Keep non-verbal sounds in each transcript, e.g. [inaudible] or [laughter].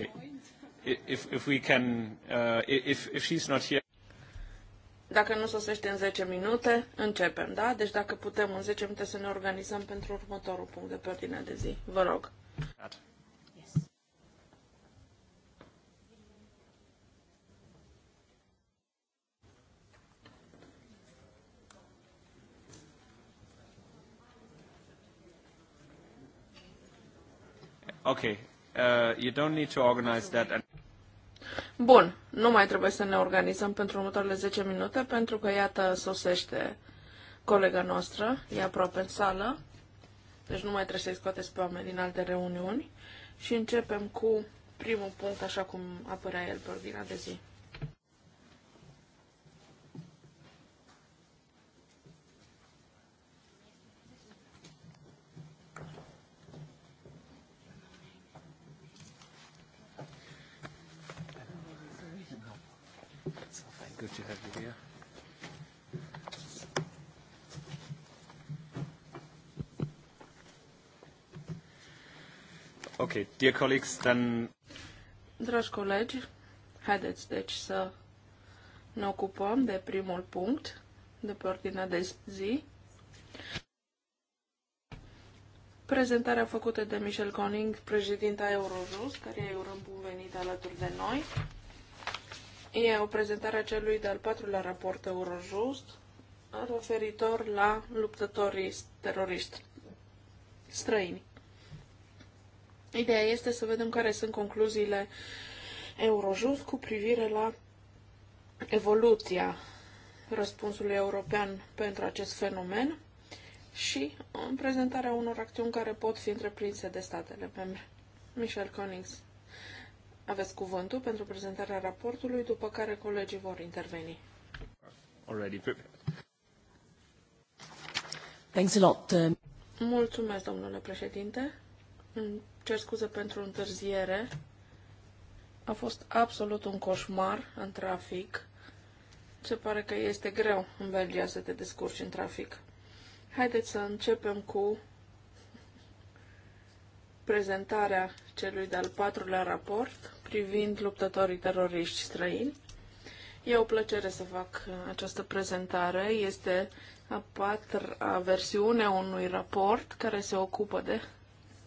Okay. If, if we can, uh, if, if she's not here... Dacă nu sosește în 10 minute, începem, da? Deci dacă putem în 10 minute să ne organizăm pentru următorul punct de pe ordinea de zi. Vă rog. At. Okay, uh, you don't need to organize that. Bun, nu mai trebuie să ne organizăm pentru următoarele 10 minute, pentru că, iată, sosește colega noastră, e aproape în sală, deci nu mai trebuie să-i scoateți pe oameni din alte reuniuni și începem cu primul punct, așa cum apărea el pe ordinea de zi. Ok, dear colleagues, then... Dragi colegi, haideți deci să ne ocupăm de primul punct de pe ordinea de zi. Prezentarea făcută de Michel Conning, președinta Eurojust, care e un bun venit alături de noi. E o prezentare a celui de-al patrulea raport Eurojust, referitor la luptătorii teroriști străini. Ideea este să vedem care sunt concluziile Eurojust cu privire la evoluția răspunsului european pentru acest fenomen și în prezentarea unor acțiuni care pot fi întreprinse de statele membre. Michel Konings, aveți cuvântul pentru prezentarea raportului, după care colegii vor interveni. Already Thanks a lot. Uh, Mulțumesc, domnule președinte cer scuze pentru întârziere. A fost absolut un coșmar în trafic. Se pare că este greu în Belgia să te descurci în trafic. Haideți să începem cu prezentarea celui de-al patrulea raport privind luptătorii teroriști străini. E o plăcere să fac această prezentare. Este a patra versiune a unui raport care se ocupă de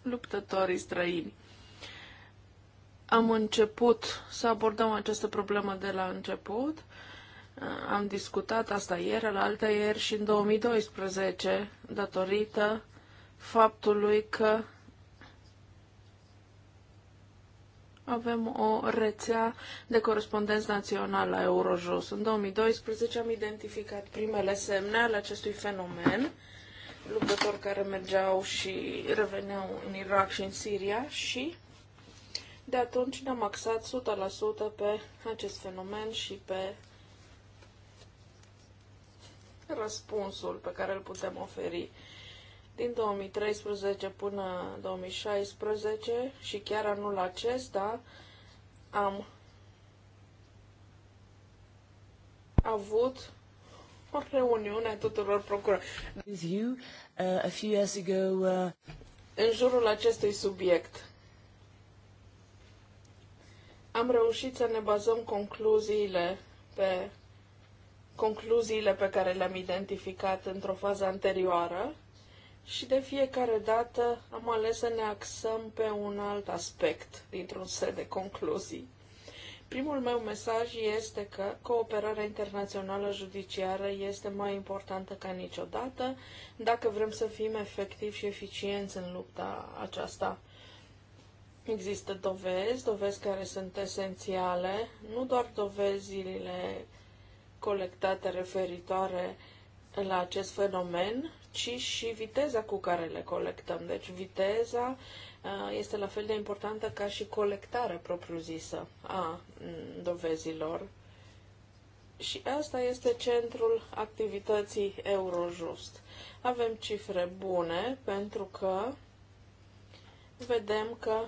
luptătorii străini. Am început să abordăm această problemă de la început. Am discutat asta ieri, la altă ieri și în 2012, datorită faptului că avem o rețea de corespondenți națională la Eurojust. În 2012 am identificat primele semne ale acestui fenomen luptători care mergeau și reveneau în Irak și în Siria și de atunci ne-am axat 100% pe acest fenomen și pe răspunsul pe care îl putem oferi. Din 2013 până 2016 și chiar anul acesta am avut o reuniune uh, a tuturor uh, procurorilor. În jurul acestui subiect, am reușit să ne bazăm concluziile pe concluziile pe care le-am identificat într-o fază anterioară și de fiecare dată am ales să ne axăm pe un alt aspect dintr-un set de concluzii. Primul meu mesaj este că cooperarea internațională judiciară este mai importantă ca niciodată dacă vrem să fim efectivi și eficienți în lupta aceasta. Există dovezi, dovezi care sunt esențiale, nu doar dovezile colectate referitoare la acest fenomen, ci și viteza cu care le colectăm. Deci viteza este la fel de importantă ca și colectarea propriu-zisă a dovezilor. Și asta este centrul activității Eurojust. Avem cifre bune pentru că vedem că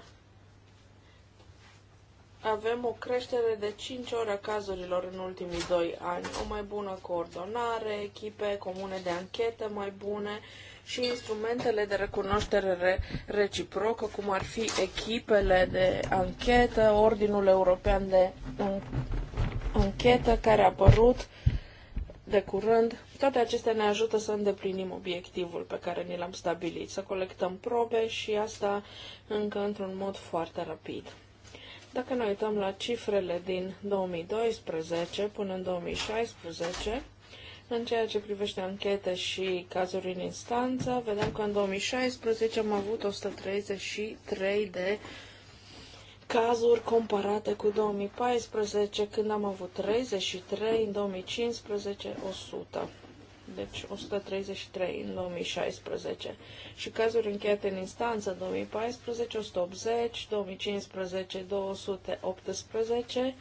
avem o creștere de 5 ori a cazurilor în ultimii 2 ani, o mai bună coordonare, echipe comune de anchetă mai bune, și instrumentele de recunoaștere reciprocă, cum ar fi echipele de anchetă, Ordinul European de Anchetă, care a apărut de curând. Toate acestea ne ajută să îndeplinim obiectivul pe care ni l-am stabilit, să colectăm probe și asta încă într-un mod foarte rapid. Dacă ne uităm la cifrele din 2012 până în 2016, în ceea ce privește anchete și cazuri în instanță, vedem că în 2016 am avut 133 de cazuri comparate cu 2014, când am avut 33, în 2015 100. Deci 133 în 2016. Și cazuri încheiate în instanță 2014 180, 2015 218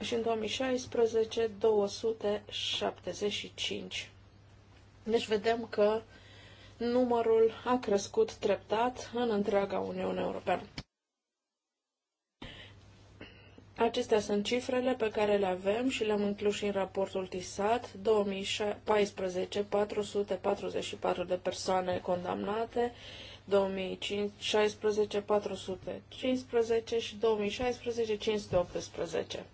și în 2016 275. Deci vedem că numărul a crescut treptat în întreaga Uniune Europeană. Acestea sunt cifrele pe care le avem și le-am inclus și în raportul TISAT. 2014, 444 de persoane condamnate, 2016, 415 și 2016, 518.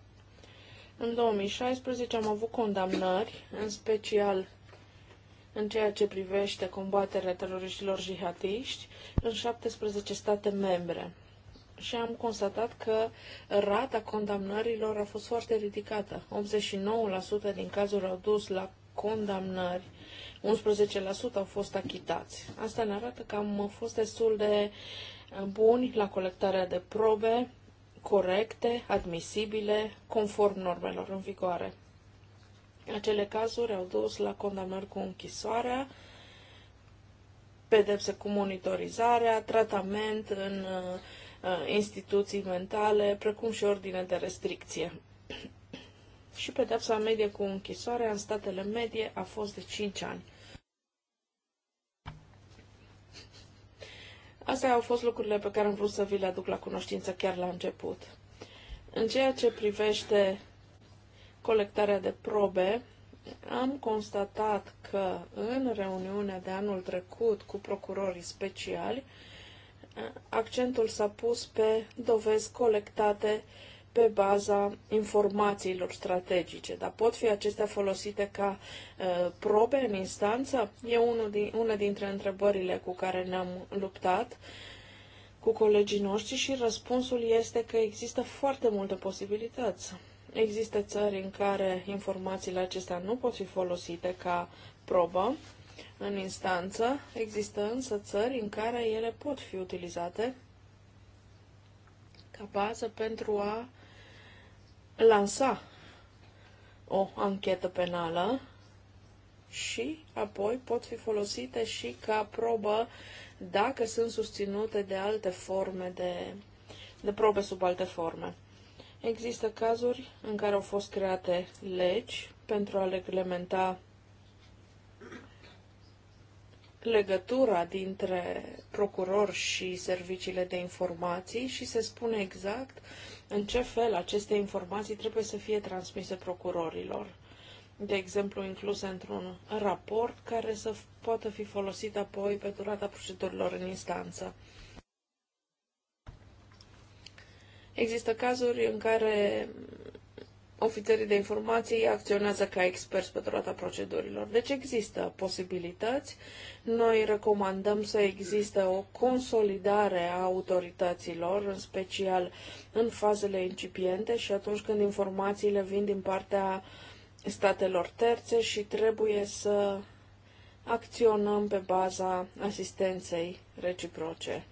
În 2016 am avut condamnări, în special în ceea ce privește combaterea teroriștilor jihadiști în 17 state membre. Și am constatat că rata condamnărilor a fost foarte ridicată. 89% din cazuri au dus la condamnări, 11% au fost achitați. Asta ne arată că am fost destul de buni la colectarea de probe, corecte, admisibile, conform normelor în vigoare. Acele cazuri au dus la condamnări cu închisoarea, pedepse cu monitorizarea, tratament în uh, instituții mentale, precum și ordine de restricție. [clears throat] și pedepsa medie cu închisoarea în statele medie a fost de 5 ani. Astea au fost lucrurile pe care am vrut să vi le aduc la cunoștință chiar la început. În ceea ce privește colectarea de probe, am constatat că în reuniunea de anul trecut cu procurorii speciali, accentul s-a pus pe dovezi colectate uh, pe baza informațiilor strategice, dar pot fi acestea folosite ca uh, probe în instanță? E unul din, una dintre întrebările cu care ne-am luptat cu colegii noștri și răspunsul este că există foarte multe posibilități. Există țări în care informațiile acestea nu pot fi folosite ca probă în instanță, există însă țări în care ele pot fi utilizate ca bază pentru a lansa o anchetă penală și apoi pot fi folosite și ca probă dacă sunt susținute de alte forme de, de probe sub alte forme. Există cazuri în care au fost create legi pentru a reglementa legătura dintre procuror și serviciile de informații și se spune exact în ce fel aceste informații trebuie să fie transmise procurorilor. De exemplu, incluse într-un raport care să poată fi folosit apoi pe durata procedurilor în instanță. Există cazuri în care ofițerii de informații acționează ca experți pe durata procedurilor. Deci există posibilități. Noi recomandăm să existe o consolidare a autorităților, în special în fazele incipiente și atunci când informațiile vin din partea statelor terțe și trebuie să acționăm pe baza asistenței reciproce.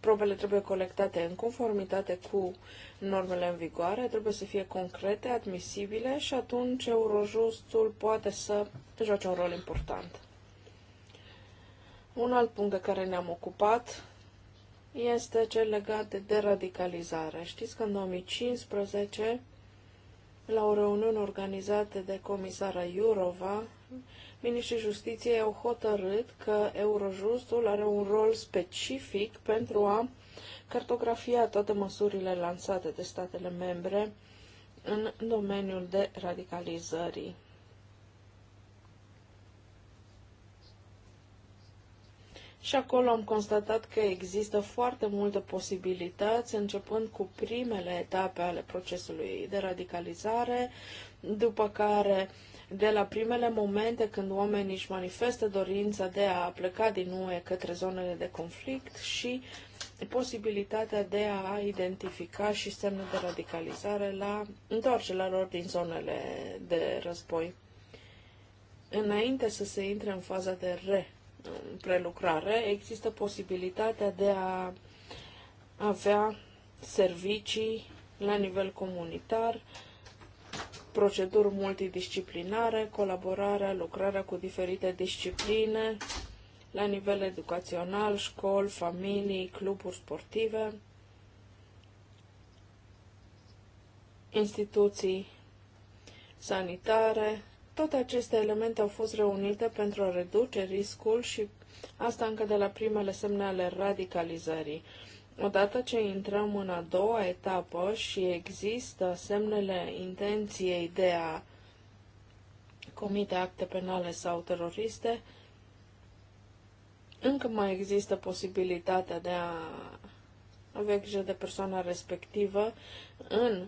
Probele trebuie colectate în conformitate cu normele în vigoare, trebuie să fie concrete, admisibile și atunci Eurojustul poate să joace un rol important. Un alt punct de care ne-am ocupat este cel legat de deradicalizare. Știți că în 2015, la o reuniune organizată de comisara Iurova, Ministrii Justiției au hotărât că Eurojustul are un rol specific pentru a cartografia toate măsurile lansate de statele membre în domeniul de radicalizării. Și acolo am constatat că există foarte multe posibilități, începând cu primele etape ale procesului de radicalizare, după care de la primele momente când oamenii își manifestă dorința de a pleca din UE către zonele de conflict și posibilitatea de a identifica și semne de radicalizare la întoarcerea lor din zonele de război. Înainte să se intre în faza de re prelucrare, există posibilitatea de a avea servicii la nivel comunitar, proceduri multidisciplinare, colaborarea, lucrarea cu diferite discipline la nivel educațional, școli, familii, cluburi sportive, instituții sanitare. Toate aceste elemente au fost reunite pentru a reduce riscul și asta încă de la primele semne ale radicalizării. Odată ce intrăm în a doua etapă și există semnele intenției de a comite acte penale sau teroriste, încă mai există posibilitatea de a avea grijă de persoana respectivă în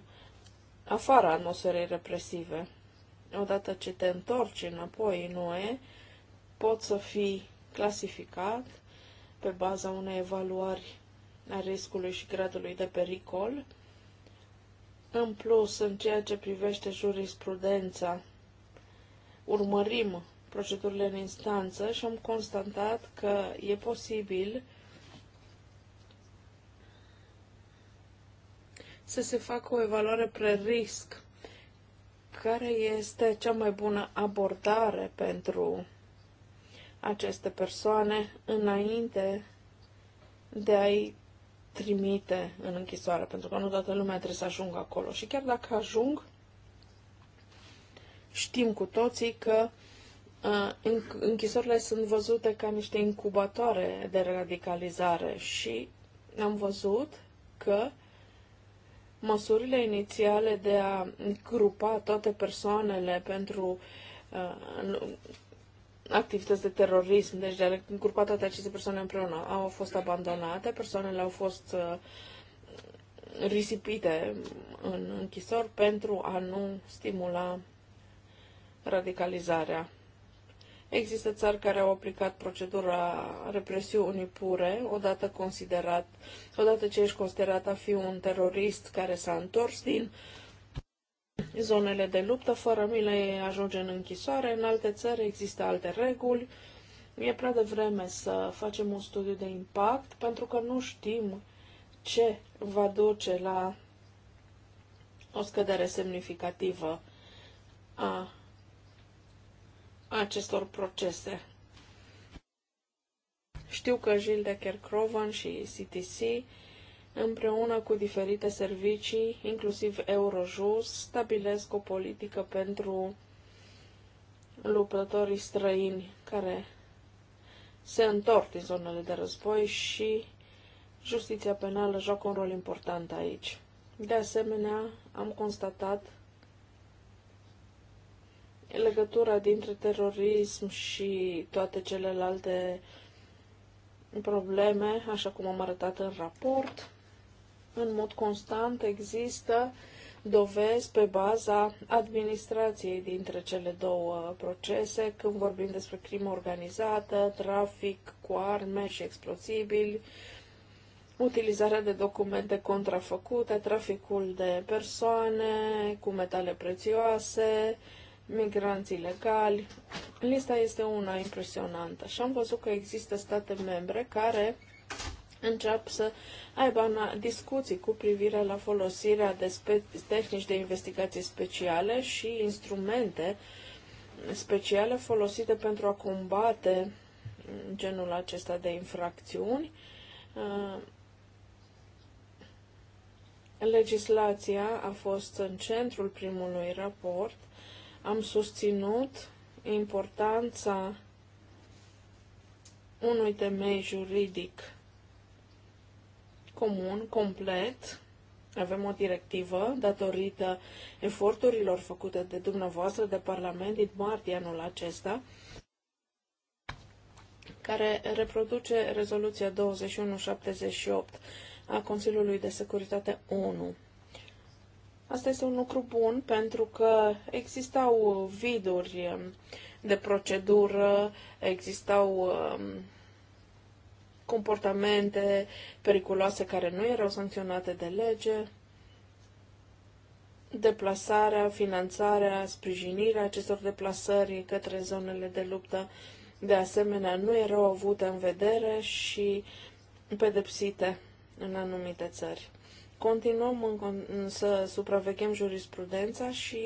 afara atmosferei represive. Odată ce te întorci înapoi în UE, poți să fii clasificat pe baza unei evaluări a riscului și gradului de pericol. În plus, în ceea ce privește jurisprudența, urmărim procedurile în instanță și am constatat că e posibil să se facă o evaluare pre-risc, care este cea mai bună abordare pentru aceste persoane înainte de a-i trimite în închisoare, pentru că nu toată lumea trebuie să ajungă acolo. Și chiar dacă ajung, știm cu toții că uh, închisorile sunt văzute ca niște incubatoare de radicalizare și am văzut că măsurile inițiale de a grupa toate persoanele pentru uh, activități de terorism, deci de a încurpa toate aceste persoane împreună, au fost abandonate, persoanele au fost uh, risipite în închisori pentru a nu stimula radicalizarea. Există țări care au aplicat procedura represiunii pure, odată, considerat, odată ce ești considerat a fi un terorist care s-a întors din uh, zonele de luptă fără mile ajunge în închisoare, în alte țări există alte reguli. E prea devreme să facem un studiu de impact pentru că nu știm ce va duce la o scădere semnificativă a acestor procese. Știu că Gilles de Kerkrovan și CTC împreună cu diferite servicii, inclusiv Eurojust, stabilesc o politică pentru luptătorii străini care se întorc din zonele de război și justiția penală joacă un rol important aici. De asemenea, am constatat legătura dintre terorism și toate celelalte probleme, așa cum am arătat în raport. În mod constant există dovezi pe baza administrației dintre cele două procese, când vorbim despre crimă organizată, trafic cu arme și explozibili, utilizarea de documente contrafăcute, traficul de persoane cu metale prețioase, migranți ilegali. Lista este una impresionantă și am văzut că există state membre care încep să aibă discuții cu privire la folosirea de tehnici de investigație speciale și instrumente speciale folosite pentru a combate genul acesta de infracțiuni. Uh, legislația a fost în centrul primului raport. Am susținut importanța unui temei juridic comun, complet. Avem o directivă datorită eforturilor făcute de dumneavoastră, de Parlament, din martie anul acesta, care reproduce rezoluția 2178 a Consiliului de Securitate 1. Asta este un lucru bun pentru că existau viduri de procedură, existau um, comportamente periculoase care nu erau sancționate de lege, deplasarea, finanțarea, sprijinirea acestor deplasări către zonele de luptă, de asemenea, nu erau avute în vedere și pedepsite în anumite țări. Continuăm în, să supraveghem jurisprudența și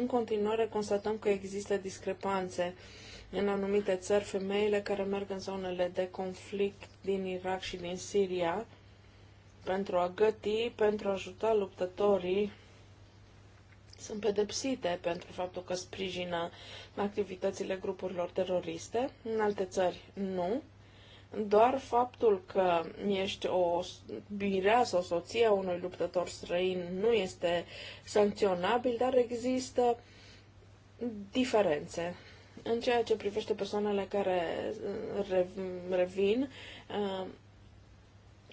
în continuare constatăm că există discrepanțe uh, în anumite țări, femeile care merg în zonele de conflict din Irak și din Siria pentru a găti, pentru a ajuta luptătorii, sunt pedepsite pentru faptul că sprijină activitățile grupurilor teroriste. În alte țări, nu. Doar faptul că ești o birea sau soție a unui luptător străin nu este sancționabil, dar există diferențe în ceea ce privește persoanele care uh, revin, uh,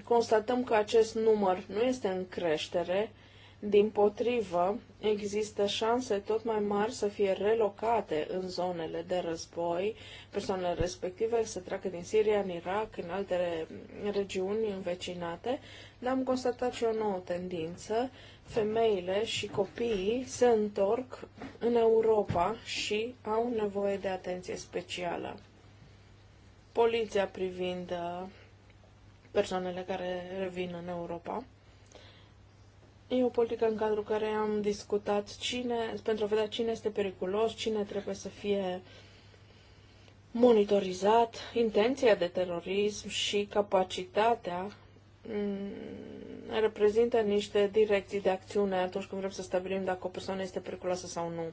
constatăm că acest număr nu este în creștere, din potrivă, există șanse tot mai mari să fie relocate în zonele de război, persoanele respective să treacă din Siria în Irak, în alte regiuni învecinate, dar am constatat și o nouă tendință femeile și copiii se întorc în Europa și au nevoie de atenție specială. Poliția privind uh, persoanele care revin în Europa. E o politică în cadrul care am discutat cine, pentru a vedea cine este periculos, cine trebuie să fie monitorizat, intenția de terorism și capacitatea mm, reprezintă niște direcții de acțiune atunci când vrem să stabilim dacă o persoană este periculoasă sau nu.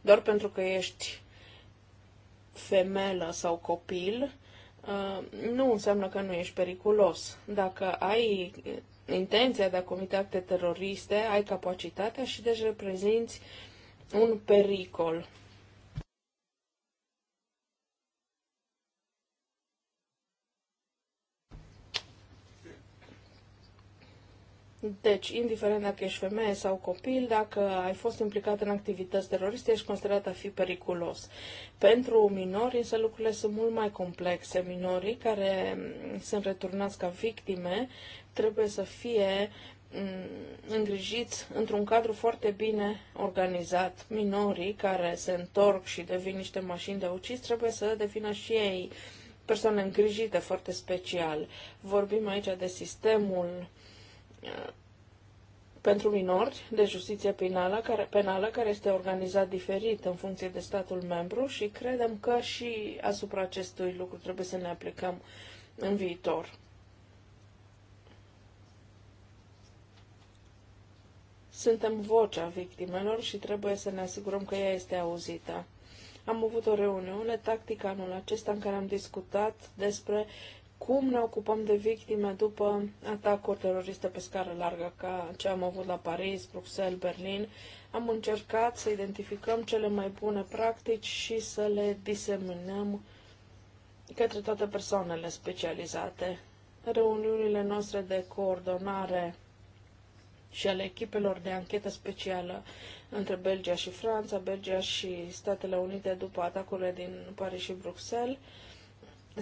Doar pentru că ești femelă sau copil, uh, nu înseamnă că nu ești periculos. Dacă ai intenția de a comite acte teroriste, ai capacitatea și deci reprezinți un pericol Deci, indiferent dacă ești femeie sau copil, dacă ai fost implicat în activități teroriste, ești considerat a fi periculos. Pentru minori, însă, lucrurile sunt mult mai complexe. Minorii care mm, sunt returnați ca victime trebuie să fie mm, îngrijiți într-un cadru foarte bine organizat. Minorii care se întorc și devin niște mașini de ucis trebuie să devină și ei persoane îngrijite foarte special. Vorbim aici de sistemul pentru minori de justiție penală care, penală, care este organizat diferit în funcție de statul membru și credem că și asupra acestui lucru trebuie să ne aplicăm în viitor. Suntem vocea victimelor și trebuie să ne asigurăm că ea este auzită. Am avut o reuniune tactică anul acesta în care am discutat despre cum ne ocupăm de victime după atacuri teroriste pe scară largă ca ce am avut la Paris, Bruxelles, Berlin. Am încercat să identificăm cele mai bune practici și să le diseminăm către toate persoanele specializate. Reuniunile noastre de coordonare și ale echipelor de anchetă specială între Belgia și Franța, Belgia și Statele Unite după atacurile din Paris și Bruxelles,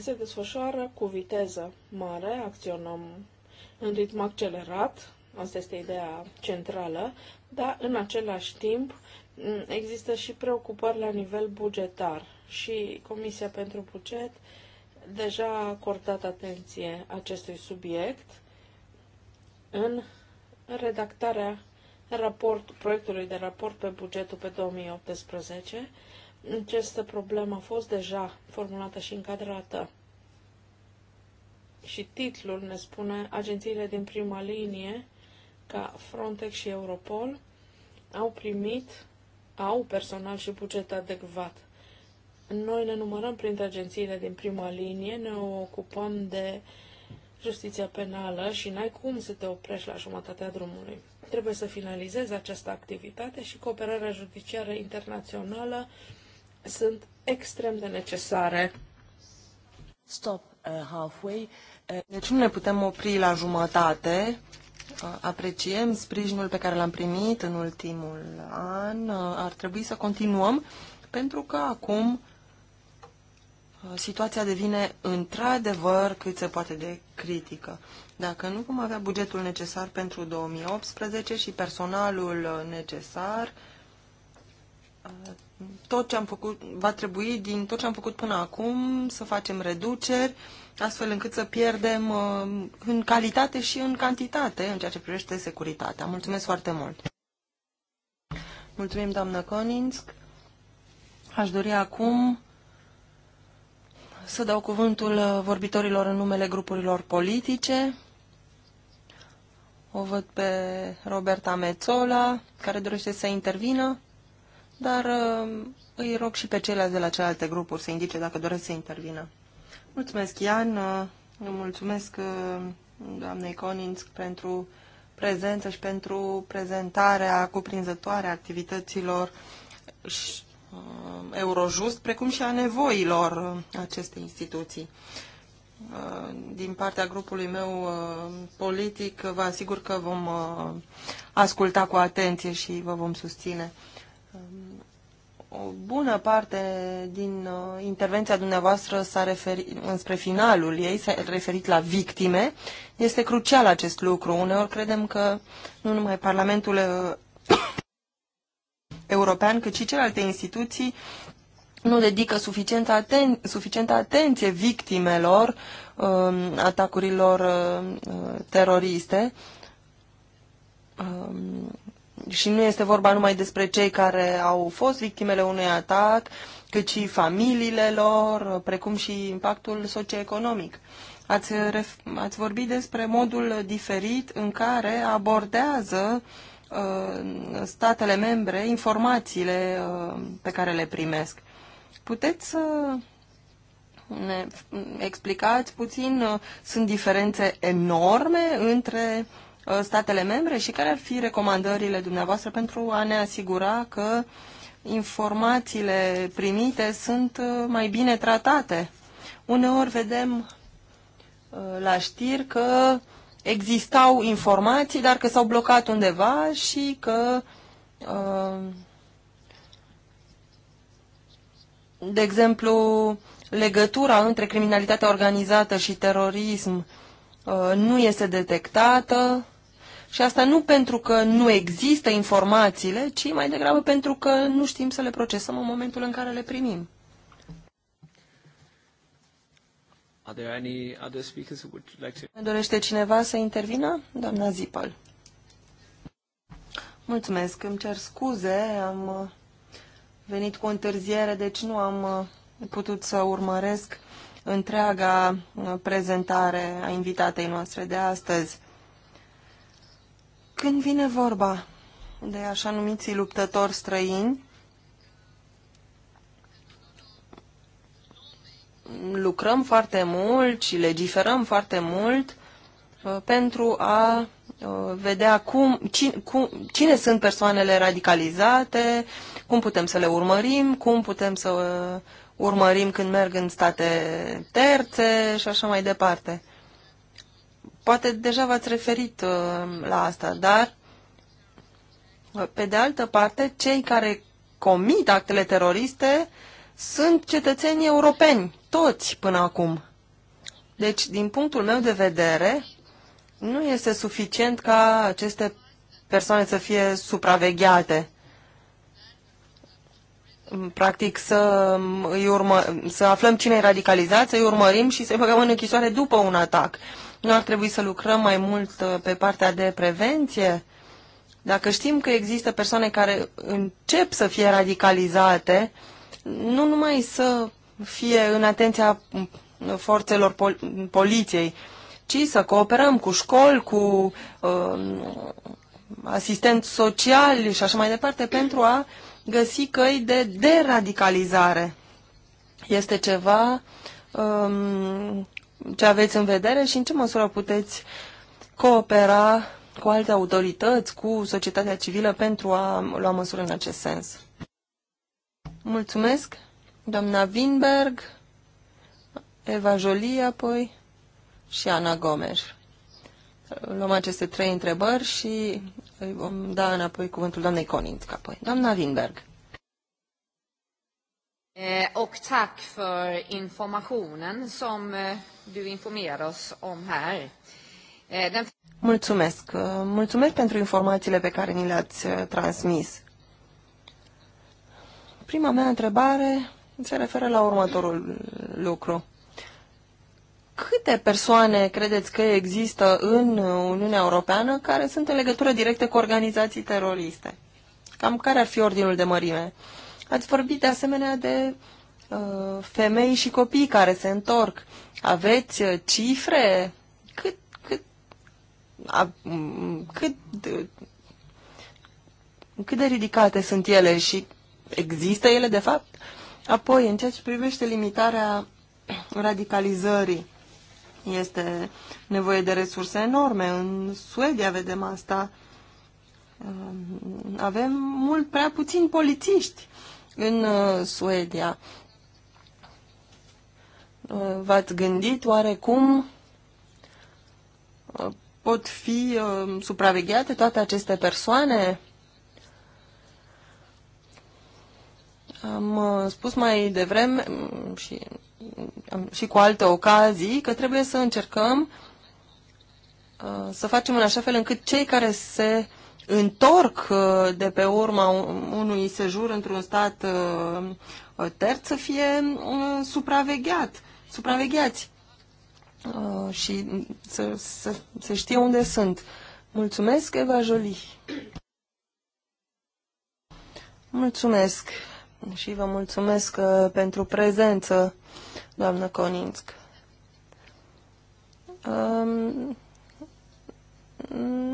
se desfășoară cu viteză mare, acționăm în ritm accelerat, asta este ideea centrală, dar în același timp există și preocupări la nivel bugetar și Comisia pentru Buget deja a acordat atenție acestui subiect în redactarea raport, proiectului de raport pe bugetul pe 2018 această problemă a fost deja formulată și încadrată și titlul ne spune agențiile din prima linie, ca Frontex și Europol, au primit, au personal și buget adecvat. Noi ne numărăm printre agențiile din prima linie, ne ocupăm de justiția penală și n-ai cum să te oprești la jumătatea drumului. Trebuie să finalizezi această activitate și cooperarea judiciară internațională sunt extrem de necesare. Stop uh, halfway. Uh, deci nu ne putem opri la jumătate. Uh, apreciem sprijinul pe care l-am primit în ultimul an. Uh, ar trebui să continuăm pentru că acum uh, situația devine într-adevăr cât se poate de critică. Dacă nu vom avea bugetul necesar pentru 2018 și personalul necesar, uh, tot ce am făcut, va trebui din tot ce am făcut până acum să facem reduceri, astfel încât să pierdem uh, în calitate și în cantitate în ceea ce privește securitatea. Mulțumesc foarte mult! Mulțumim, doamnă Coninsk. Aș dori acum să dau cuvântul uh, vorbitorilor în numele grupurilor politice. O văd pe Roberta Mețola, care dorește să intervină dar um, îi rog și pe ceilalți de la celelalte grupuri să indice dacă doresc să intervină. Mulțumesc, Ian, uh, mulțumesc uh, doamnei Conins pentru prezență și pentru prezentarea cuprinzătoare a activităților și, uh, Eurojust, precum și a nevoilor uh, acestei instituții. Uh, din partea grupului meu uh, politic, vă asigur că vom asculta cu atenție și vă vom susține o bună parte din uh, intervenția dumneavoastră s-a referit, înspre finalul ei, s-a referit la victime. Este crucial acest lucru. Uneori credem că nu numai Parlamentul uh, [coughs] European, cât și celelalte instituții nu dedică suficientă, aten- suficientă atenție victimelor uh, atacurilor uh, uh teroriste. Uh, și nu este vorba numai despre cei care au fost victimele unui atac, cât și familiile lor, precum și impactul socioeconomic. Ați, ref- ați vorbit despre modul diferit în care abordează uh, statele membre informațiile uh, pe care le primesc. Puteți să ne explicați puțin, uh, sunt diferențe enorme între uh, Uh, statele membre și care ar fi recomandările dumneavoastră pentru a ne asigura că informațiile primite sunt uh, mai bine tratate. Uneori vedem uh, la știri că existau informații, dar că s-au blocat undeva și că de exemplu, legătura între criminalitatea organizată și terorism nu este detectată și asta nu pentru că nu există informațiile, ci mai degrabă pentru că nu știm să le procesăm în momentul în care le primim. Are there any other speakers who would like to... Dorește cineva să intervină? Doamna Zipal. Mulțumesc, îmi cer scuze, am uh, venit cu întârziere, deci nu am uh, putut să urmăresc întreaga uh, prezentare a invitatei noastre de astăzi. Când vine vorba de așa numiții luptători străini, lucrăm foarte mult și legiferăm foarte mult uh, pentru a uh, vedea cum, cine, cum, cine sunt persoanele radicalizate, cum putem să le urmărim, cum putem să uh, urmărim când merg în state terțe și așa mai departe. Poate deja v-ați referit uh, la asta, dar uh, pe de altă parte, cei care comit actele teroriste sunt cetățenii europeni, toți până acum. Deci, din punctul meu de vedere, nu este suficient ca aceste persoane să fie supravegheate. Practic, să, îi urmă, să aflăm cine e radicalizat, să-i urmărim și să-i băgăm în închisoare după un atac. Nu ar trebui să lucrăm mai mult uh, pe partea de prevenție? Dacă știm că există persoane care încep să fie radicalizate, nu numai să fie în atenția mm, forțelor pol poliției, ci să cooperăm cu școli, cu uh, asistenți sociali și așa mai departe pentru a găsi căi de deradicalizare. Este ceva um, ce aveți în vedere și în ce măsură puteți coopera cu alte autorități, cu societatea civilă pentru a lua măsuri în acest sens. Mulțumesc, doamna Winberg, Eva Jolie apoi și Ana Gomes. Luăm aceste trei întrebări și îi vom da înapoi cuvântul doamnei Coninț apoi. Doamna Winberg. Eh, och tack för informationen som eh, du informerar oss om här. Eh, den... Mulțumesc. Mulțumesc pentru informațiile pe care ni le-ați transmis. Prima mea întrebare se referă la următorul lucru. Câte persoane credeți că există în Uniunea Europeană care sunt în legătură directă cu organizații teroriste? Cam care ar fi ordinul de mărime? Ați vorbit de asemenea de uh, femei și copii care se întorc. Aveți uh, cifre? Cât, cât, a, cât, uh, cât de ridicate sunt ele și există ele de fapt? Apoi, în ceea ce privește limitarea radicalizării, este nevoie de resurse enorme. În Suedia vedem asta. Uh, avem mult prea puțini polițiști în uh, Suedia. Uh, v-ați gândit oarecum uh, pot fi supravegheate toate aceste persoane? Am spus mai devreme mm, și, și cu alte ocazii că trebuie să încercăm să facem în așa fel încât cei care se întorc uh, de pe urma unui sejur într-un stat uh, terț să fie uh, supravegheat, supravegheați și să, să, să știe unde sunt. Mulțumesc, Eva Jolie. Mulțumesc și vă mulțumesc pentru prezență, doamnă Coninsk. Um,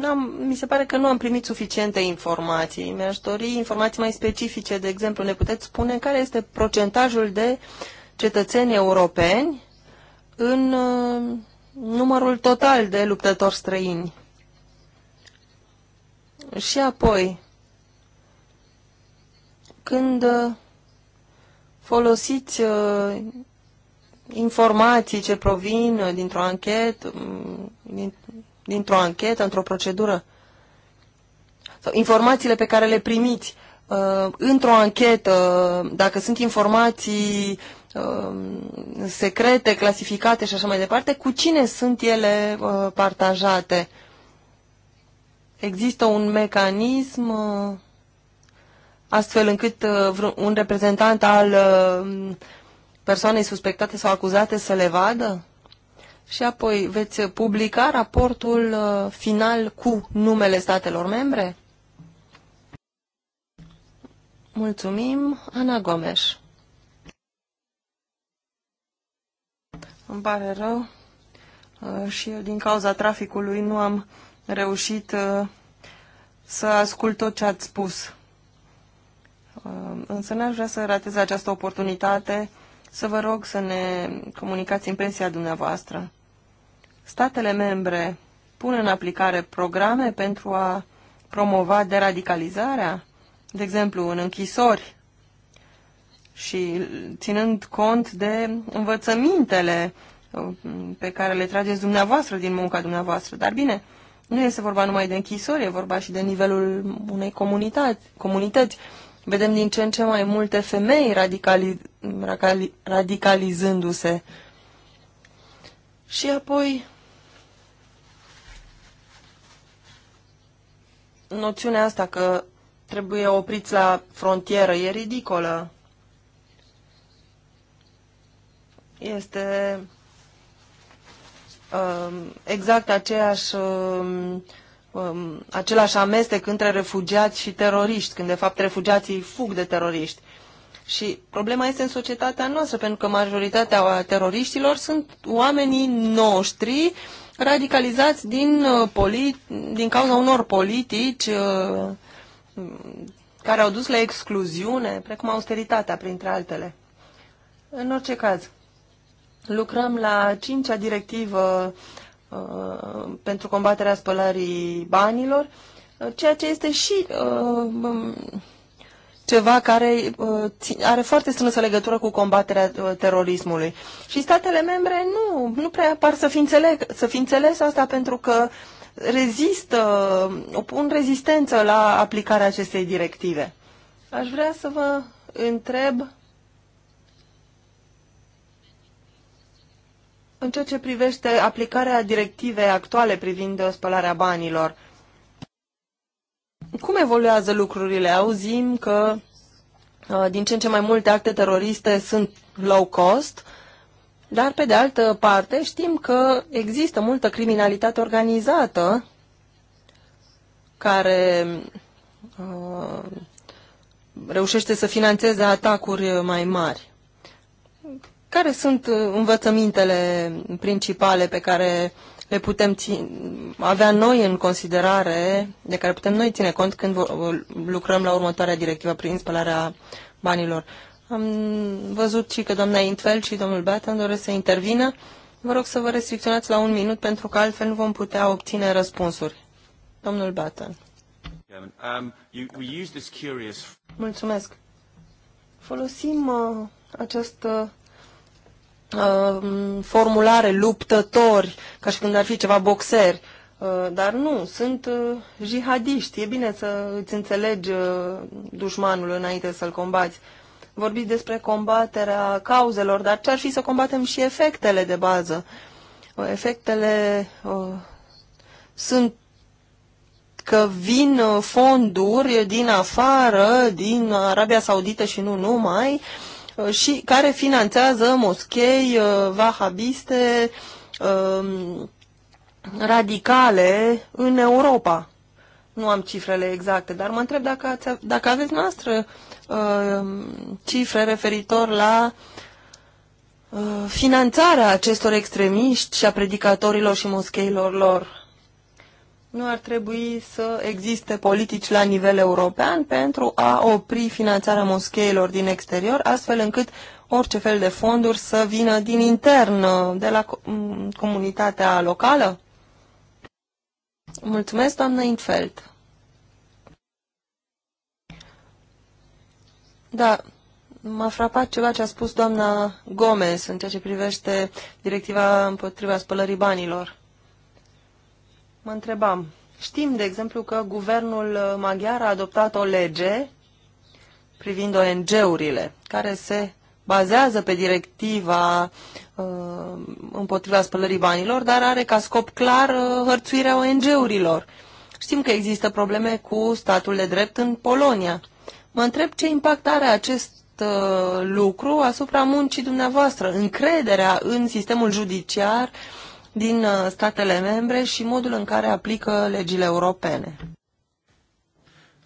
N-am, mi se pare că nu am primit suficiente informații. Mi-aș dori informații mai specifice. De exemplu, ne puteți spune care este procentajul de cetățeni europeni în uh, numărul total de luptători străini. Și apoi, când uh, folosiți uh, informații ce provin dintr-o anchetă, mm, dintr-o anchetă, într-o procedură, sau informațiile pe care le primiți uh, într-o anchetă, dacă sunt informații uh, secrete, clasificate și așa mai departe, cu cine sunt ele uh, partajate? Există un mecanism uh, astfel încât uh, un reprezentant al uh, persoanei suspectate sau acuzate să le vadă? și apoi veți publica raportul uh, final cu numele statelor membre? Mulțumim, Ana Gomes. Îmi pare rău. Uh, și eu, din cauza traficului, nu am reușit uh, să ascult tot ce ați spus. Însă n-aș vrea să ratez această oportunitate să vă rog să ne comunicați impresia dumneavoastră statele membre pun în aplicare programe pentru a promova deradicalizarea, de exemplu, în închisori și ținând cont de învățămintele uh, pe care le trageți dumneavoastră din munca dumneavoastră. Dar bine, nu este vorba numai de închisori, e vorba și de nivelul unei comunități. comunități. Vedem din ce în ce mai multe femei radicali, radicalizându-se. Și apoi noțiunea asta că trebuie opriți la frontieră e ridicolă. Este um, exact aceeași, um, um, același amestec între refugiați și teroriști, când de fapt refugiații fug de teroriști. Și problema este în societatea noastră, pentru că majoritatea teroriștilor sunt oamenii noștri radicalizați din, uh, polit, din cauza unor politici uh, care au dus la excluziune, precum austeritatea, printre altele. În orice caz, lucrăm la cincea directivă uh, pentru combaterea spălării banilor, ceea ce este și uh, ceva care uh, are foarte strânsă legătură cu combaterea uh, terorismului. Și statele membre nu, nu prea par să fi, înțeleg, să fi înțeles asta pentru că rezistă, opun uh, rezistență la aplicarea acestei directive. Aș vrea să vă întreb în ceea ce privește aplicarea directivei actuale privind spălarea banilor. Cum evoluează lucrurile? Auzim că uh, din ce în ce mai multe acte teroriste sunt low cost, dar pe de altă parte știm că există multă criminalitate organizată care uh, reușește să financeze atacuri mai mari. Care sunt uh, învățămintele principale pe care le putem avea noi în considerare, de care putem noi ține cont când lucrăm la următoarea directivă prin spălarea banilor. Am văzut și că doamna Intfeld și domnul Batan doresc să intervină. Vă rog să vă restricționați la un minut, pentru că altfel nu vom putea obține răspunsuri. Domnul Batan. Um, Mulțumesc. Folosim uh, această Uh, formulare luptători, ca și când ar fi ceva boxeri, uh, dar nu, sunt uh, jihadiști. E bine să îți înțelegi dușmanul înainte să-l combați. Vorbiți despre combaterea cauzelor, dar ce-ar fi să combatem și efectele de bază? Efectele uh, sunt că vin fonduri din afară, din Arabia Saudită și nu numai, uh, Uh, și care finanțează moschei uh, vahabiste um, radicale în Europa. Nu am cifrele exacte, dar mă întreb dacă, ați, dacă aveți noastră um, cifre referitor la uh, finanțarea acestor extremiști și a predicatorilor și moscheilor lor nu ar trebui să existe politici la nivel european pentru a opri finanțarea moscheilor din exterior, astfel încât orice fel de fonduri să vină din intern, de la comunitatea locală? Mulțumesc, doamnă Infeld. Da, m-a frapat ceva ce a spus doamna Gomez în ceea ce privește directiva împotriva spălării banilor mă întrebam, știm, de exemplu, că guvernul maghiar a adoptat o lege privind ONG-urile, care se bazează pe directiva uh, împotriva spălării banilor, dar are ca scop clar uh, hărțuirea ONG-urilor. Știm că există probleme cu statul de drept în Polonia. Mă întreb ce impact are acest uh, lucru asupra muncii dumneavoastră, încrederea în sistemul judiciar uh, din uh, statele membre și modul în care aplică legile europene.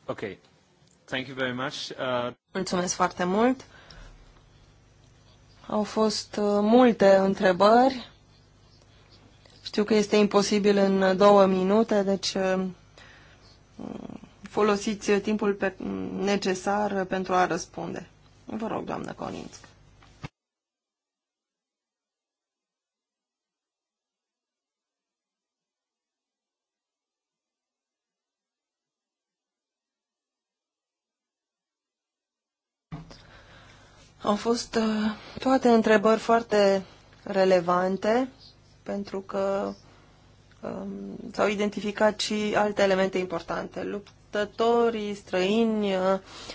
Okay. Thank you very much. Uh... Mulțumesc foarte mult. Au fost uh, multe întrebări. Știu că este imposibil în două minute, deci uh, folosiți timpul necesar pentru a răspunde. Vă rog, doamnă Coninț. Au fost uh, toate întrebări foarte relevante, pentru că um, s-au identificat și alte elemente importante. Luptătorii străini, uh,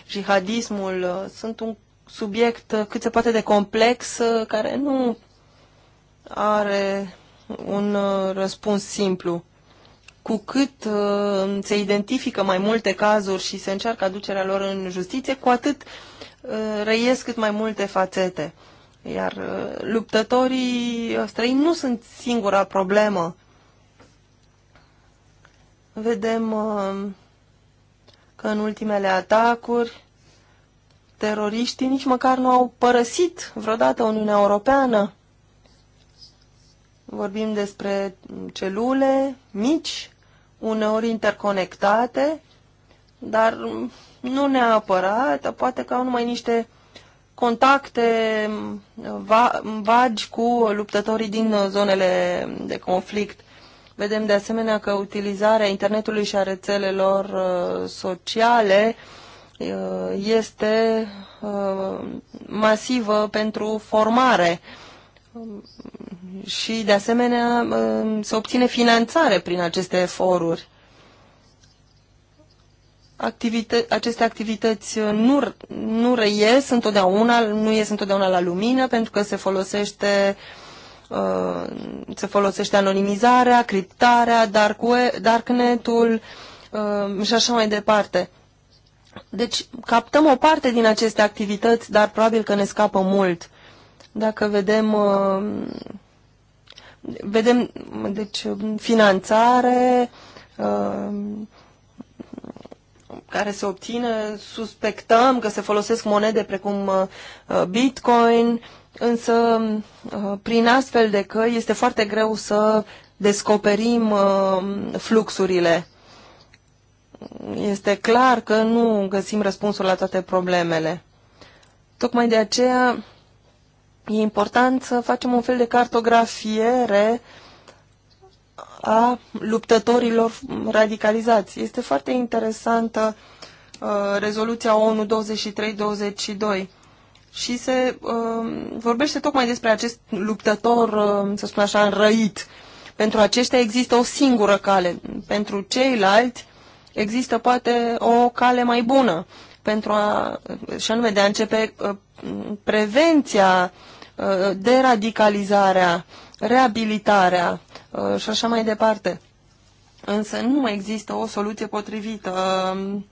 jihadismul, uh, sunt un subiect cât se poate de complex, care nu are un răspuns simplu cu cât uh, se identifică mai multe cazuri și se încearcă aducerea lor în justiție, cu atât uh, răiesc cât mai multe fațete. Iar uh, luptătorii străini nu sunt singura problemă. Vedem uh, că în ultimele atacuri teroriștii nici măcar nu au părăsit vreodată Uniunea Europeană. Vorbim despre celule mici uneori interconectate, dar nu neapărat, poate că au numai niște contacte va, vagi cu luptătorii din zonele de conflict. Vedem de asemenea că utilizarea internetului și a rețelelor uh, sociale uh, este uh, masivă pentru formare. Um, și, de asemenea, um, se obține finanțare prin aceste foruri. Activită aceste activități uh, nu, nu reies întotdeauna, nu ies întotdeauna la lumină pentru că se folosește uh, se folosește anonimizarea, criptarea, dark web, darknetul um, și așa mai departe. Deci captăm o parte din aceste activități, dar probabil că ne scapă mult. Dacă vedem uh, Vedem, deci, finanțare uh, care se obține, suspectăm că se folosesc monede precum uh, Bitcoin, însă uh, prin astfel de căi este foarte greu să descoperim fluxurile. Este clar că nu găsim răspunsul la toate problemele. Tocmai de aceea E important să facem un fel de cartografiere a luptătorilor radicalizați. Este foarte interesantă uh, rezoluția ONU 23-22 și se uh, vorbește tocmai despre acest luptător, uh, să spun așa, înrăit. Pentru aceștia există o singură cale. Pentru ceilalți există poate o cale mai bună pentru a, și anume de a începe uh, prevenția Uh, deradicalizarea, reabilitarea uh, și așa mai departe. Însă nu există o soluție potrivită um,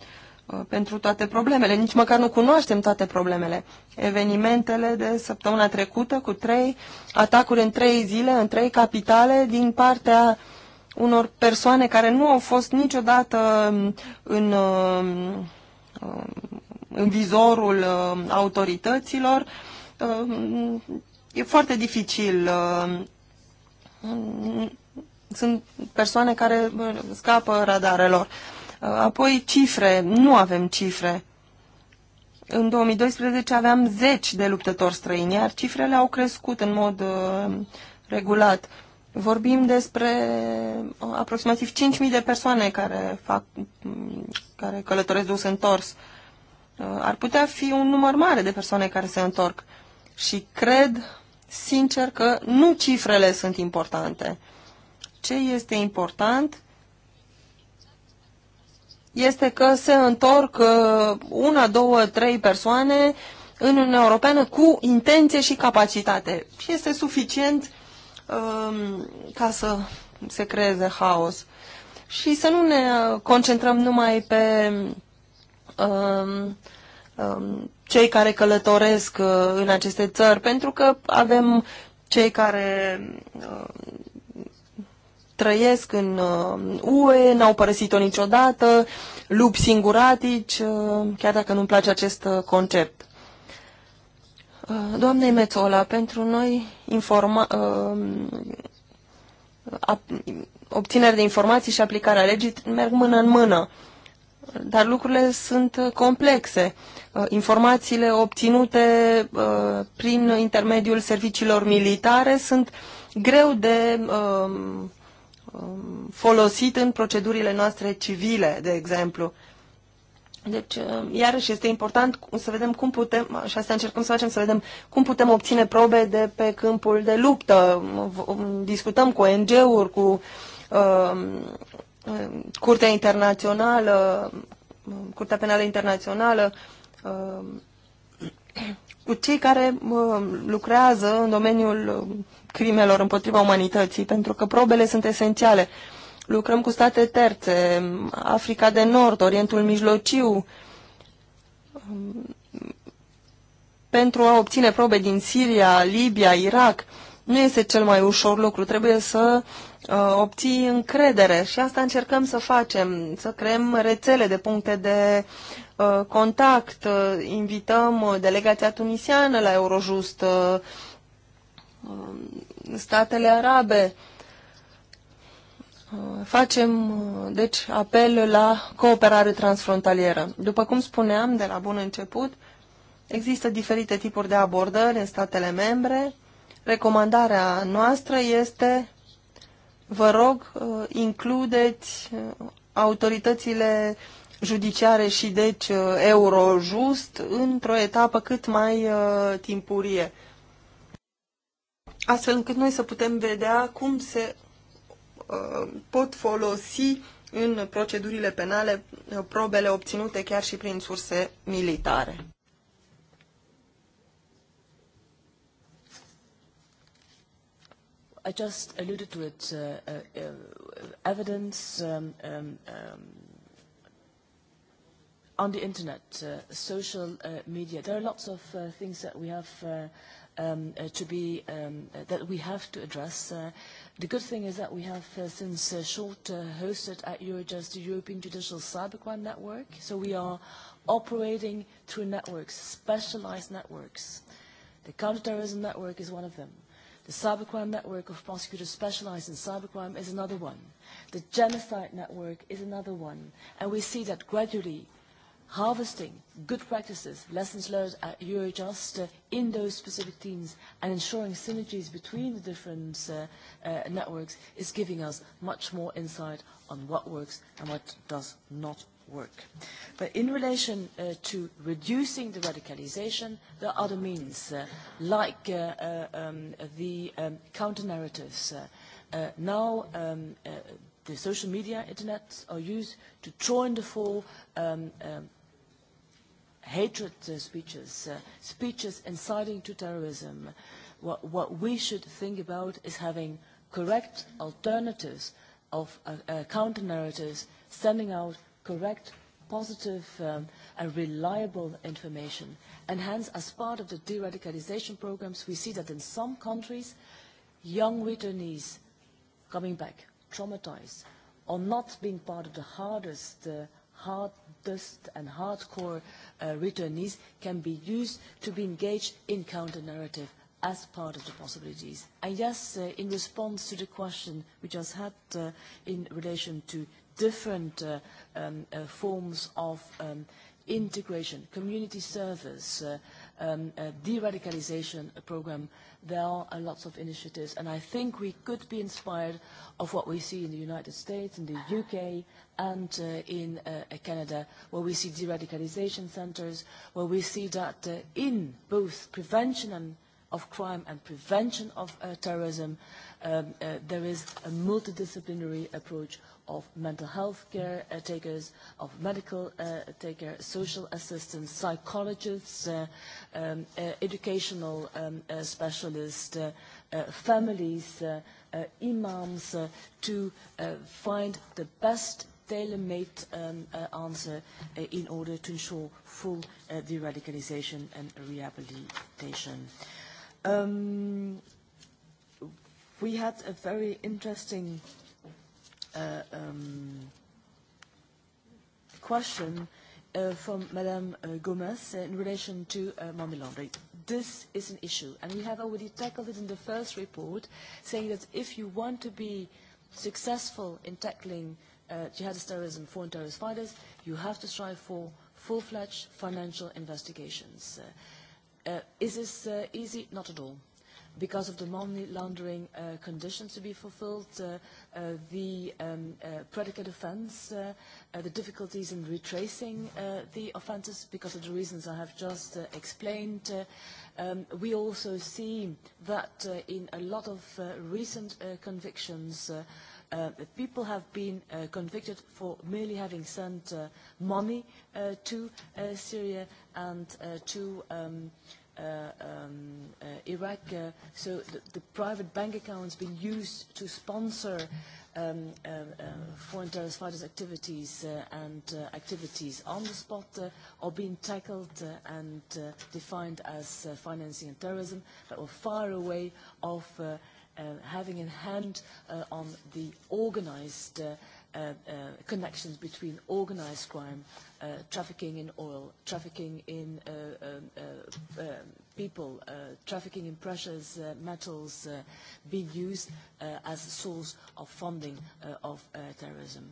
uh, pentru toate problemele. Nici măcar nu cunoaștem toate problemele. Evenimentele de săptămâna trecută cu trei atacuri în trei zile, în trei capitale, din partea unor persoane care nu au fost niciodată um, în, um, în vizorul autorităților, Um, e foarte dificil. Um, sunt persoane care uh, scapă radarelor. Uh, apoi cifre. Nu avem cifre. În 2012 aveam 10 de luptători străini, iar cifrele au crescut în mod uh, regulat. Vorbim despre aproximativ 5.000 de persoane care, fac, care călătoresc dus întors. Ar putea fi un număr mare de persoane care se întorc. Și cred, sincer, că nu cifrele sunt importante. Ce este important este că se întorc uh, una, două, trei persoane în Uniunea Europeană cu intenție și capacitate. Și este suficient um, ca să se creeze haos. Și să nu ne uh, concentrăm numai pe um, Um, cei care călătoresc uh, în aceste țări, pentru că avem cei care uh, trăiesc în UE, uh, n-au părăsit-o niciodată, lupi singuratici, chiar dacă nu-mi place acest concept. Doamne Mețola, pentru noi informa, obținerea de informații și aplicarea legii merg mână în mână dar lucrurile sunt uh, complexe. Uh, informațiile obținute uh, prin intermediul serviciilor militare sunt greu de um, um, folosit în procedurile noastre civile, de exemplu. Deci, iarăși, este important să vedem cum putem, și asta încercăm să facem, să vedem cum putem obține probe de pe câmpul de luptă. Discutăm cu ONG-uri, cu uh, Uh, Curtea Internațională, uh, Curtea Penală Internațională, uh, cu cei care lucrează în domeniul crimelor împotriva umanității, pentru că probele sunt esențiale. Lucrăm cu state terțe, Africa de Nord, Orientul Mijlociu, um, pentru a obține probe din Siria, Libia, Irak. Nu este cel mai ușor lucru. Trebuie să Uh, obții încredere și asta încercăm să facem, să creăm rețele de puncte de uh, contact, uh, invităm delegația tunisiană la Eurojust, um, statele arabe, facem, deci, apel la cooperare transfrontalieră. După cum spuneam de la bun început, există diferite tipuri de abordări în statele membre. Recomandarea noastră este vă rog, uh, includeți uh, autoritățile judiciare și deci uh, Eurojust într-o etapă cât mai timpurie, astfel încât noi să putem vedea cum se pot folosi în procedurile penale probele obținute chiar și prin surse militare. I just alluded to it, uh, uh, uh evidence um, um, um, on the internet, uh, social uh, media. There are lots of uh, things that we have um, to be, um, that we have to address. the good thing is that we have, since short, hosted at Eurojust the European Judicial Cybercrime Network. So we are operating through networks, specialized networks. The counterterrorism network is one of them The cybercrime network of prosecutors specialized in cybercrime is another one. The genocide network is another one. And we see that gradually harvesting good practices, lessons learned at Eurojust uh, in those specific teams and ensuring synergies between the different uh, uh, networks is giving us much more insight on what works and what does not work. But in relation uh, to reducing the radicalization, there are other means, uh, like uh, uh, um, the um, counter-narratives. Uh, uh, now, um, uh, the social media internet are used to join the full um, um, hatred uh, speeches, uh, speeches inciting to terrorism. What, what we should think about is having correct alternatives of uh, uh, counter-narratives sending out correct, positive um, and reliable information. And hence, as part of the de-radicalization programs, we see that in some countries, young returnees coming back, traumatized, or not being part of the hardest, the uh, hardest and hardcore uh, returnees can be used to be engaged in counter-narrative as part of the possibilities. And yes, uh, in response to the question we just had uh, in relation to different uh, um, uh, forms of um, integration, community service, uh, um, uh, de-radicalization program. There are lots of initiatives, and I think we could be inspired of what we see in the United States, in the UK, and uh, in uh, Canada, where we see de-radicalization centers, where we see that uh, in both prevention and of crime and prevention of uh, terrorism, um, uh, there is a multidisciplinary approach of mental health care uh, takers, of medical uh, taker, social assistants, psychologists, uh, um, uh, educational um, uh, specialists, uh, uh, families, uh, uh, imams, uh, to uh, find the best tailor-made um, uh, answer uh, in order to ensure full uh, de-radicalization and rehabilitation. Um, we had a very interesting uh, um, question uh, from Madame uh, Gomez in relation to uh, money laundering. This is an issue, and we have already tackled it in the first report, saying that if you want to be successful in tackling uh, jihadist terrorism, foreign terrorist fighters, you have to strive for full-fledged financial investigations. Uh, uh, is this uh, easy? Not at all because of the money laundering uh, conditions to be fulfilled, uh, uh, the um, uh, predicate offence, uh, uh, the difficulties in retracing uh, the offences because of the reasons I have just uh, explained. Uh, um, we also see that uh, in a lot of uh, recent uh, convictions, uh, uh, people have been uh, convicted for merely having sent uh, money uh, to uh, Syria and uh, to um, uh, Uh, um, uh, Iraq. Uh, so the, the, private bank accounts being used to sponsor um, uh, uh, foreign terrorist fighters' activities uh, and uh, activities on the spot uh, are being tackled uh, and uh, defined as uh, financing and terrorism but were far away of uh, uh, having in hand uh, on the organized uh, Uh, uh, connections between organized crime, uh, trafficking in oil, trafficking in uh, um, uh, uh, people, uh, trafficking in precious uh, metals uh, being used uh, as a source of funding uh, of uh, terrorism.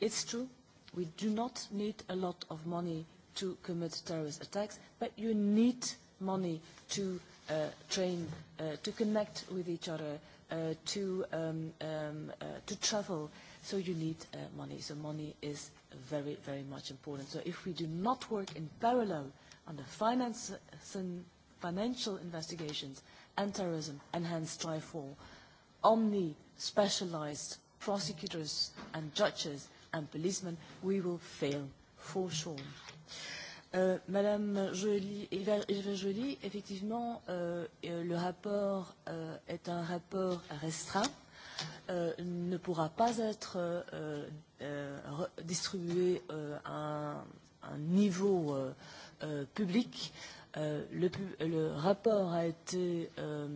It's true, we do not need a lot of money to commit terrorist attacks, but you need money to uh, train, uh, to connect with each other, uh, to, um, um, uh, to travel, So you need uh, money. So money is very, very much important. So if we do not work in parallel on the finance, financial investigations and terrorism, and hence for omni-specialized prosecutors and judges and policemen, we will fail for sure. Euh, Madame Joly, Eva, Eva Joly, effectivement, euh, euh, le rapport euh, est un rapport restreint Euh, ne pourra pas être euh, euh, distribué euh, à, un, à un niveau euh, euh, public. Euh, le, le rapport a été. Euh,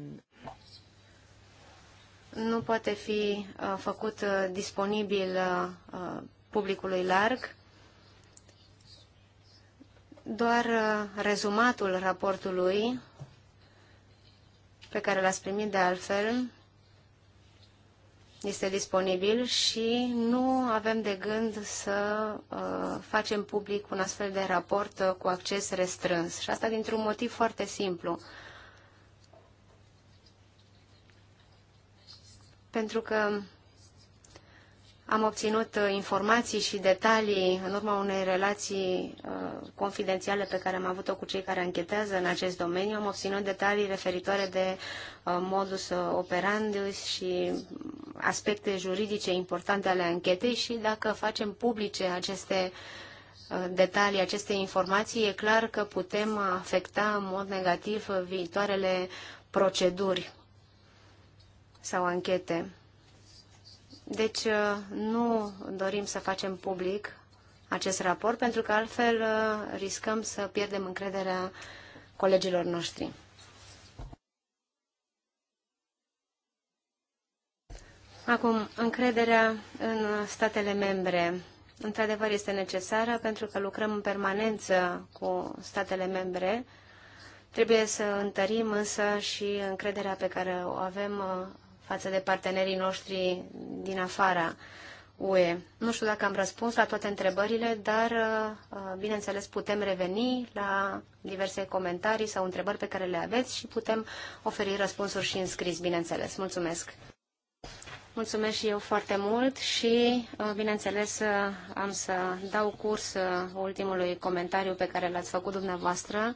nu poate fi uh, făcut uh, disponibil uh, uh publicului larg. Doar uh, rezumatul raportului pe care l-ați primit de altfel este disponibil și nu avem de gând să uh, facem public un astfel de raport uh, cu acces restrâns. Și asta dintr-un motiv foarte simplu. Pentru că am obținut uh, informații și detalii în urma unei relații uh, confidențiale pe care am avut-o cu cei care anchetează în acest domeniu. Am obținut detalii referitoare de uh, modus operandi și aspecte juridice importante ale anchetei și dacă facem publice aceste detalii, aceste informații, e clar că putem afecta în mod negativ viitoarele proceduri sau anchete. Deci uh, nu dorim să facem public acest raport, pentru că altfel uh, riscăm să pierdem încrederea colegilor noștri. Acum, încrederea în statele membre. Într-adevăr, este necesară pentru că lucrăm în permanență cu statele membre. Trebuie să întărim însă și încrederea pe care o avem uh, față de partenerii noștri din afara UE. Nu știu dacă am răspuns la toate întrebările, dar, uh, uh, bineînțeles, putem reveni la diverse comentarii sau întrebări pe care le aveți și putem oferi răspunsuri și în scris, bineînțeles. Mulțumesc! Mulțumesc și eu foarte mult și, uh, bineînțeles, am să dau curs ultimului comentariu pe care l-ați făcut dumneavoastră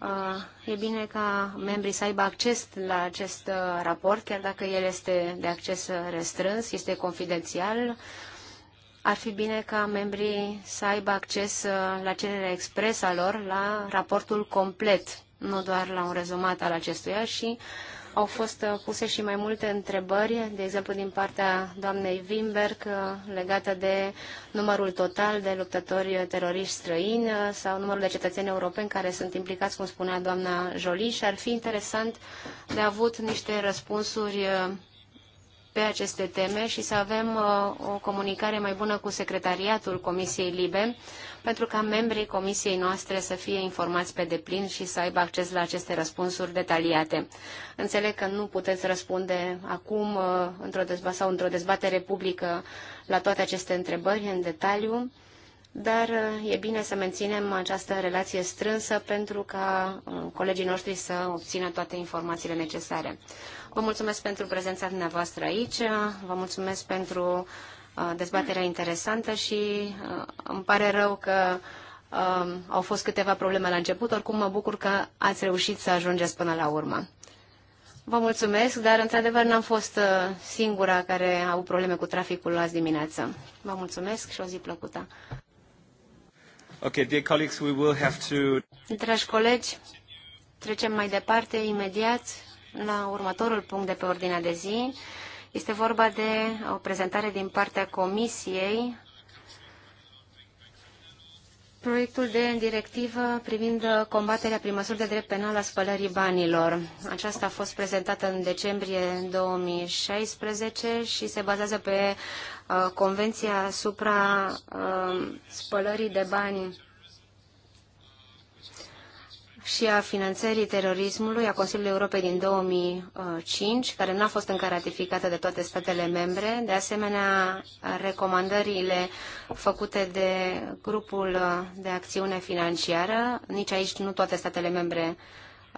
Ah, e bine ca membrii să aibă acces la acest uh, raport, chiar dacă el este de acces restrâns, este confidențial. Ar fi bine ca membrii să aibă acces uh, la cererea expresă a lor la raportul complet, nu doar la un rezumat al acestuia și uh, au fost uh, puse și mai multe întrebări, de exemplu din partea doamnei Wimberg, uh, legată de numărul total de luptători uh, teroriști străini sau numărul de cetățeni europeni care sunt implicați, cum spunea doamna Jolie, și ar fi interesant de avut niște răspunsuri pe aceste teme și să avem o comunicare mai bună cu secretariatul Comisiei Libe, pentru ca membrii comisiei noastre să fie informați pe deplin și să aibă acces la aceste răspunsuri detaliate. Înțeleg că nu puteți răspunde acum uh, într-o dezba- sau într-o dezbatere publică la toate aceste întrebări în detaliu, dar uh, e bine să menținem această relație strânsă pentru ca uh, colegii noștri să obțină toate informațiile necesare. Vă mulțumesc pentru prezența dumneavoastră aici, vă mulțumesc pentru dezbaterea interesantă și îmi pare rău că au fost câteva probleme la început, oricum mă bucur că ați reușit să ajungeți până la urmă. Vă mulțumesc, dar într-adevăr n-am fost singura care a avut probleme cu traficul azi dimineață. Vă mulțumesc și o zi plăcută. Okay, dear colleagues, we will have to... Dragi colegi, trecem mai departe imediat la următorul punct de pe ordinea de zi. Este vorba de o prezentare din partea Comisiei proiectul de directivă privind combaterea prin măsuri de drept penal a spălării banilor. Aceasta a fost prezentată în decembrie 2016 și se bazează pe uh, Convenția asupra uh, spălării de bani și a finanțării terorismului a Consiliului Europei din 2005, care n-a fost încă ratificată de toate statele membre. De asemenea, recomandările făcute de grupul de acțiune financiară, nici aici nu toate statele membre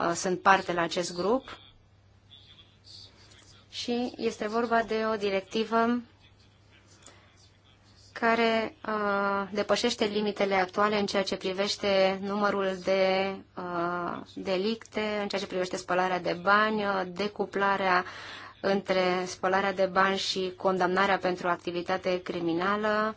uh, sunt parte la acest grup. Și este vorba de o directivă care uh, depășește limitele actuale în ceea ce privește numărul de uh, delicte, în ceea ce privește spălarea de bani, uh, decuplarea între spălarea de bani și condamnarea pentru activitate criminală,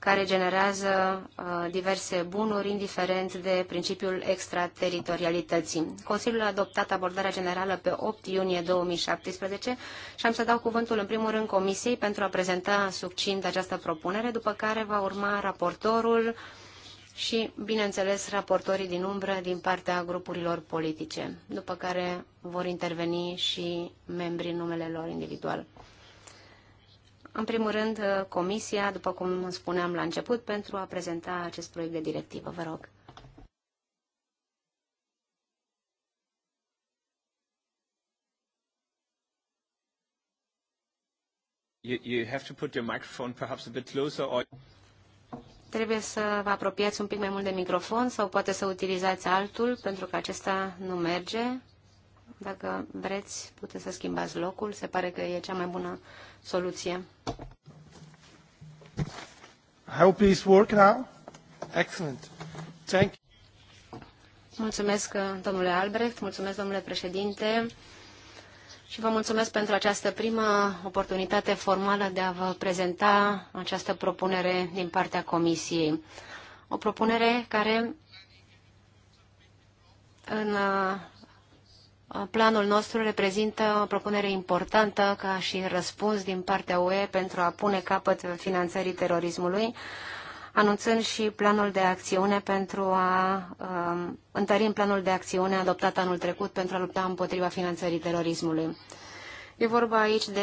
care generează uh, diverse bunuri, indiferent de principiul extrateritorialității. Consiliul a adoptat abordarea generală pe 8 iunie 2017 și am să dau cuvântul în primul rând Comisiei pentru a prezenta succint această propunere, după care va urma raportorul și, bineînțeles, raportorii din umbră din partea grupurilor politice, după care vor interveni și membrii numele lor individual în primul rând, uh, Comisia, după cum spuneam la început, pentru a prezenta acest proiect de directivă. Vă rog. You, you have to put your microphone perhaps a bit closer or... Trebuie să vă apropiați un pic mai mult de microfon sau poate să utilizați altul pentru că acesta nu merge. Dacă vreți, puteți să schimbați locul. Se pare că e cea mai bună uh, soluție. I hope this work now. Excellent. Thank you. Mulțumesc, domnule Albrecht, mulțumesc, domnule președinte, și vă mulțumesc pentru această primă oportunitate formală de a vă prezenta această propunere din partea Comisiei. O propunere care în Planul nostru reprezintă o propunere importantă ca și răspuns din partea UE pentru a pune capăt finanțării terorismului, anunțând și planul de acțiune pentru a um, planul de acțiune adoptat anul trecut pentru a lupta împotriva finanțării terorismului. E vorba aici de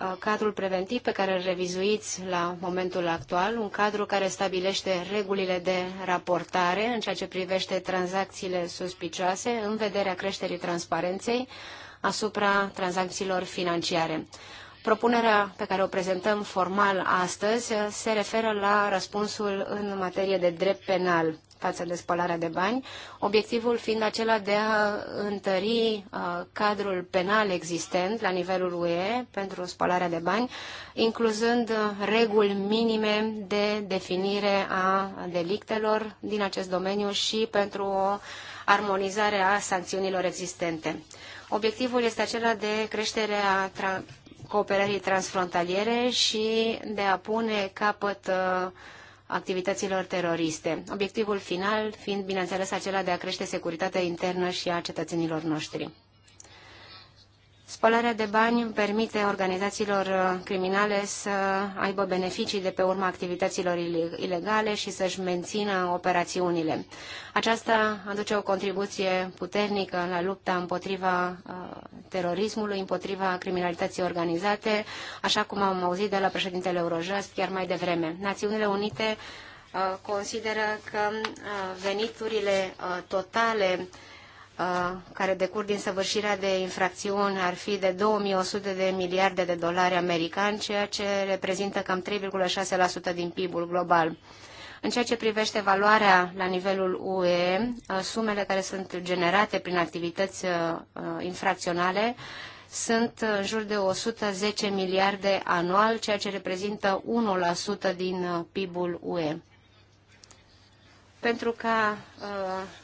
uh, cadrul preventiv pe care îl revizuiți la momentul actual, un cadru care stabilește regulile de raportare în ceea ce privește tranzacțiile suspicioase în vederea creșterii transparenței asupra tranzacțiilor financiare. Propunerea pe care o prezentăm formal astăzi se referă la răspunsul în materie de drept penal față de spălarea de bani, obiectivul fiind acela de a întări uh, cadrul penal existent la nivelul UE pentru spălarea de bani, incluzând uh, reguli minime de definire a delictelor din acest domeniu și pentru o armonizare a sancțiunilor existente. Obiectivul este acela de creștere a tra- cooperării transfrontaliere și de a pune capăt uh, activităților teroriste, obiectivul final fiind, bineînțeles, acela de a crește securitatea internă și a cetățenilor noștri. Spălarea de bani permite organizațiilor uh, criminale să aibă beneficii de pe urma activităților ilegale și să-și mențină operațiunile. Aceasta aduce o contribuție puternică la lupta împotriva uh, terorismului, împotriva criminalității organizate, așa cum am auzit de la președintele Eurojust chiar mai devreme. Națiunile Unite uh, consideră că veniturile totale Uh, care decur din săvârșirea de infracțiuni ar fi de 2100 de miliarde de dolari americani, ceea ce reprezintă cam 3,6% din PIB-ul global. În ceea ce privește valoarea la nivelul UE, uh, sumele care sunt generate prin activități uh, infracționale sunt în jur de 110 miliarde anual, ceea ce reprezintă 1% din PIB-ul UE pentru ca uh,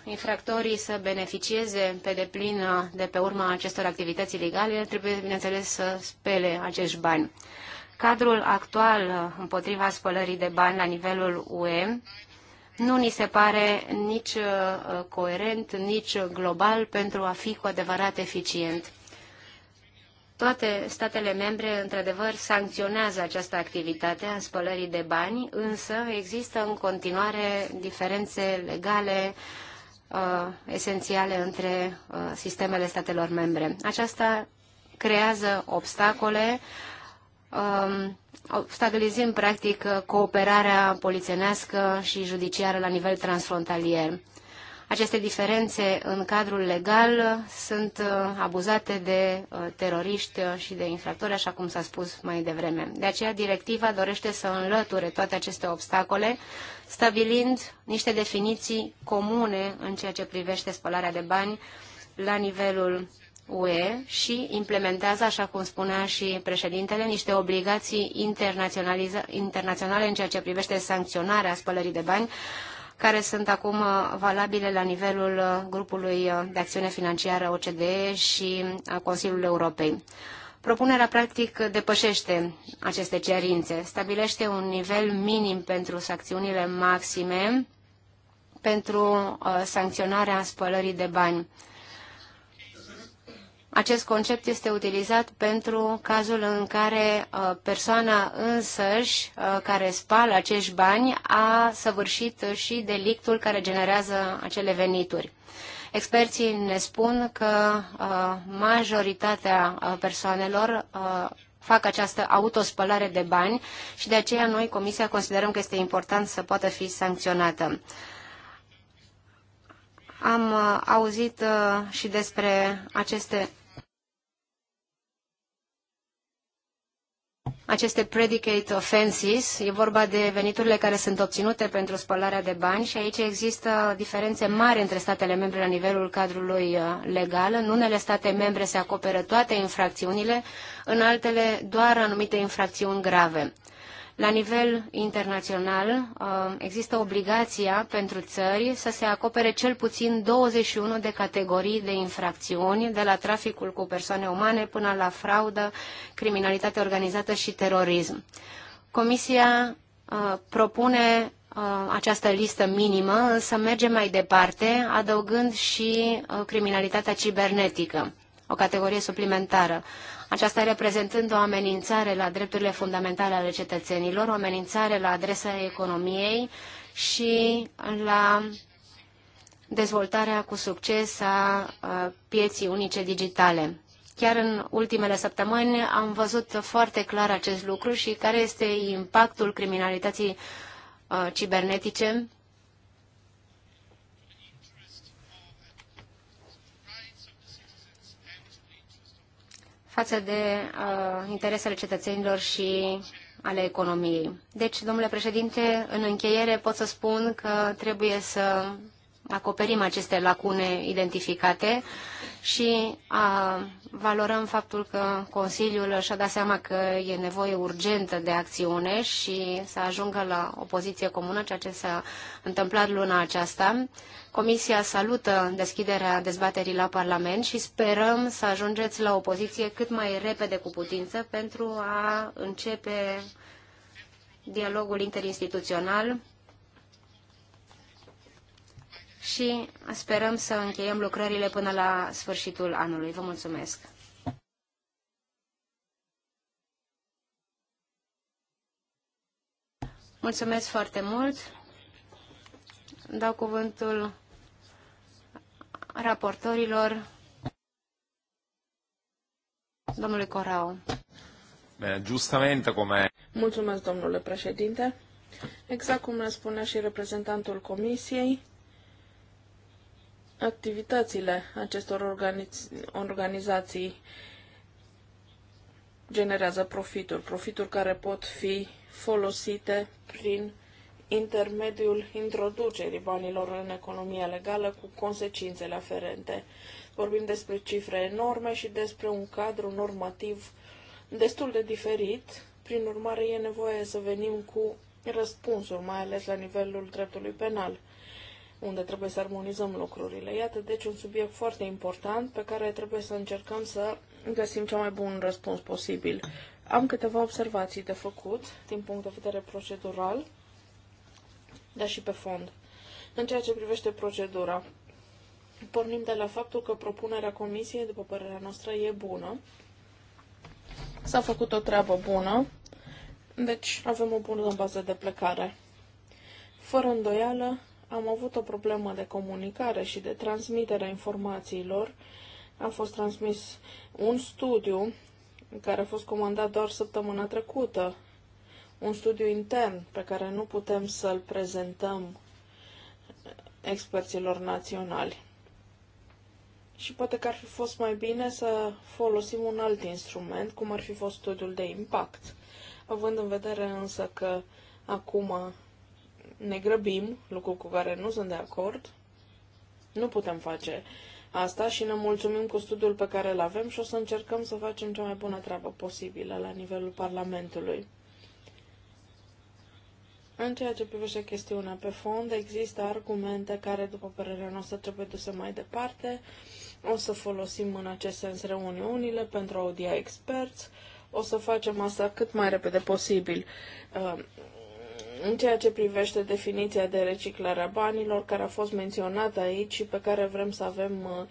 infractorii să beneficieze pe deplin uh, de pe urma acestor activități ilegale, trebuie, bineînțeles, să spele acești bani. Cadrul actual uh, împotriva spălării de bani la nivelul UE nu ni se pare nici uh, coerent, nici global pentru a fi cu adevărat eficient. Toate statele membre, într-adevăr, sancționează această activitate a spălării de bani, însă există în continuare diferențe legale uh, esențiale între uh, sistemele statelor membre. Aceasta creează obstacole, um, obstacolizând practic cooperarea polițenească și judiciară la nivel transfrontalier. Aceste diferențe în cadrul legal sunt uh, abuzate de uh, teroriști uh, și de infractori, așa cum s-a spus mai devreme. De aceea, directiva dorește să înlăture toate aceste obstacole, stabilind niște definiții comune în ceea ce privește spălarea de bani la nivelul UE și implementează, așa cum spunea și președintele, niște obligații internaționale în ceea ce privește sancționarea spălării de bani, care sunt acum uh, valabile la nivelul uh, grupului uh, de acțiune financiară OCDE și a Consiliului Europei. Propunerea practic depășește aceste cerințe, stabilește un nivel minim pentru sancțiunile maxime pentru sancționarea spălării de bani. Acest concept este utilizat pentru cazul în care uh, persoana însăși uh, care spală acești bani a săvârșit și delictul care generează acele venituri. Experții ne spun că uh, majoritatea persoanelor fac această autospălare de bani și de aceea noi, Comisia, considerăm că este important să poată fi sancționată. Am auzit și despre aceste aceste predicate offenses, e vorba de veniturile care sunt obținute pentru spălarea de bani și aici există diferențe mari între statele membre la nivelul cadrului uh, legal. În unele state membre se acoperă toate infracțiunile, în altele doar anumite infracțiuni grave. La nivel internațional uh, există obligația pentru țări să se acopere cel puțin 21 de categorii de infracțiuni, de la traficul cu persoane umane până la fraudă, criminalitate organizată și terorism. Comisia uh, propune uh, această listă minimă, însă merge mai departe, adăugând și criminalitatea cibernetică, o categorie suplimentară aceasta reprezentând o amenințare la drepturile fundamentale ale cetățenilor, o amenințare la adresa economiei și la dezvoltarea cu succes a pieții unice digitale. Chiar în ultimele săptămâni am văzut foarte clar acest lucru și care este impactul criminalității cibernetice față de uh, interesele cetățenilor și ale economiei. Deci, domnule președinte, în încheiere pot să spun că trebuie să acoperim aceste lacune identificate și a, uh, valorăm faptul că Consiliul și-a dat seama că e nevoie urgentă de acțiune și să ajungă la o poziție comună, ceea ce s-a întâmplat luna aceasta Comisia salută deschiderea dezbaterii la Parlament și sperăm să ajungeți la o poziție cât mai repede cu putință pentru a începe dialogul interinstituțional și sperăm să încheiem lucrările până la sfârșitul anului. Vă mulțumesc! Mulțumesc foarte mult! Dau cuvântul raportorilor, domnului Corau. Giustamente, come... Mulțumesc, domnule președinte. Exact cum ne spunea și reprezentantul comisiei, activitățile acestor organiz... organizații generează profituri, profituri care pot fi folosite prin intermediul introducerii banilor în economia legală cu consecințele aferente. Vorbim despre cifre enorme și despre un cadru normativ destul de diferit, prin urmare e nevoie să venim cu răspunsuri, mai ales la nivelul dreptului penal, unde trebuie să armonizăm lucrurile. Iată, deci, un subiect foarte important pe care trebuie să încercăm să găsim cel mai bun răspuns posibil. Am câteva observații de făcut din punct de vedere procedural dar și pe fond. În ceea ce privește procedura, pornim de la faptul că propunerea comisiei, după părerea noastră, e bună. S-a făcut o treabă bună, deci avem o bună bază de plecare. Fără îndoială, am avut o problemă de comunicare și de transmitere a informațiilor. A fost transmis un studiu care a fost comandat doar săptămâna trecută un studiu intern pe care nu putem să-l prezentăm experților naționali. Și poate că ar fi fost mai bine să folosim un alt instrument, cum ar fi fost studiul de impact. Având în vedere însă că acum ne grăbim, lucru cu care nu sunt de acord, nu putem face asta și ne mulțumim cu studiul pe care îl avem și o să încercăm să facem cea mai bună treabă posibilă la nivelul Parlamentului. În ceea ce privește chestiunea pe fond, există argumente care, după părerea noastră, trebuie duse mai departe. O să folosim în acest sens reuniunile pentru a audia experți. O să facem asta cât mai repede posibil. Uh, în ceea ce privește definiția de reciclare a banilor, care a fost menționată aici și pe care vrem să avem uh,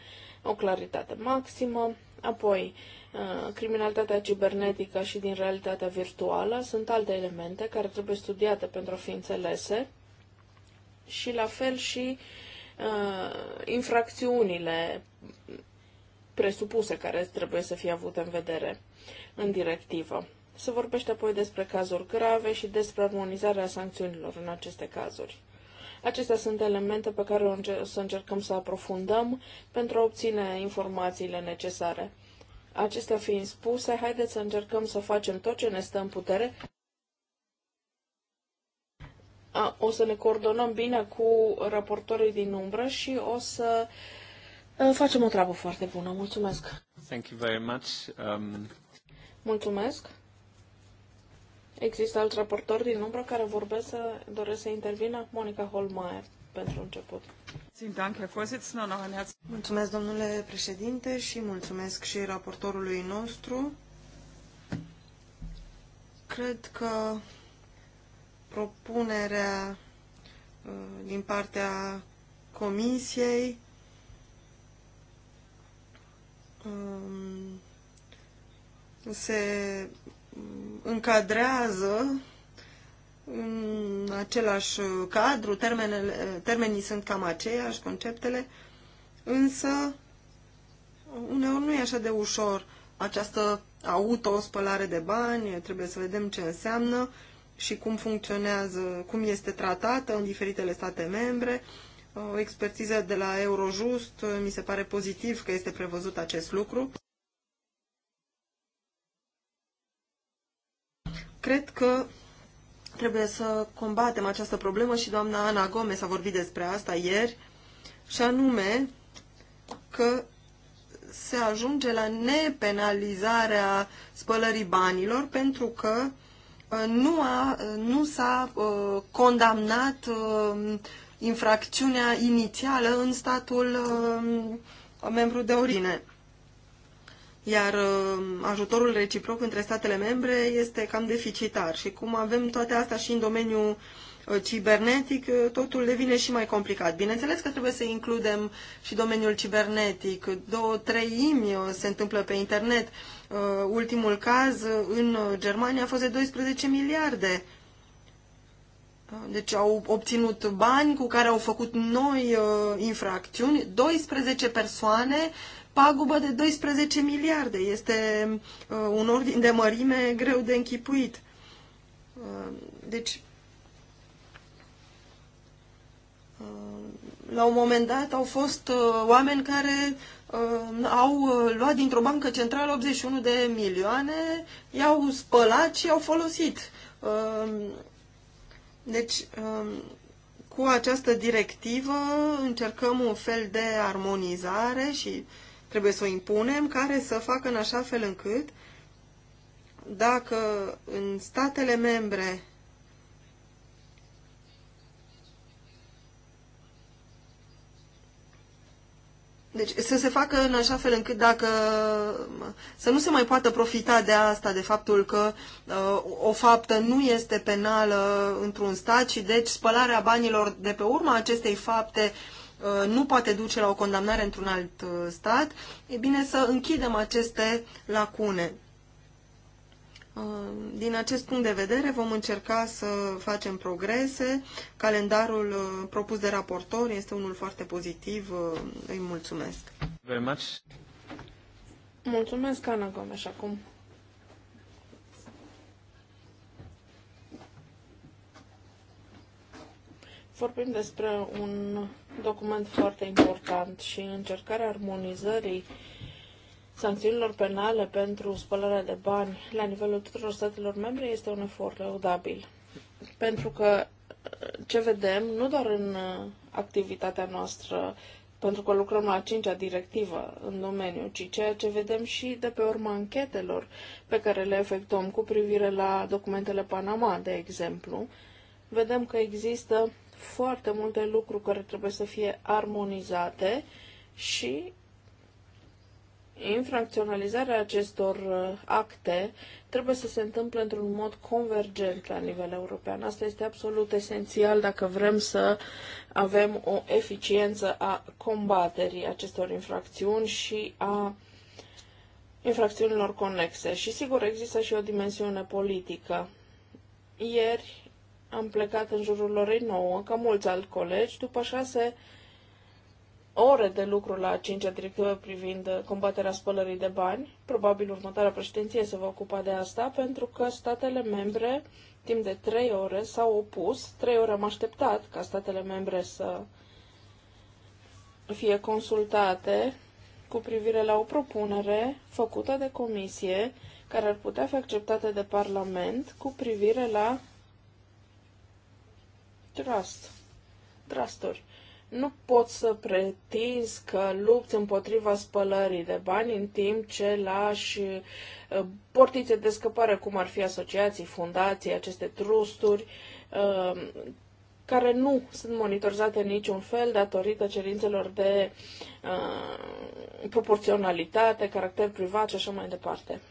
o claritate maximă, apoi Uh, criminalitatea cibernetică și din realitatea virtuală sunt alte elemente care trebuie studiate pentru a fi înțelese și la fel și uh, infracțiunile presupuse care trebuie să fie avute în vedere în directivă. Se vorbește apoi despre cazuri grave și despre armonizarea sancțiunilor în aceste cazuri. Acestea sunt elemente pe care o să încercăm să aprofundăm pentru a obține informațiile necesare. Acestea fiind spuse, haideți să încercăm să facem tot ce ne stă în putere. O să ne coordonăm bine cu raportorii din umbră și o să facem o treabă foarte bună. Mulțumesc! Thank you very much. Um... Mulțumesc! Există alt raportor din umbră care vorbesc, să doresc să intervină? Monica Holmeier pentru început. Mulțumesc, domnule președinte, și mulțumesc și raportorului nostru. Cred că propunerea uh, din partea Comisiei um, se încadrează în același uh, cadru, termenele, uh, termenii sunt cam aceiași, conceptele, însă uh, uneori nu e așa de ușor această autospălare de bani, trebuie să vedem ce înseamnă și cum funcționează, cum este tratată în diferitele state membre. O expertiză de la Eurojust, mi se pare pozitiv că este prevăzut acest lucru. Cred că Trebuie să combatem această problemă și doamna Ana Gomez a vorbit despre asta ieri, și anume că se ajunge la nepenalizarea spălării banilor pentru că uh, nu, a, uh, nu s-a uh, condamnat infracțiunea inițială în statul membru de origine iar uh, ajutorul reciproc între statele membre este cam deficitar. Și cum avem toate astea și în domeniul uh, cibernetic, uh, totul devine și mai complicat. Bineînțeles că trebuie să includem și domeniul cibernetic. Două trei imi se întâmplă pe internet. Ultimul caz în Germania a fost de 12 miliarde. Deci au obținut bani cu care au făcut noi infracțiuni. 12 persoane pagubă de 12 miliarde. Este uh, un ordin de mărime greu de închipuit. Uh, deci, uh, la un moment dat au fost uh, oameni care uh, au uh, luat dintr-o bancă centrală 81 de milioane, i-au spălat și i-au folosit. Uh, deci, uh, cu această directivă încercăm un fel de armonizare și uh, trebuie să o impunem, care să facă în așa fel încât dacă în statele membre Deci să se facă în așa fel încât dacă să nu se mai poată profita de asta, de faptul că uh, o faptă nu este penală într-un stat și deci spălarea banilor de pe urma acestei fapte uh, Uh, nu poate duce la o condamnare într-un alt uh, stat, e bine să închidem aceste lacune. Uh, din acest punct de vedere vom încerca să facem progrese. Calendarul propus de raportor este unul foarte pozitiv. Îi mulțumesc. Very much. Mulțumesc, Ana Gomes, acum. Vorbim despre un document foarte important și încercarea armonizării sancțiunilor penale pentru spălarea de bani la nivelul tuturor statelor membre este un efort laudabil. Pentru că ce vedem, nu doar în uh, activitatea noastră, pentru că lucrăm la a cincea directivă în domeniu, ci ceea ce vedem și de pe urma anchetelor pe care le efectuăm cu privire la documentele Panama, de exemplu, vedem că există foarte multe lucruri care trebuie să fie armonizate și infracționalizarea acestor uh, acte trebuie să se întâmple într-un mod convergent la nivel european. Asta este absolut esențial dacă vrem să avem o eficiență a combaterii acestor infracțiuni și a infracțiunilor conexe. Și sigur există și o dimensiune politică. Ieri am plecat în jurul orei 9, ca mulți alți colegi, după șase ore de lucru la cincea directivă privind combaterea spălării de bani. Probabil următoarea președinție se va ocupa de asta, pentru că statele membre, timp de trei ore, s-au opus. Trei ore am așteptat ca statele membre să fie consultate cu privire la o propunere făcută de comisie care ar putea fi acceptată de Parlament cu privire la trust, trusturi. Nu poți să pretinzi că lupt împotriva spălării de bani în timp ce lași uh, portițe de scăpare, cum ar fi asociații, fundații, aceste trusturi, uh, care nu sunt monitorizate în niciun fel datorită cerințelor de uh, proporționalitate, caracter privat și așa mai departe.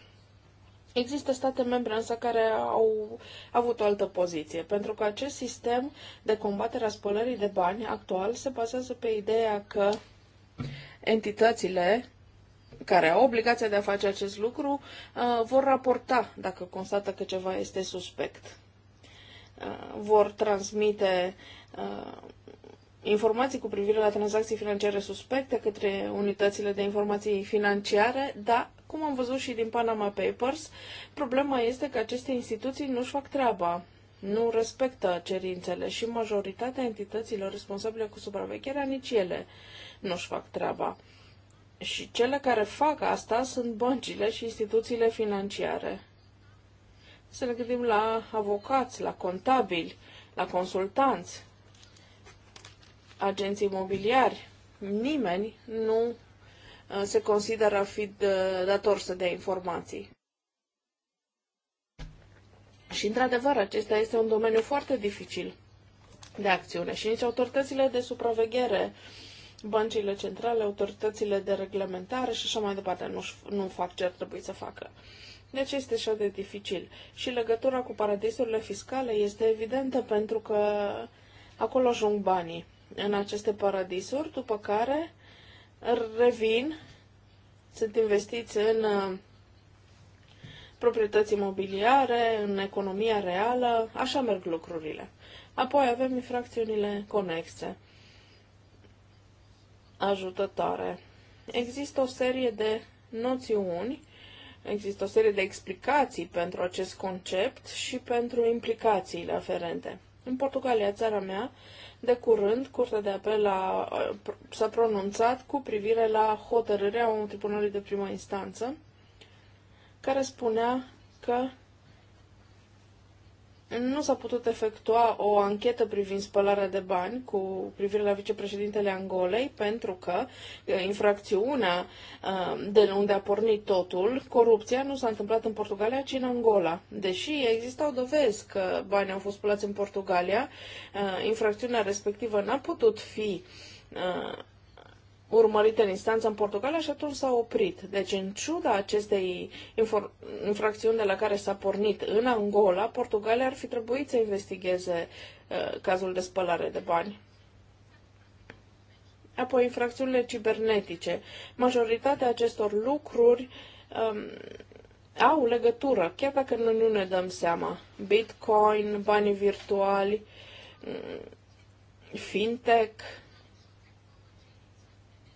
Există state membre însă care au avut o altă poziție, pentru că acest sistem de combatere a spălării de bani actual se bazează pe ideea că entitățile care au obligația de a face acest lucru uh, vor raporta dacă constată că ceva este suspect. Uh, vor transmite uh, informații cu privire la tranzacții financiare suspecte către unitățile de informații financiare, dar cum am văzut și din Panama Papers, problema este că aceste instituții nu-și fac treaba nu respectă cerințele și majoritatea entităților responsabile cu supravegherea nici ele nu-și fac treaba. Și cele care fac asta sunt băncile și instituțiile financiare. Să ne gândim la avocați, la contabili, la consultanți, agenții imobiliari. Nimeni nu Uh, se consideră a fi uh, dator să dea informații. Și, într-adevăr, acesta este un domeniu foarte dificil de acțiune și nici autoritățile de supraveghere, băncile centrale, autoritățile de reglementare și așa mai departe nu, nu fac ce ar trebui să facă. Deci este așa de dificil. Și legătura cu paradisurile fiscale este evidentă pentru că acolo ajung banii în aceste paradisuri, după care revin, sunt investiți în uh, proprietăți imobiliare, în economia reală, așa merg lucrurile. Apoi avem infracțiunile conexe, ajutătoare. Există o serie de noțiuni, există o serie de explicații pentru acest concept și pentru implicațiile aferente. În Portugalia, țara mea, de curând, Curtea de Apel a, s-a pronunțat cu privire la hotărârea unui tribunal de primă instanță, care spunea că nu s-a putut efectua o anchetă privind spălarea de bani cu privire la vicepreședintele Angolei, pentru că infracțiunea de unde a pornit totul, corupția, nu s-a întâmplat în Portugalia, ci în Angola. Deși existau dovezi că banii au fost spălați în Portugalia, infracțiunea respectivă n-a putut fi urmărit în instanță în Portugalia și atunci s-a oprit. Deci, în ciuda acestei infracțiuni de la care s-a pornit în Angola, Portugalia ar fi trebuit să investigheze uh, cazul de spălare de bani. Apoi, infracțiunile cibernetice. Majoritatea acestor lucruri um, au legătură, chiar dacă nu, nu ne dăm seama. Bitcoin, banii virtuali, mm, fintech,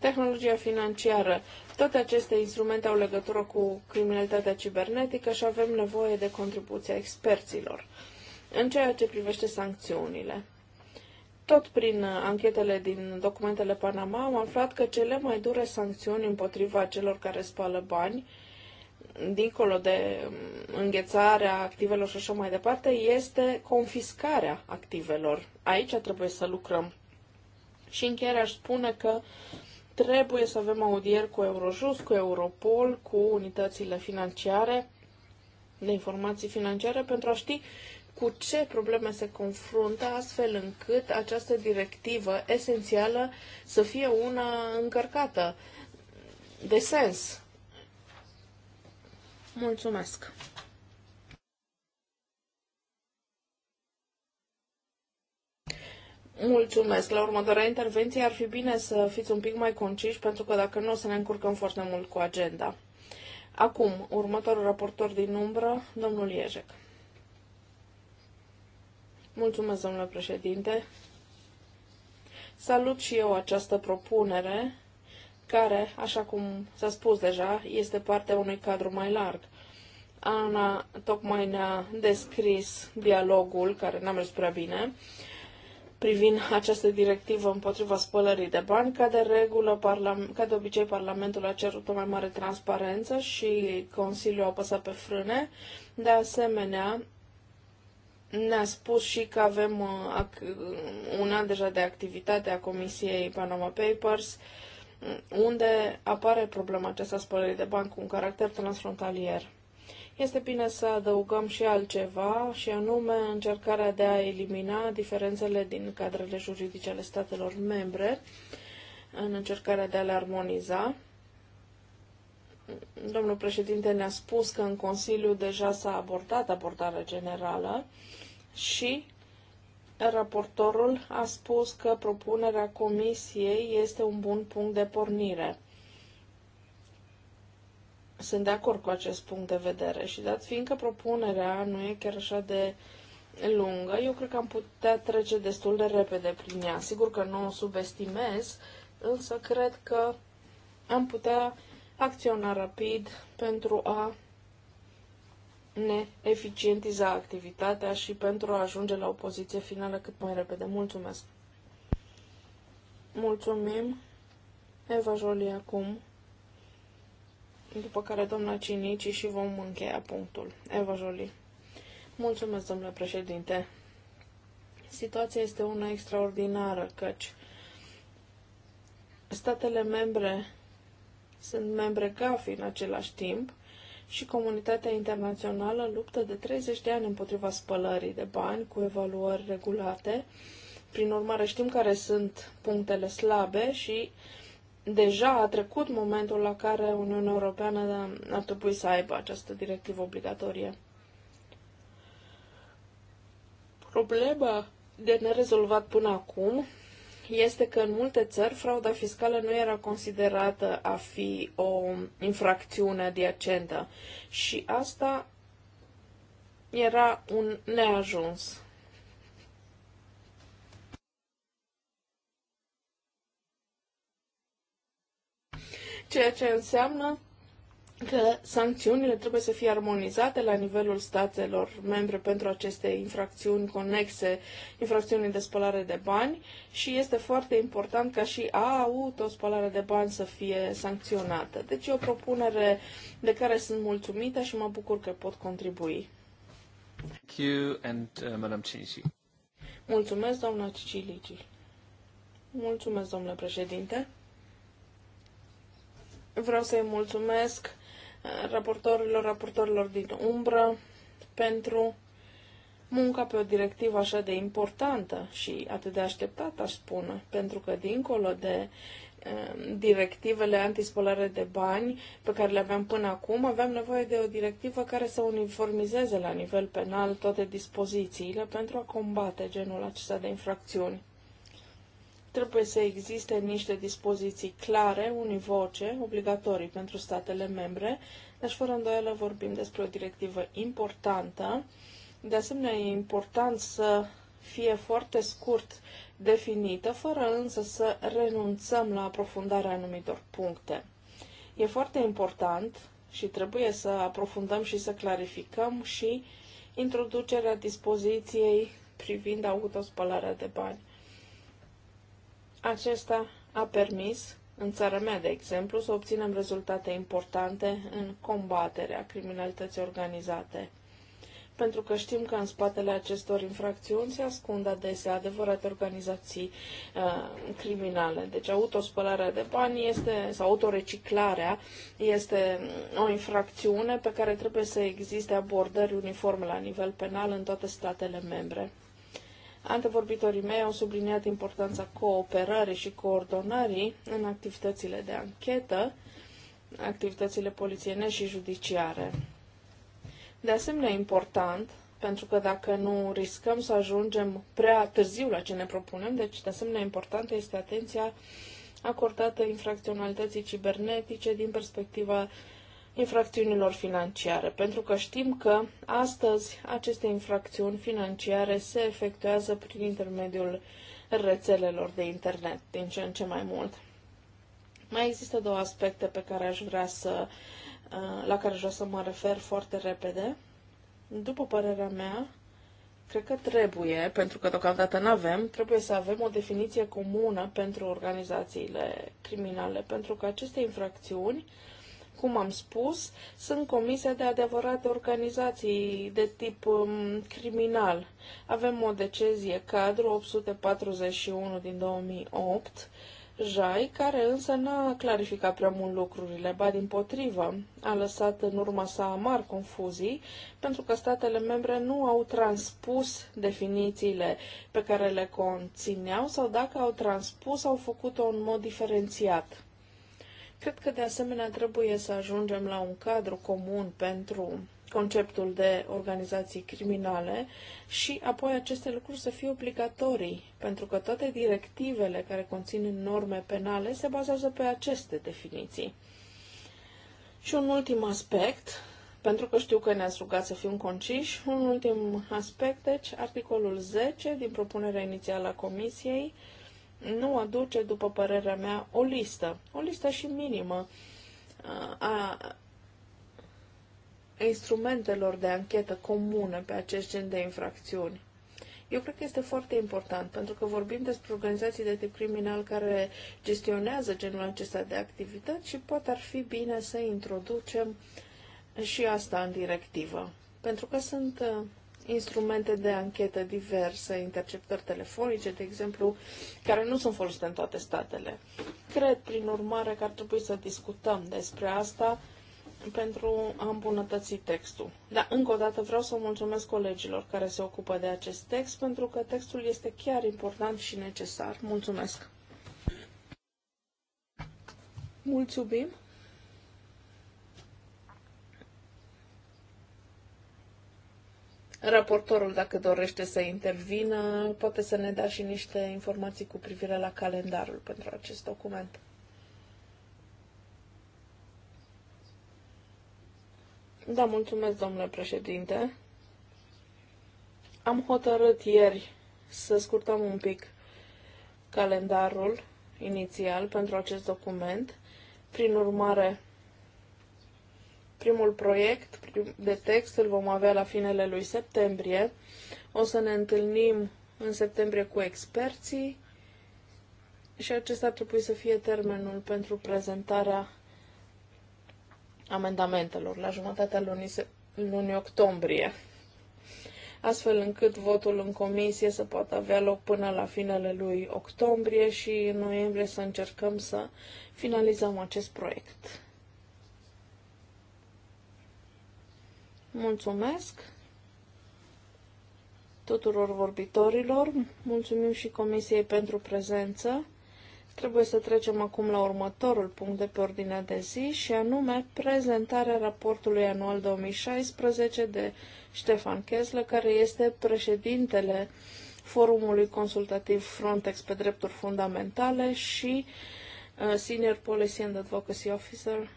Tehnologia financiară. Toate aceste instrumente au legătură cu criminalitatea cibernetică și avem nevoie de contribuția experților. În ceea ce privește sancțiunile, tot prin uh, anchetele din documentele Panama am aflat că cele mai dure sancțiuni împotriva celor care spală bani, dincolo de um, înghețarea activelor și așa mai departe, este confiscarea activelor. Aici trebuie să lucrăm. Și încheiere aș spune că Trebuie să avem audieri cu Eurojust, cu Europol, cu unitățile financiare, de informații financiare, pentru a ști cu ce probleme se confruntă, astfel încât această directivă esențială să fie una încărcată de sens. Mulțumesc! Mulțumesc. La următoarea intervenție ar fi bine să fiți un pic mai conciși, pentru că dacă nu o să ne încurcăm foarte mult cu agenda. Acum, următorul raportor din umbră, domnul Iejec. Mulțumesc, domnule președinte. Salut și eu această propunere, care, așa cum s-a spus deja, este partea unui cadru mai larg. Ana tocmai ne-a descris dialogul, care n-a mers prea bine, privind această directivă împotriva spălării de bani. Ca de regulă, ca de obicei, Parlamentul a cerut o mai mare transparență și Consiliul a apăsat pe frâne. De asemenea, ne-a spus și că avem uh, un an deja de activitate a Comisiei Panama Papers, unde apare problema aceasta spălării de bani cu un caracter transfrontalier. Este bine să adăugăm și altceva, și anume încercarea de a elimina diferențele din cadrele juridice ale statelor membre, în încercarea de a le armoniza. Domnul președinte ne-a spus că în Consiliu deja s-a abordat abordarea generală și raportorul a spus că propunerea Comisiei este un bun punct de pornire sunt de acord cu acest punct de vedere și dat fiindcă propunerea nu e chiar așa de lungă, eu cred că am putea trece destul de repede prin ea. Sigur că nu o subestimez, însă cred că am putea acționa rapid pentru a ne eficientiza activitatea și pentru a ajunge la o poziție finală cât mai repede. Mulțumesc! Mulțumim! Eva Jolie acum după care doamna Cinici și vom încheia punctul. Eva Jolie. Mulțumesc, domnule președinte. Situația este una extraordinară, căci statele membre sunt membre GAFI în același timp și comunitatea internațională luptă de 30 de ani împotriva spălării de bani cu evaluări regulate. Prin urmare, știm care sunt punctele slabe și deja a trecut momentul la care Uniunea Europeană ar trebui să aibă această directivă obligatorie. Problema de nerezolvat până acum este că în multe țări frauda fiscală nu era considerată a fi o infracțiune adiacentă și asta era un neajuns. ceea ce înseamnă că sancțiunile trebuie să fie armonizate la nivelul statelor membre pentru aceste infracțiuni conexe, infracțiuni de spălare de bani și este foarte important ca și a spălare de bani să fie sancționată. Deci e o propunere de care sunt mulțumită și mă bucur că pot contribui. Thank you and, uh, Madam Mulțumesc, doamna Cicilici. Mulțumesc, domnule președinte. Vreau să-i mulțumesc uh, raportorilor, raportorilor din umbră pentru munca pe o directivă așa de importantă și atât de așteptată, aș spune, pentru că dincolo de uh, directivele antispolare de bani pe care le aveam până acum, aveam nevoie de o directivă care să uniformizeze la nivel penal toate dispozițiile pentru a combate genul acesta de infracțiuni. Trebuie să existe niște dispoziții clare, univoce, obligatorii pentru statele membre, deci fără îndoială vorbim despre o directivă importantă. De asemenea, e important să fie foarte scurt definită, fără însă să renunțăm la aprofundarea anumitor puncte. E foarte important și trebuie să aprofundăm și să clarificăm și introducerea dispoziției privind autospălarea de bani. Acesta a permis, în țara mea, de exemplu, să obținem rezultate importante în combaterea criminalității organizate. Pentru că știm că în spatele acestor infracțiuni se ascund adesea adevărate organizații uh, criminale. Deci autospălarea de bani este, sau autoreciclarea este o infracțiune pe care trebuie să existe abordări uniforme la nivel penal în toate statele membre. Antevorbitorii mei au subliniat importanța cooperării și coordonării în activitățile de anchetă, activitățile polițiene și judiciare. De asemenea, important, pentru că dacă nu riscăm să ajungem prea târziu la ce ne propunem, deci de asemenea importantă este atenția acordată infracționalității cibernetice din perspectiva infracțiunilor financiare, pentru că știm că astăzi aceste infracțiuni financiare se efectuează prin intermediul rețelelor de internet din ce în ce mai mult. Mai există două aspecte pe care aș vrea să, uh, la care aș vrea să mă refer foarte repede. După părerea mea, cred că trebuie, pentru că deocamdată nu avem, trebuie să avem o definiție comună pentru organizațiile criminale, pentru că aceste infracțiuni uh, cum am spus, sunt comise de adevărate organizații de tip um, criminal. Avem o decezie cadru 841 din 2008, Jai, care însă n-a clarificat prea mult lucrurile, ba din potrivă, a lăsat în urma sa mari confuzii, pentru că statele membre nu au transpus definițiile pe care le conțineau sau dacă au transpus, au făcut-o în mod diferențiat. Cred că de asemenea trebuie să ajungem la un cadru comun pentru conceptul de organizații criminale și apoi aceste lucruri să fie obligatorii, pentru că toate directivele care conțin norme penale se bazează pe aceste definiții. Și un ultim aspect, pentru că știu că ne-ați rugat să fim conciși, un ultim aspect, deci articolul 10 din propunerea inițială a Comisiei, nu aduce, după părerea mea, o listă, o listă și minimă uh, a instrumentelor de anchetă comună pe acest gen de infracțiuni. Eu cred că este foarte important, pentru că vorbim despre organizații de tip criminal care gestionează genul acesta de activități și poate ar fi bine să introducem și asta în directivă. Pentru că sunt uh, instrumente de anchetă diverse, interceptări telefonice, de exemplu, care nu sunt folosite în toate statele. Cred, prin urmare, că ar trebui să discutăm despre asta pentru a îmbunătăți textul. Dar, încă o dată, vreau să mulțumesc colegilor care se ocupă de acest text, pentru că textul este chiar important și necesar. Mulțumesc! Mulțumim! Raportorul, dacă dorește să intervină, poate să ne dea și niște informații cu privire la calendarul pentru acest document. Da, mulțumesc, domnule președinte. Am hotărât ieri să scurtăm un pic calendarul inițial pentru acest document. Prin urmare, Primul proiect de text îl vom avea la finele lui septembrie. O să ne întâlnim în septembrie cu experții și acesta ar trebui să fie termenul pentru prezentarea amendamentelor la jumătatea lunii, lunii octombrie, astfel încât votul în comisie să poată avea loc până la finele lui octombrie și în noiembrie să încercăm să finalizăm acest proiect. Mulțumesc tuturor vorbitorilor, mulțumim și Comisiei pentru prezență. Trebuie să trecem acum la următorul punct de pe ordinea de zi și anume prezentarea raportului anual 2016 de Ștefan Chesle, care este președintele Forumului Consultativ Frontex pe Drepturi Fundamentale și uh, Senior Policy and Advocacy Officer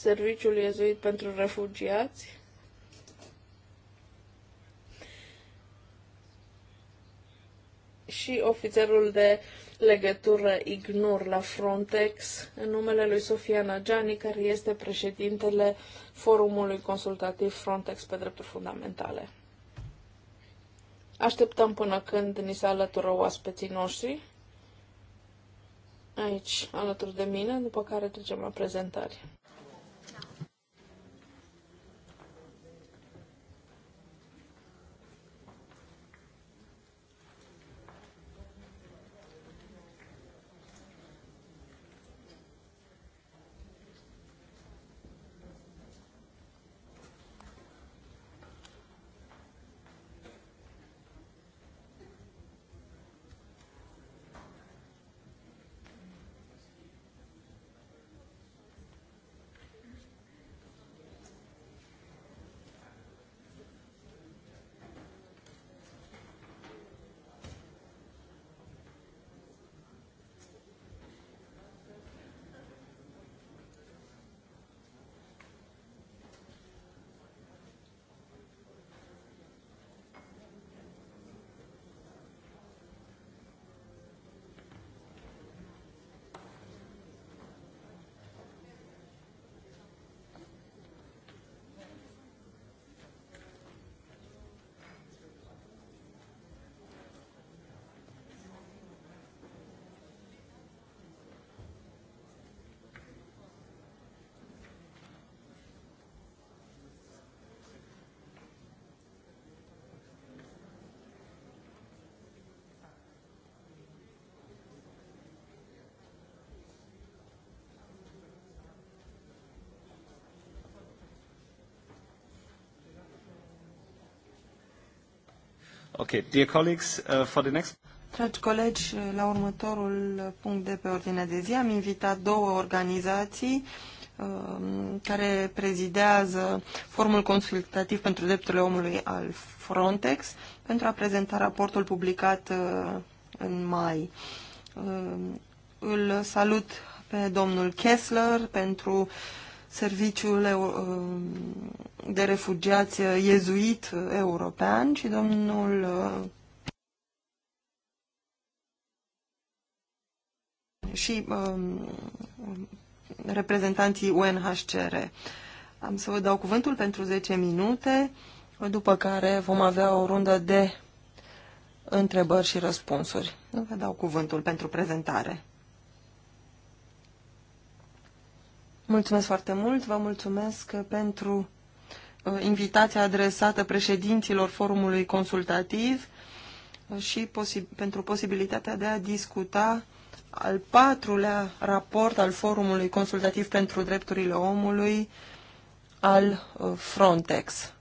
serviciul iezuit pentru refugiați. și ofițerul de legătură IGNUR la Frontex, în numele lui Sofia Nagiani, care este președintele Forumului Consultativ Frontex pe Drepturi Fundamentale. Așteptăm până când ni se alătură oaspeții noștri, aici, alături de mine, după care trecem la prezentare. Okay, dear colleagues, uh, for the next... Dragi colegi, la următorul punct de pe ordinea de zi am invitat două organizații um, care prezidează Forumul Consultativ pentru Drepturile Omului al Frontex pentru a prezenta raportul publicat uh, în mai. Um, îl salut pe domnul Kessler pentru Serviciul uh, de refugiați uh, iezuit uh, european și domnul uh, și um, reprezentanții UNHCR. Am să vă dau cuvântul pentru 10 minute, după care vom avea o rundă de întrebări și răspunsuri. Vă dau cuvântul pentru prezentare. Mulțumesc foarte mult, vă mulțumesc pentru Uh, invitația adresată președinților forumului consultativ uh, și posi pentru posibilitatea de a discuta al patrulea raport al forumului consultativ pentru drepturile omului al uh, Frontex.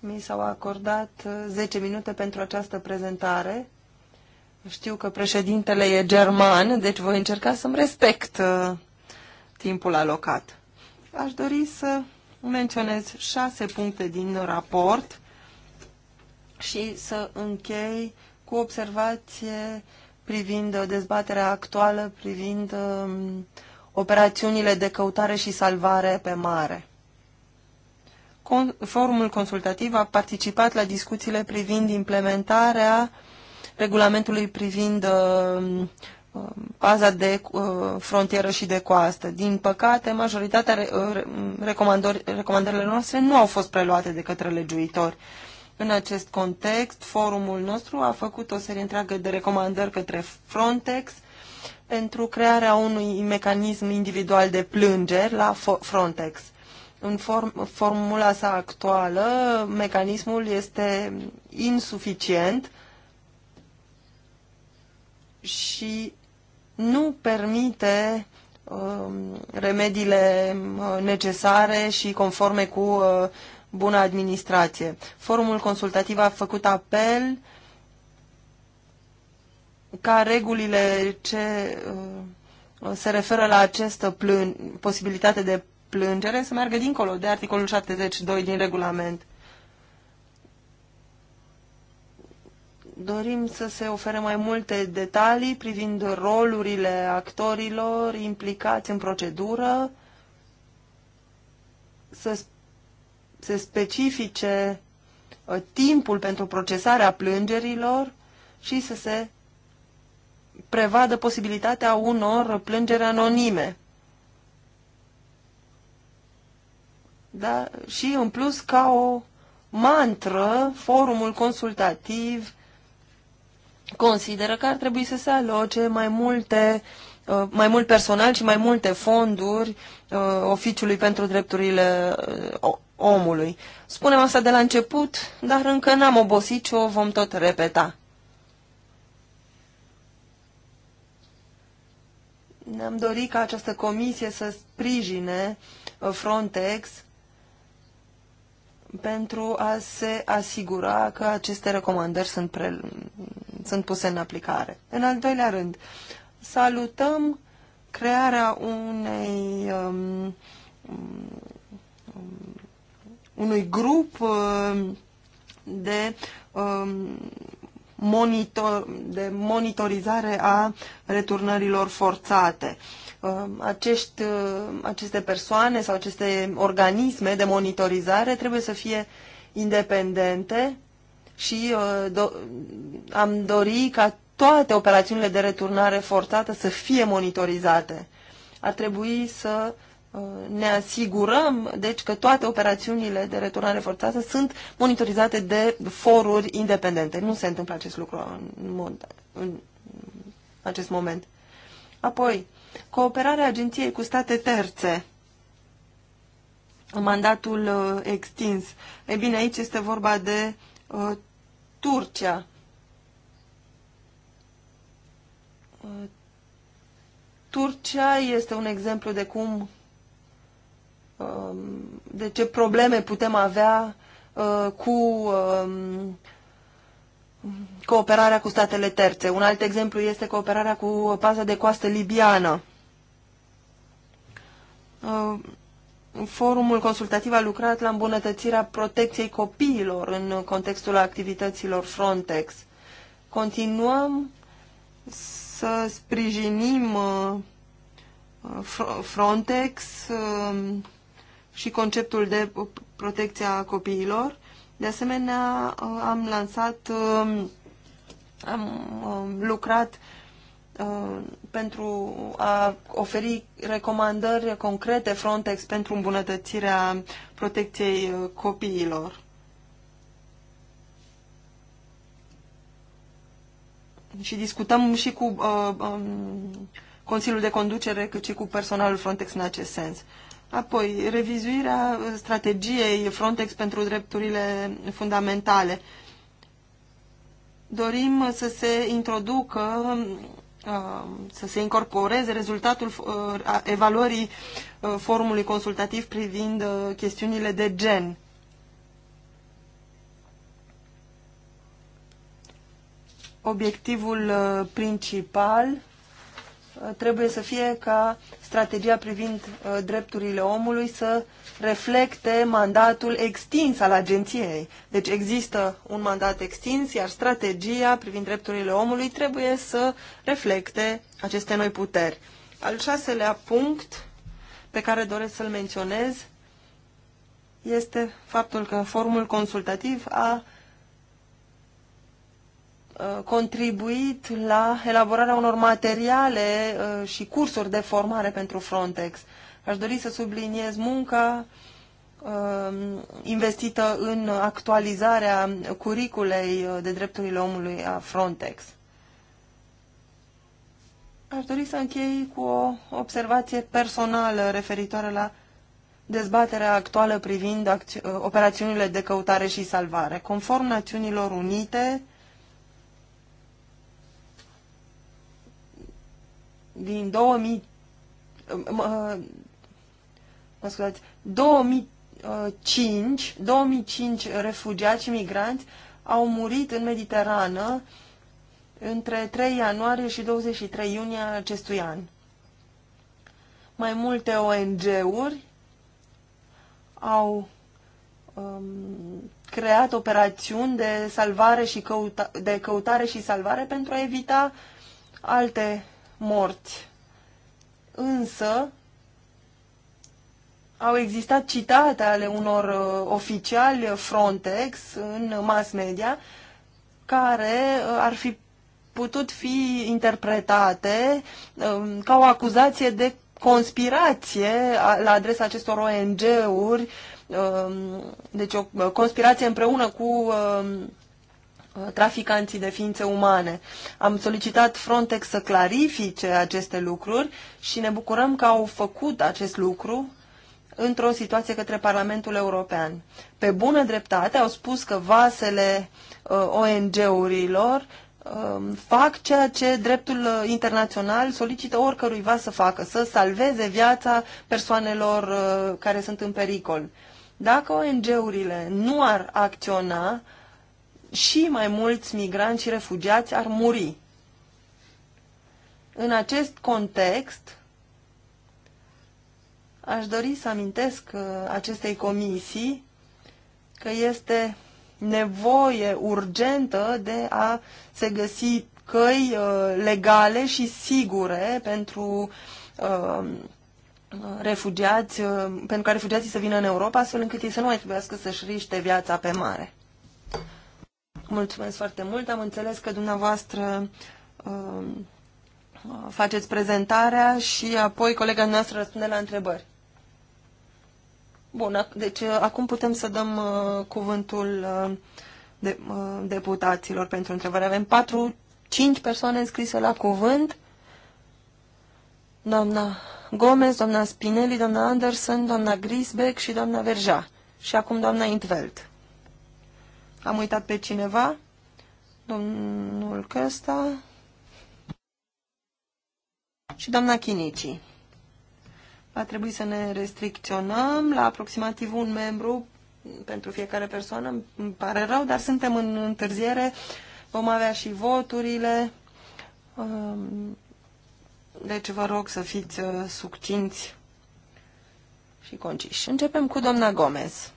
Mi s-au acordat 10 minute pentru această prezentare. Știu că președintele e german, deci voi încerca să-mi respect uh, timpul alocat. Aș dori să menționez șase puncte din raport și să închei cu observație privind dezbaterea actuală, privind um, operațiunile de căutare și salvare pe mare. Con Forumul consultativ a participat la discuțiile privind implementarea regulamentului privind uh, paza um, de uh, frontieră și de coastă. Din păcate, majoritatea uh, recomandările noastre nu au fost preluate de către legiuitori. În acest context, forumul nostru a făcut o serie întreagă de recomandări către Frontex pentru crearea unui mecanism individual de plângeri la Frontex. În form, formula sa actuală, mecanismul este insuficient și nu permite um, remediile uh, necesare și conforme cu uh, bună administrație. Forumul consultativ a făcut apel ca regulile ce uh, se referă la această plân posibilitate de plângere să meargă dincolo de articolul 72 din regulament. Dorim să se ofere mai multe detalii privind rolurile actorilor implicați în procedură, să se specifice uh, timpul pentru procesarea plângerilor și să se prevadă posibilitatea unor plângeri anonime. Da? Și în plus, ca o mantră, forumul consultativ consideră că ar trebui să se aloce mai multe uh, mai mult personal și mai multe fonduri uh, oficiului pentru drepturile uh, omului. Spunem asta de la început, dar încă n-am obosit și o vom tot repeta. Ne-am dorit ca această comisie să sprijine uh, Frontex pentru a se asigura că aceste recomandări sunt pre sunt puse în aplicare. În al doilea rând, salutăm crearea unei um, um, unui grup um, de um, monitor, de monitorizare a returnărilor forțate. Um, acești, um, aceste persoane sau aceste organisme de monitorizare trebuie să fie independente și uh, do am dori ca toate operațiunile de returnare forțată să fie monitorizate. Ar trebui să uh, ne asigurăm, deci, că toate operațiunile de returnare forțată sunt monitorizate de foruri independente. Nu se întâmplă acest lucru în, mod, în acest moment. Apoi, cooperarea agenției cu state terțe mandatul uh, extins. E bine, aici este vorba de uh, Turcia. Turcia este un exemplu de cum, um, de ce probleme putem avea uh, cu um, cooperarea cu statele terțe. Un alt exemplu este cooperarea cu paza de coastă libiană. Uh, Forumul consultativ a lucrat la îmbunătățirea protecției copiilor în contextul activităților Frontex. Continuăm să sprijinim uh, Frontex uh, și conceptul de protecția copiilor. De asemenea, uh, am lansat, am lucrat Uh, pentru a oferi recomandări concrete Frontex pentru îmbunătățirea protecției uh, copiilor. Și discutăm și cu uh, um, Consiliul de Conducere, cât și cu personalul Frontex în acest sens. Apoi, revizuirea strategiei Frontex pentru drepturile fundamentale. Dorim să se introducă Um, să se incorporeze rezultatul uh, evaluării uh, forumului consultativ privind uh, chestiunile de gen. Obiectivul principal Uh, trebuie să fie ca strategia privind uh, drepturile omului să reflecte mandatul extins al agenției. Deci există un mandat extins, iar strategia privind drepturile omului trebuie să reflecte aceste noi puteri. Al șaselea punct pe care doresc să-l menționez este faptul că forumul consultativ a Uh, contribuit la elaborarea unor materiale uh, și cursuri de formare pentru Frontex. Aș dori să subliniez munca uh, investită în actualizarea curiculei de drepturile omului a Frontex. Aș dori să închei cu o observație personală referitoare la dezbaterea actuală privind operațiunile de căutare și salvare. Conform Națiunilor Unite, din 2000 mă, mă scuzați, 2005, 2005 refugiați și migranți au murit în Mediterană între 3 ianuarie și 23 iunie acestui an. Mai multe ONG-uri au um, creat operațiuni de salvare și căuta, de căutare și salvare pentru a evita alte morți. Însă, au existat citate ale unor uh, oficiali Frontex în mass media care uh, ar fi putut fi interpretate um, ca o acuzație de conspirație la adresa acestor ONG-uri, um, deci o uh, conspirație împreună cu um, Uh, traficanții de ființe umane. Am solicitat Frontex să clarifice aceste lucruri și ne bucurăm că au făcut acest lucru într-o situație către Parlamentul European. Pe bună dreptate au spus că vasele uh, ONG-urilor uh, um, fac ceea ce dreptul uh, internațional solicită oricărui vas să facă, să salveze viața persoanelor uh, care sunt în pericol. Dacă ONG-urile nu ar acționa, uh, și mai mulți migranți și refugiați ar muri. În acest context, aș dori să amintesc uh, acestei comisii că este nevoie urgentă de a se găsi căi uh, legale și sigure pentru uh, refugiați, pentru ca refugiații să vină în Europa, astfel încât ei să nu mai trebuiască să-și riște viața pe mare. Mulțumesc foarte mult. Am înțeles că dumneavoastră uh, faceți prezentarea și apoi colega noastră răspunde la întrebări. Bun, deci uh, acum putem să dăm uh, cuvântul uh, de, uh, deputaților pentru întrebări. Avem patru, cinci persoane înscrise la cuvânt. Doamna Gomez, doamna Spinelli, doamna Anderson, doamna Grisbeck și doamna Verja. Și acum doamna Intveld. Am uitat pe cineva? Domnul Căsta și doamna Chinici. Va trebui să ne restricționăm la aproximativ un membru pentru fiecare persoană. Îmi pare rău, dar suntem în întârziere. Vom avea și voturile. Um, deci vă rog să fiți uh, succinți și conciși. Începem cu doamna Gomez.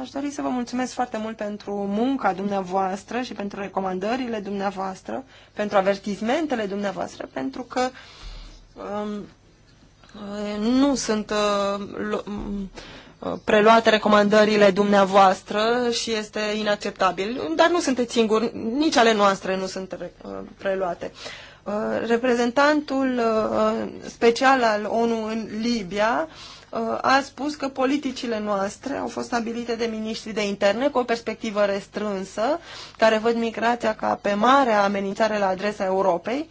Aș dori să vă mulțumesc foarte mult pentru munca dumneavoastră și pentru recomandările dumneavoastră, pentru avertismentele dumneavoastră, pentru că um, uh, nu sunt uh, uh, preluate recomandările dumneavoastră și este inacceptabil, dar nu sunteți singuri, nici ale noastre nu sunt uh, preluate. Reprezentantul special al ONU în Libia a spus că politicile noastre au fost stabilite de miniștri de interne cu o perspectivă restrânsă, care văd migrația ca pe mare amenințare la adresa Europei,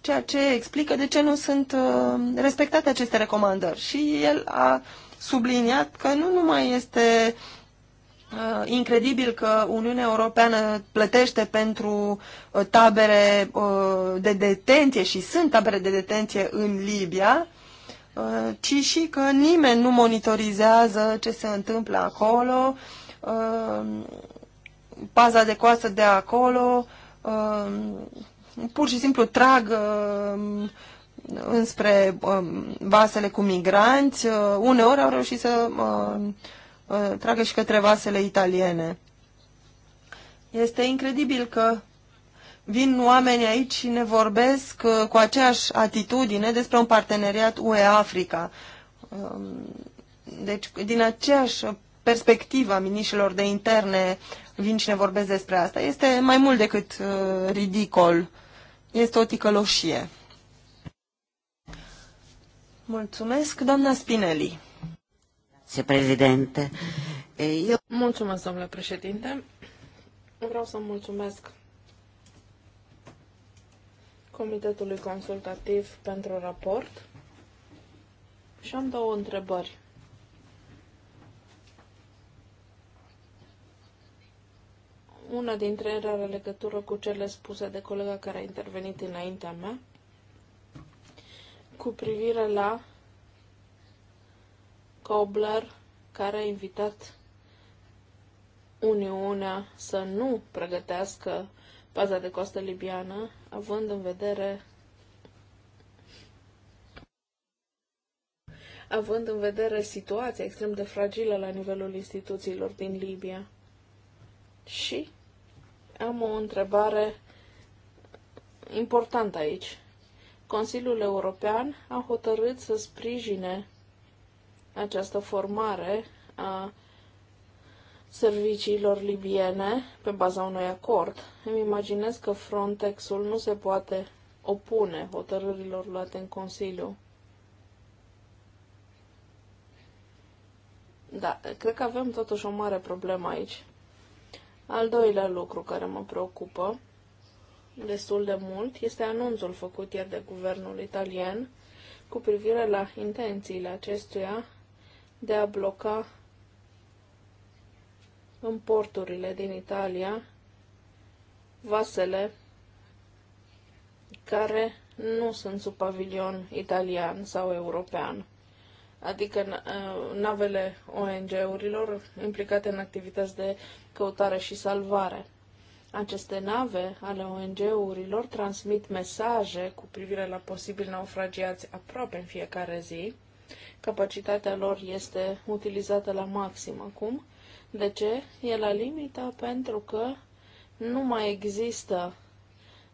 ceea ce explică de ce nu sunt uh, respectate aceste recomandări. Și el a subliniat că nu numai este uh, incredibil că Uniunea Europeană plătește pentru uh, tabere de detenție și sunt tabere de detenție în Libia, Uh, ci și că nimeni nu monitorizează ce se întâmplă acolo, uh, paza de coastă de acolo, uh, pur și simplu trag înspre um, vasele cu migranți, uneori au reușit să tragă și către vasele italiene. Este incredibil că vin oameni aici și ne vorbesc uh, cu aceeași atitudine despre un parteneriat UE-Africa. Um, deci, din aceeași perspectivă a miniștilor de interne vin și ne vorbesc despre asta. Este mai mult decât uh, ridicol. Este o ticăloșie. Mulțumesc, doamna Spinelli. Se prezidente. Eu... Mulțumesc, domnule președinte. Vreau să mulțumesc Comitetului Consultativ pentru Raport și am două întrebări. Una dintre ele are legătură cu cele spuse de colega care a intervenit înaintea mea cu privire la Cobler care a invitat Uniunea să nu pregătească baza de costă libiană, având în vedere având în vedere situația extrem de fragilă la nivelul instituțiilor din Libia. Și am o întrebare importantă aici. Consiliul European a hotărât să sprijine această formare a serviciilor libiene pe baza unui acord. Îmi imaginez că Frontexul nu se poate opune hotărârilor luate în Consiliu. Da, cred că avem totuși o mare problemă aici. Al doilea lucru care mă preocupă destul de mult este anunțul făcut ieri de guvernul italian cu privire la intențiile acestuia de a bloca în porturile din Italia vasele care nu sunt sub pavilion italian sau european, adică uh, navele ONG-urilor implicate în activități de căutare și salvare. Aceste nave ale ONG-urilor transmit mesaje cu privire la posibil naufragiați aproape în fiecare zi. Capacitatea lor este utilizată la maxim acum de ce? E la limita pentru că nu mai există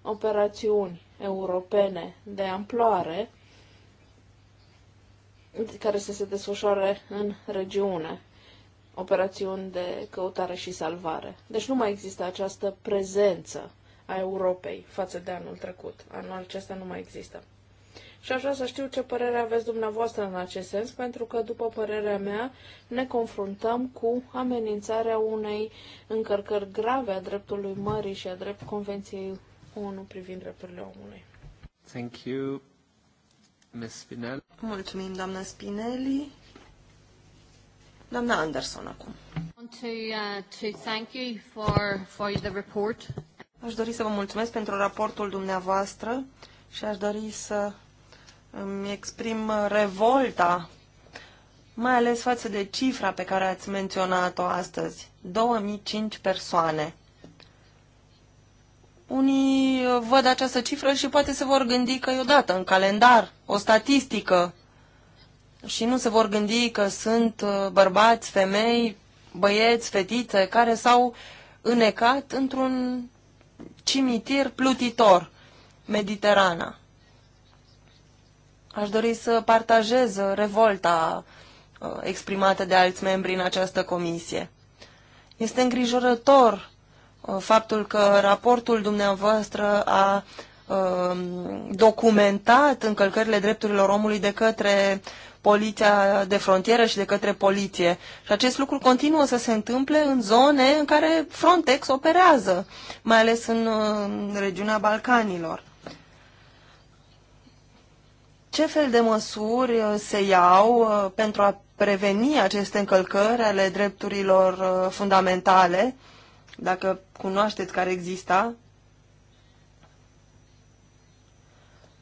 operațiuni europene de amploare care să se desfășoare în regiune, operațiuni de căutare și salvare. Deci nu mai există această prezență a Europei față de anul trecut. Anul acesta nu mai există. Și aș vrea să știu ce părere aveți dumneavoastră în acest sens, pentru că, după părerea mea, ne confruntăm cu amenințarea unei încărcări grave a dreptului mării și a drept Convenției ONU privind drepturile omului. Thank you, Ms. Spinelli. Mulțumim, doamna Spinelli. Doamna Anderson acum. To, uh, to thank you for, for the report. Aș dori să vă mulțumesc pentru raportul dumneavoastră și aș dori să îmi exprim revolta, mai ales față de cifra pe care ați menționat-o astăzi, 2005 persoane. Unii văd această cifră și poate se vor gândi că e odată în calendar, o statistică, și nu se vor gândi că sunt uh, bărbați, femei, băieți, fetițe care s-au înecat într-un cimitir plutitor, Mediterana. Aș dori să partajez revolta uh, exprimată de alți membri în această comisie. Este îngrijorător uh, faptul că raportul dumneavoastră a um, documentat încălcările drepturilor omului de către poliția de frontieră și de către poliție. Și acest lucru continuă să se întâmple în zone în care Frontex operează, mai ales în uh, regiunea Balcanilor ce fel de măsuri uh, se iau uh, pentru a preveni aceste încălcări ale drepturilor uh, fundamentale, dacă cunoașteți care exista?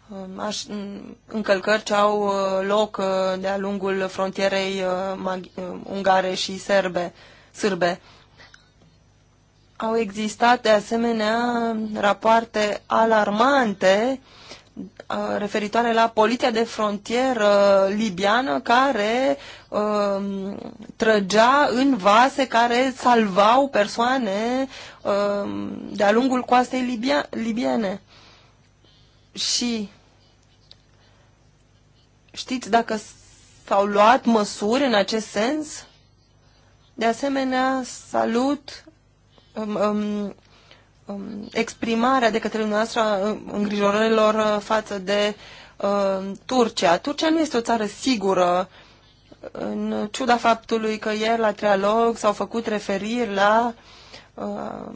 Um, aș, mm, încălcări ce au loc de-a lungul frontierei ungare și serbe, sârbe. Au existat, de asemenea, rapoarte alarmante uh, referitoare la poliția de frontieră libiană care trăgea în vase care salvau persoane de-a lungul coastei libiene. Și știți dacă s-au luat măsuri în acest sens? De asemenea, salut um, um, Um, exprimarea de către noastră uh, îngrijorărilor uh, față de uh, Turcia. Turcia nu este o țară sigură, în ciuda faptului că ieri la trialog s-au făcut referiri la uh,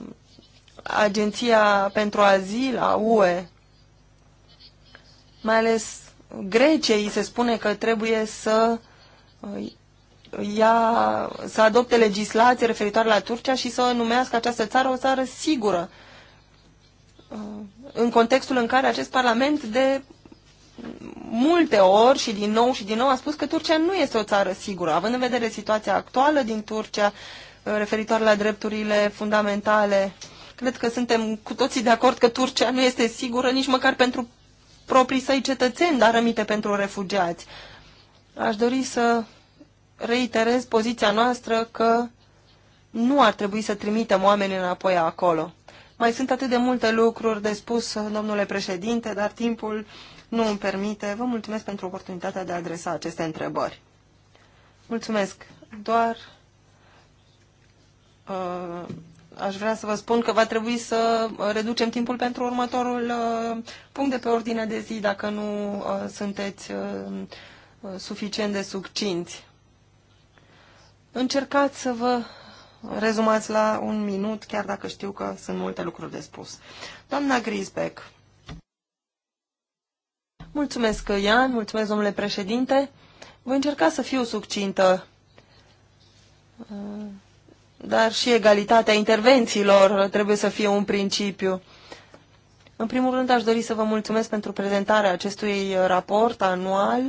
Agenția pentru Azil a UE. Mai ales Greciei se spune că trebuie să uh, ia, să adopte legislație referitoare la Turcia și să numească această țară o țară sigură uh, în contextul în care acest Parlament de multe ori și din nou și din nou a spus că Turcia nu este o țară sigură, având în vedere situația actuală din Turcia uh, referitoare la drepturile fundamentale. Cred că suntem cu toții de acord că Turcia nu este sigură nici măcar pentru proprii săi cetățeni, dar rămite pentru refugiați. Aș dori să reiterez poziția noastră că nu ar trebui să trimitem oameni înapoi acolo. Mai sunt atât de multe lucruri de spus, domnule președinte, dar timpul nu îmi permite. Vă mulțumesc pentru oportunitatea de a adresa aceste întrebări. Mulțumesc. Doar uh, aș vrea să vă spun că va trebui să reducem timpul pentru următorul uh, punct de pe ordinea de zi, dacă nu uh, sunteți uh, suficient de succinți. Încercați să vă rezumați la un minut, chiar dacă știu că sunt multe lucruri de spus. Doamna Grisbeck. Mulțumesc, Ian, mulțumesc, domnule președinte. Voi încerca să fiu succintă, dar și egalitatea intervențiilor trebuie să fie un principiu. În primul rând, aș dori să vă mulțumesc pentru prezentarea acestui raport anual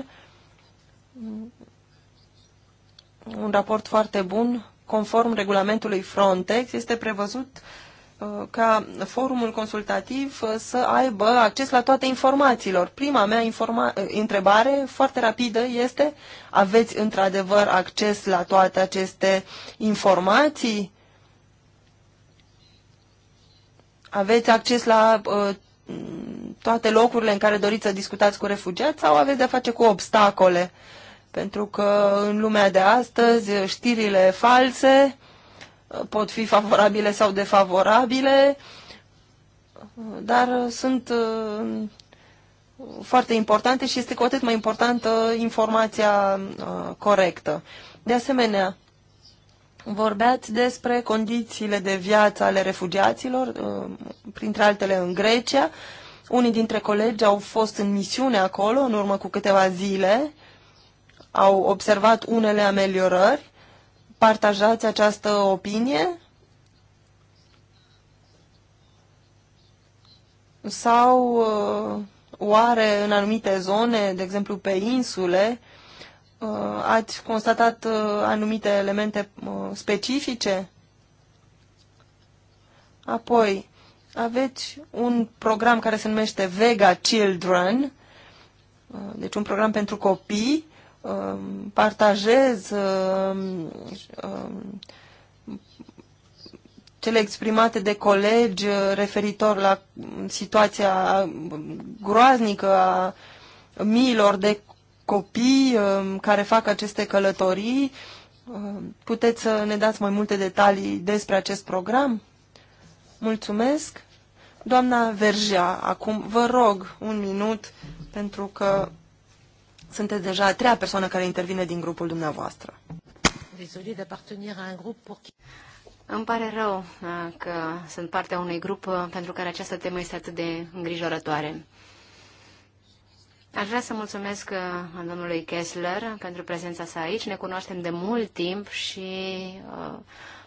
un raport foarte bun, conform regulamentului Frontex, este prevăzut uh, ca forumul consultativ uh, să aibă acces la toate informațiilor. Prima mea informa- uh, întrebare foarte rapidă este, aveți într-adevăr acces la toate aceste informații? Aveți acces la uh, toate locurile în care doriți să discutați cu refugiați sau aveți de-a face cu obstacole? Uh, pentru că în lumea de astăzi știrile false pot fi favorabile sau defavorabile, dar sunt uh, foarte importante și este cu atât mai importantă informația uh, corectă. De asemenea, vorbeați despre condițiile de viață ale refugiaților, uh, printre altele în Grecia. Unii dintre colegi au fost în misiune acolo în urmă cu câteva zile au observat unele ameliorări? Partajați această opinie? Sau uh, oare în anumite zone, de exemplu pe insule, uh, ați constatat uh, anumite elemente specifice? Apoi, aveți un program care se numește Vega Children, deci un program pentru copii Um, partajez um, um, cele exprimate de colegi uh, referitor la situația groaznică a miilor de copii care fac aceste călătorii. Puteți să ne dați mai multe detalii despre acest program? Mulțumesc! Doamna Verja, acum vă rog un minut pentru că sunteți deja a treia persoană care intervine din grupul dumneavoastră. d'appartenir à un pour qui... Îmi pare rău uh, că sunt partea unui grup uh, pentru care această temă este atât de îngrijorătoare. Aș vrea să mulțumesc uh, domnului Kessler pentru prezența sa aici. Ne cunoaștem de mult timp și uh,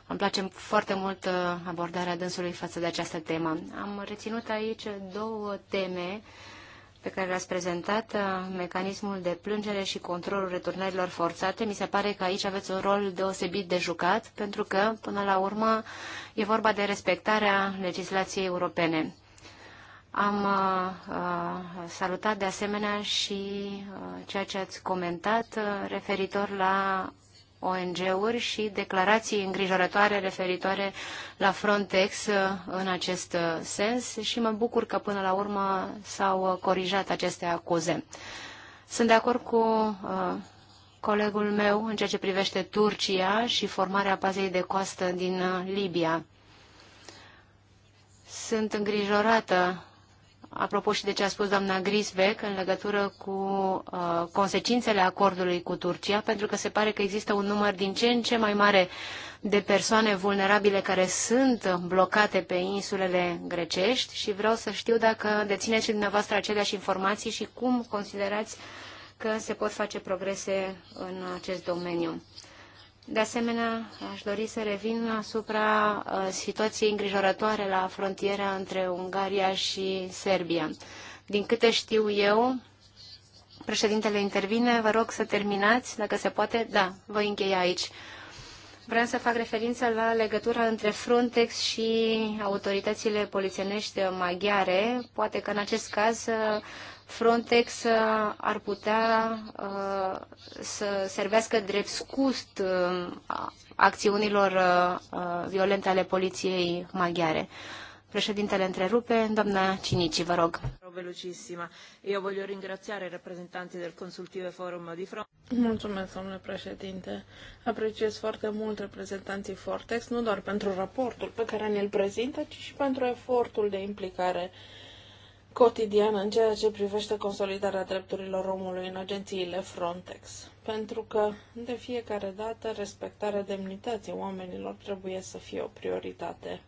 îmi place foarte mult abordarea dânsului față de această temă. Am reținut aici două teme uh, pe care l-ați prezentat, uh, mecanismul de plângere și controlul returnărilor forțate. Mi se pare că aici aveți un rol deosebit de jucat, pentru că, până la urmă, e vorba de respectarea legislației europene. Am uh, uh salutat de asemenea și uh, ceea ce ați comentat uh, referitor la ONG-uri și declarații îngrijorătoare referitoare la Frontex uh, în acest uh, sens și mă bucur că până la urmă s-au uh, corijat aceste acuze. Sunt de acord cu uh, colegul meu în ceea ce privește Turcia și formarea bazei de coastă din Libia. Sunt îngrijorată apropo și de ce a spus doamna Grisbeck în legătură cu uh, consecințele acordului cu Turcia, pentru că se pare că există un număr din ce în ce mai mare de persoane vulnerabile care sunt blocate pe insulele grecești și vreau să știu dacă dețineți și dumneavoastră aceleași informații și cum considerați că se pot face progrese în acest domeniu. De asemenea, aș dori să revin asupra uh, situației îngrijorătoare la frontiera între Ungaria și Serbia. Din câte știu eu, președintele intervine, vă rog să terminați, dacă se poate, da, voi încheia aici. Vreau să fac referință la legătura între Frontex și autoritățile polițienești maghiare. Poate că în acest caz uh, Frontex uh, ar putea uh, să servească drept scust uh, acțiunilor violente ale poliției maghiare. Președintele întrerupe, doamna Cinici, vă rog. Velocissima. Eu voglio ringraziare rappresentanții del Consultive Forum di Frontex. Mulțumesc, domnule președinte. Apreciez foarte mult reprezentanții Fortex, nu doar pentru raportul pe care ne-l prezintă, ci și pentru efortul de implicare uh, cotidiană în ceea ce privește consolidarea drepturilor omului în agențiile Frontex. Pentru că, de fiecare dată, respectarea demnității oamenilor trebuie să fie o prioritate.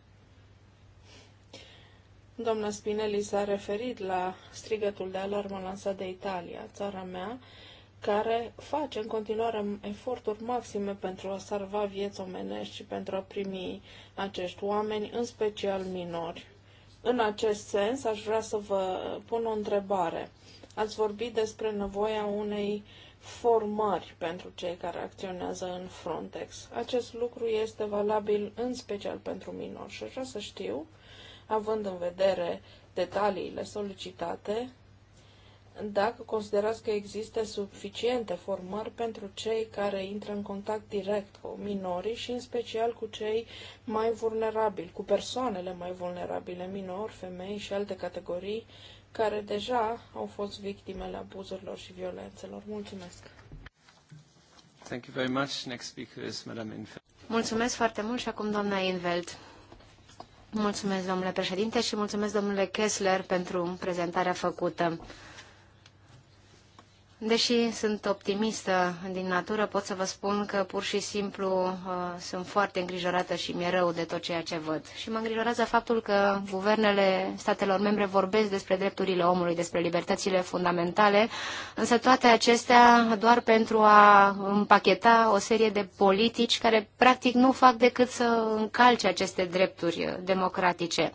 Doamna Spinelli s-a referit la strigătul de alarmă lansat de Italia, țara mea, care face în continuare eforturi maxime pentru a salva vieți omenești și pentru a primi acești oameni, în special minori. În acest sens, aș vrea să vă pun o întrebare. Ați vorbit despre nevoia unei formări pentru cei care acționează în Frontex. Acest lucru este valabil în special pentru minori și aș să știu, având în vedere detaliile solicitate, dacă considerați că există suficiente formări pentru cei care intră în contact direct cu minorii și în special cu cei mai vulnerabili, cu persoanele mai vulnerabile, minori, femei și alte categorii care deja au fost victimele abuzurilor și violențelor. Mulțumesc! Thank you very much. Next speaker is Madame Mulțumesc foarte mult și acum doamna Inveld. Mulțumesc, domnule președinte, și mulțumesc, domnule Kessler, pentru prezentarea făcută. Deși sunt optimistă din natură, pot să vă spun că pur și simplu uh, sunt foarte îngrijorată și mi-e rău de tot ceea ce văd. Și mă îngrijorează faptul că guvernele statelor membre vorbesc despre drepturile omului, despre libertățile fundamentale, însă toate acestea doar pentru a împacheta o serie de politici care practic nu fac decât să încalce aceste drepturi democratice,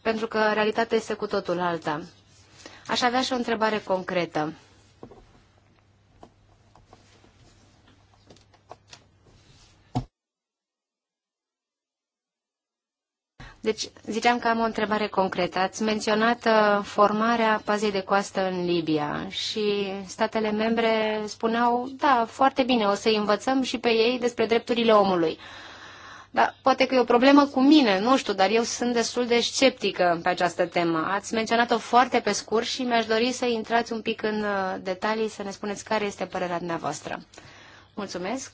pentru că realitatea este cu totul alta. Aș avea și o întrebare concretă. Deci, ziceam că am o întrebare concretă. Ați menționat uh, formarea pazei de coastă în Libia și statele membre spuneau, da, foarte bine, o să-i învățăm și pe ei despre drepturile omului. Dar poate că e o problemă cu mine, nu știu, dar eu sunt destul de sceptică pe această temă. Ați menționat-o foarte pe scurt și mi-aș dori să intrați un pic în uh, detalii, să ne spuneți care este părerea dumneavoastră. Mulțumesc.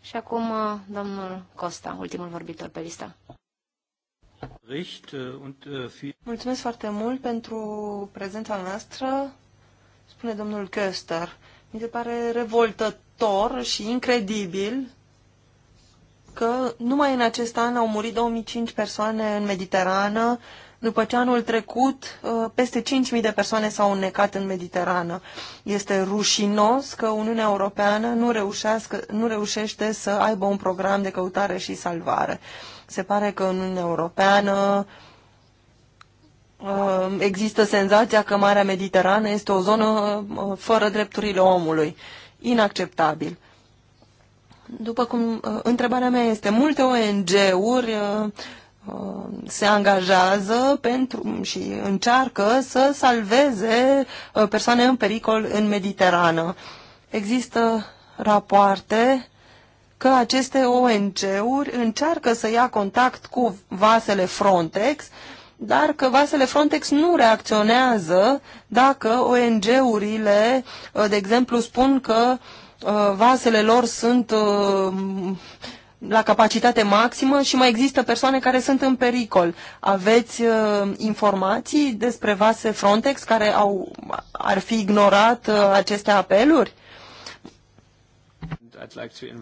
Și acum uh, domnul Costa, ultimul vorbitor pe listă. Äh, äh, Mulțumesc foarte mult pentru prezența noastră, spune domnul Köster. Mi se pare revoltător și incredibil că numai în acest an au murit 2005 persoane în Mediterană, după ce anul trecut uh, peste 5.000 de persoane s-au înnecat în Mediterană. Este rușinos că Uniunea Europeană nu, nu reușește să aibă un program de căutare și salvare. Se pare că în Uniunea Europeană um, există senzația că Marea Mediterană este o zonă uh, fără drepturile omului. Inacceptabil. După cum uh, întrebarea mea este, multe ONG-uri uh, se angajează pentru și încearcă să salveze persoane în pericol în Mediterană. Există rapoarte că aceste ONG-uri încearcă să ia contact cu vasele Frontex, dar că vasele Frontex nu reacționează dacă ONG-urile, uh, de exemplu, spun că uh, vasele lor sunt uh, la capacitate maximă și mai există persoane care sunt în pericol. Aveți uh, informații despre vase Frontex care au, ar fi ignorat uh, aceste apeluri?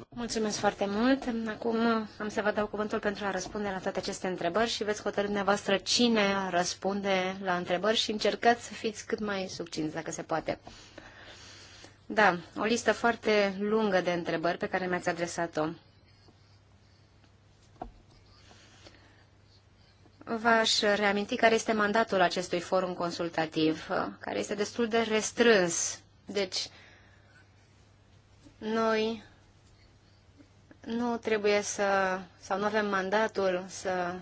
Mulțumesc foarte mult. Acum am să vă dau cuvântul pentru a răspunde la toate aceste întrebări și veți hotărâ dumneavoastră cine răspunde la întrebări și încercați să fiți cât mai succinți, dacă se poate. Da, o listă foarte lungă de întrebări pe care mi-ați adresat-o. V-aș reaminti care este mandatul acestui forum consultativ, care este destul de restrâns. Deci, noi nu trebuie să, sau nu avem mandatul să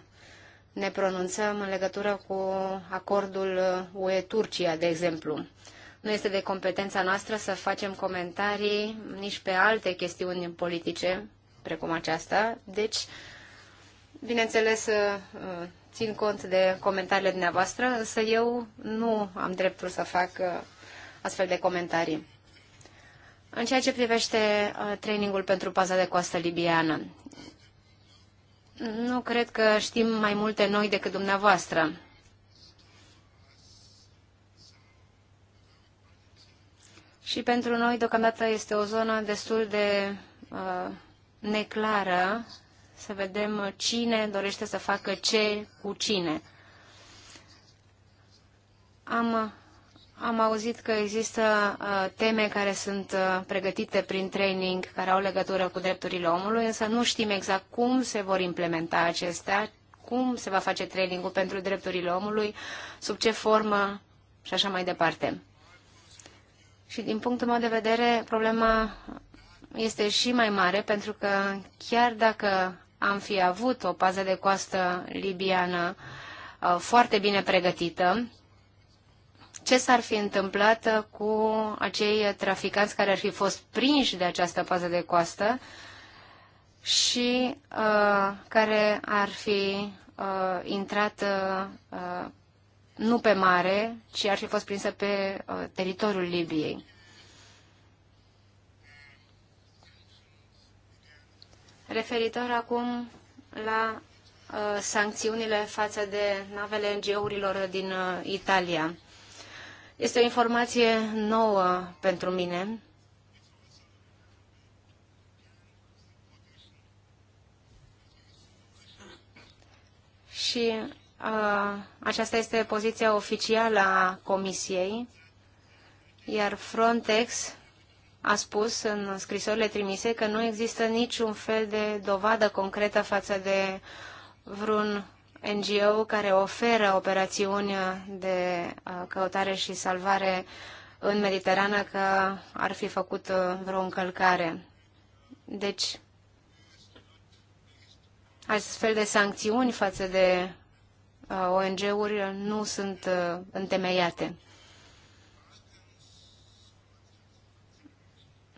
ne pronunțăm în legătură cu acordul UE-Turcia, de exemplu. Nu este de competența noastră să facem comentarii nici pe alte chestiuni politice, precum aceasta. Deci, bineînțeles, uh, țin cont de comentariile dumneavoastră, însă eu nu am dreptul să fac uh, astfel de comentarii. În ceea ce privește uh, trainingul pentru paza de coastă libiană, nu cred că știm mai multe noi decât dumneavoastră. Și pentru noi, deocamdată, este o zonă destul de uh, neclară să vedem cine dorește să facă ce cu cine. Am am auzit că există uh, teme care sunt uh, pregătite prin training, care au legătură cu drepturile omului, însă nu știm exact cum se vor implementa acestea, cum se va face trainingul pentru drepturile omului, sub ce formă și așa mai departe. Și din punctul meu de vedere, problema este și mai mare, pentru că chiar dacă am fi avut o pază de coastă libiană uh, foarte bine pregătită, ce s-ar fi întâmplat uh, cu acei traficanți care ar fi fost prinși de această pază de coastă și uh, care ar fi uh, intrat uh, uh, nu pe mare, ci ar fi fost prinsă pe uh, teritoriul Libiei. Referitor acum la uh, sancțiunile față de navele NGO-urilor din uh, Italia. Este o informație nouă pentru mine. Și a, aceasta este poziția oficială a Comisiei, iar Frontex a spus în scrisorile trimise că nu există niciun fel de dovadă concretă față de vreun NGO care oferă operațiuni de uh, căutare și salvare în Mediterană că ar fi făcut uh, vreo încălcare. Deci, astfel de sancțiuni față de uh, ONG-uri nu sunt întemeiate.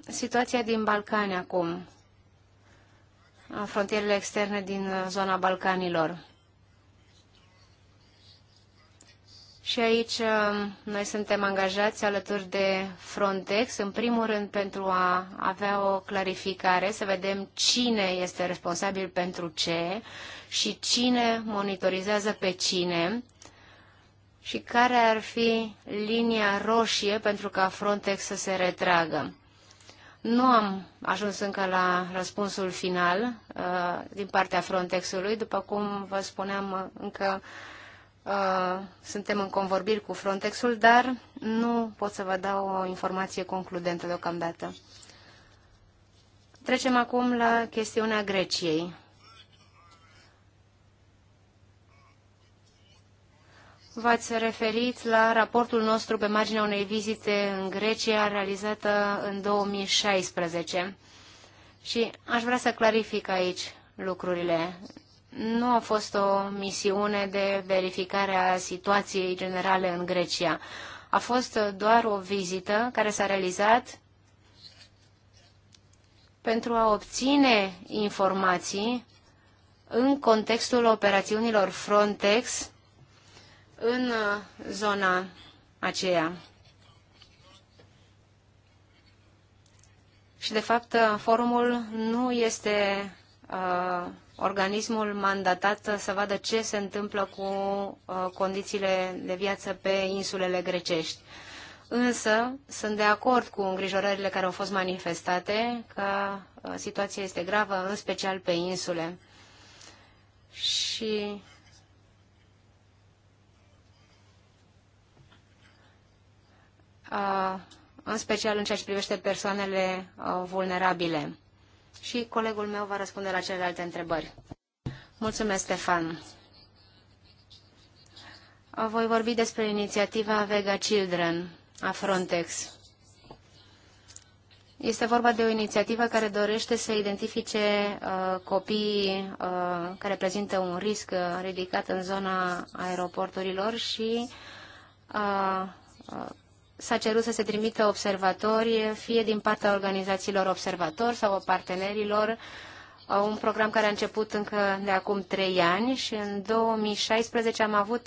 Situația din Balcani acum, frontierele externe din zona Balcanilor. Și aici um, noi suntem angajați alături de Frontex, în primul rând pentru a avea o clarificare, să vedem cine este responsabil pentru ce și cine monitorizează pe cine și care ar fi linia roșie pentru ca Frontex să se retragă. Nu am ajuns încă la răspunsul final uh, din partea Frontexului, după cum vă spuneam încă Uh, suntem în convorbiri cu Frontexul, dar nu pot să vă dau o informație concludentă deocamdată. Trecem acum la chestiunea Greciei. V-ați referit la raportul nostru pe marginea unei vizite în Grecia realizată în 2016. Și aș vrea să clarific aici lucrurile nu a fost o misiune de verificare a situației generale în Grecia. A fost doar o vizită care s-a realizat pentru a obține informații în contextul operațiunilor Frontex în zona aceea. Și, de fapt, forumul nu este uh, organismul mandatat să vadă ce se întâmplă cu uh, condițiile de viață pe insulele grecești. Însă sunt de acord cu îngrijorările care au fost manifestate că uh, situația este gravă, în special pe insule. Și uh, în special în ceea ce privește persoanele vulnerabile și colegul meu va răspunde la celelalte întrebări. Mulțumesc, Stefan! Voi vorbi despre inițiativa Vega Children a Frontex. Este vorba de o inițiativă care dorește să identifice uh, copiii uh, care prezintă un risc uh, ridicat în zona aeroporturilor și uh, uh, s-a cerut să se trimită observatori, fie din partea organizațiilor observatori sau partenerilor, un program care a început încă de acum trei ani și în 2016 am avut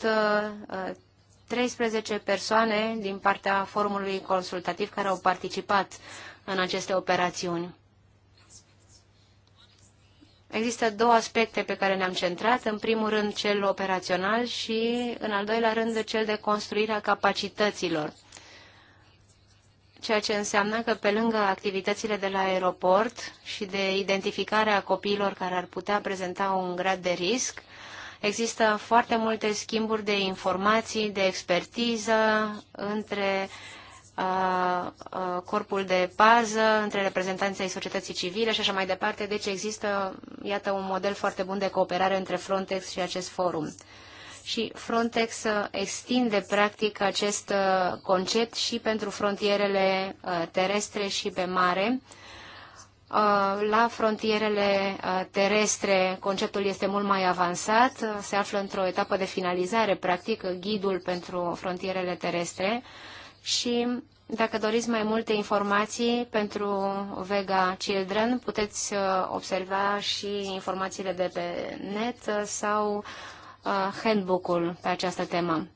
13 uh, uh, persoane din partea forumului consultativ care au participat în aceste operațiuni. Există două aspecte pe care ne-am centrat, în primul rând cel operațional și în al doilea rând cel de construirea capacităților ceea ce înseamnă că pe lângă activitățile de la aeroport și de identificare a copiilor care ar putea prezenta un grad de risc, există foarte multe schimburi de informații, de expertiză între uh, uh, corpul de pază, între reprezentanții ai societății civile și așa mai departe. Deci există, iată, un model foarte bun de cooperare între Frontex și acest forum și Frontex extinde practic acest uh, concept și pentru frontierele uh, terestre și pe mare. Uh, la frontierele terestre conceptul este mult mai avansat, se află într-o etapă de finalizare, practic, ghidul pentru frontierele terestre și dacă doriți mai multe informații pentru Vega Children, puteți observa și informațiile de pe net sau uh, Uh, handbook-ul pe această temă.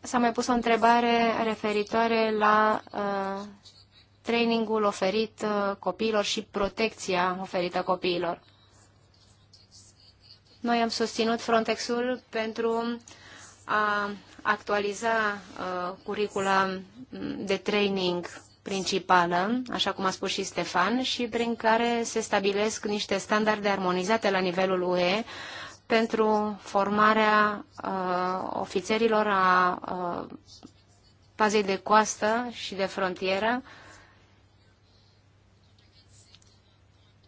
S-a mai pus o întrebare referitoare la uh, trainingul oferit uh, copiilor și protecția oferită copiilor. Noi am susținut Frontexul pentru a actualiza uh, curicula de training principală, așa cum a spus și Stefan, și prin care se stabilesc niște standarde armonizate la nivelul UE pentru formarea uh, ofițerilor a uh, pazei de coastă și de frontieră.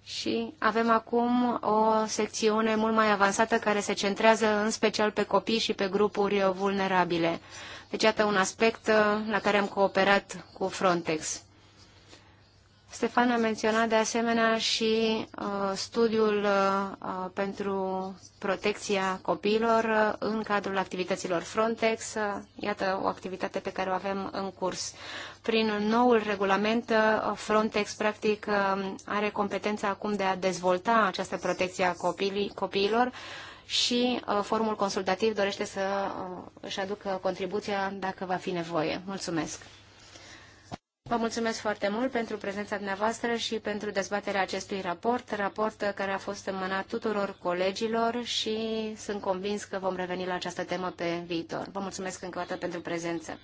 Și avem acum o secțiune mult mai avansată care se centrează în special pe copii și pe grupuri vulnerabile. Uh, deci, iată un aspect uh, la care am cooperat cu Frontex. Stefan a menționat de asemenea și uh, studiul uh, uh, pentru protecția copiilor uh, în cadrul activităților Frontex. Uh, iată o activitate pe care o avem în curs. Prin noul regulament, uh, Frontex practic uh, are competența acum de a dezvolta această protecție a copiilor, și uh, forumul consultativ dorește să uh, își aducă contribuția dacă va fi nevoie. Mulțumesc! Vă mulțumesc foarte mult pentru prezența dumneavoastră și pentru dezbaterea acestui raport, raport care a fost înmânat tuturor colegilor și sunt convins că vom reveni la această temă pe viitor. Vă mulțumesc încă o dată pentru prezență.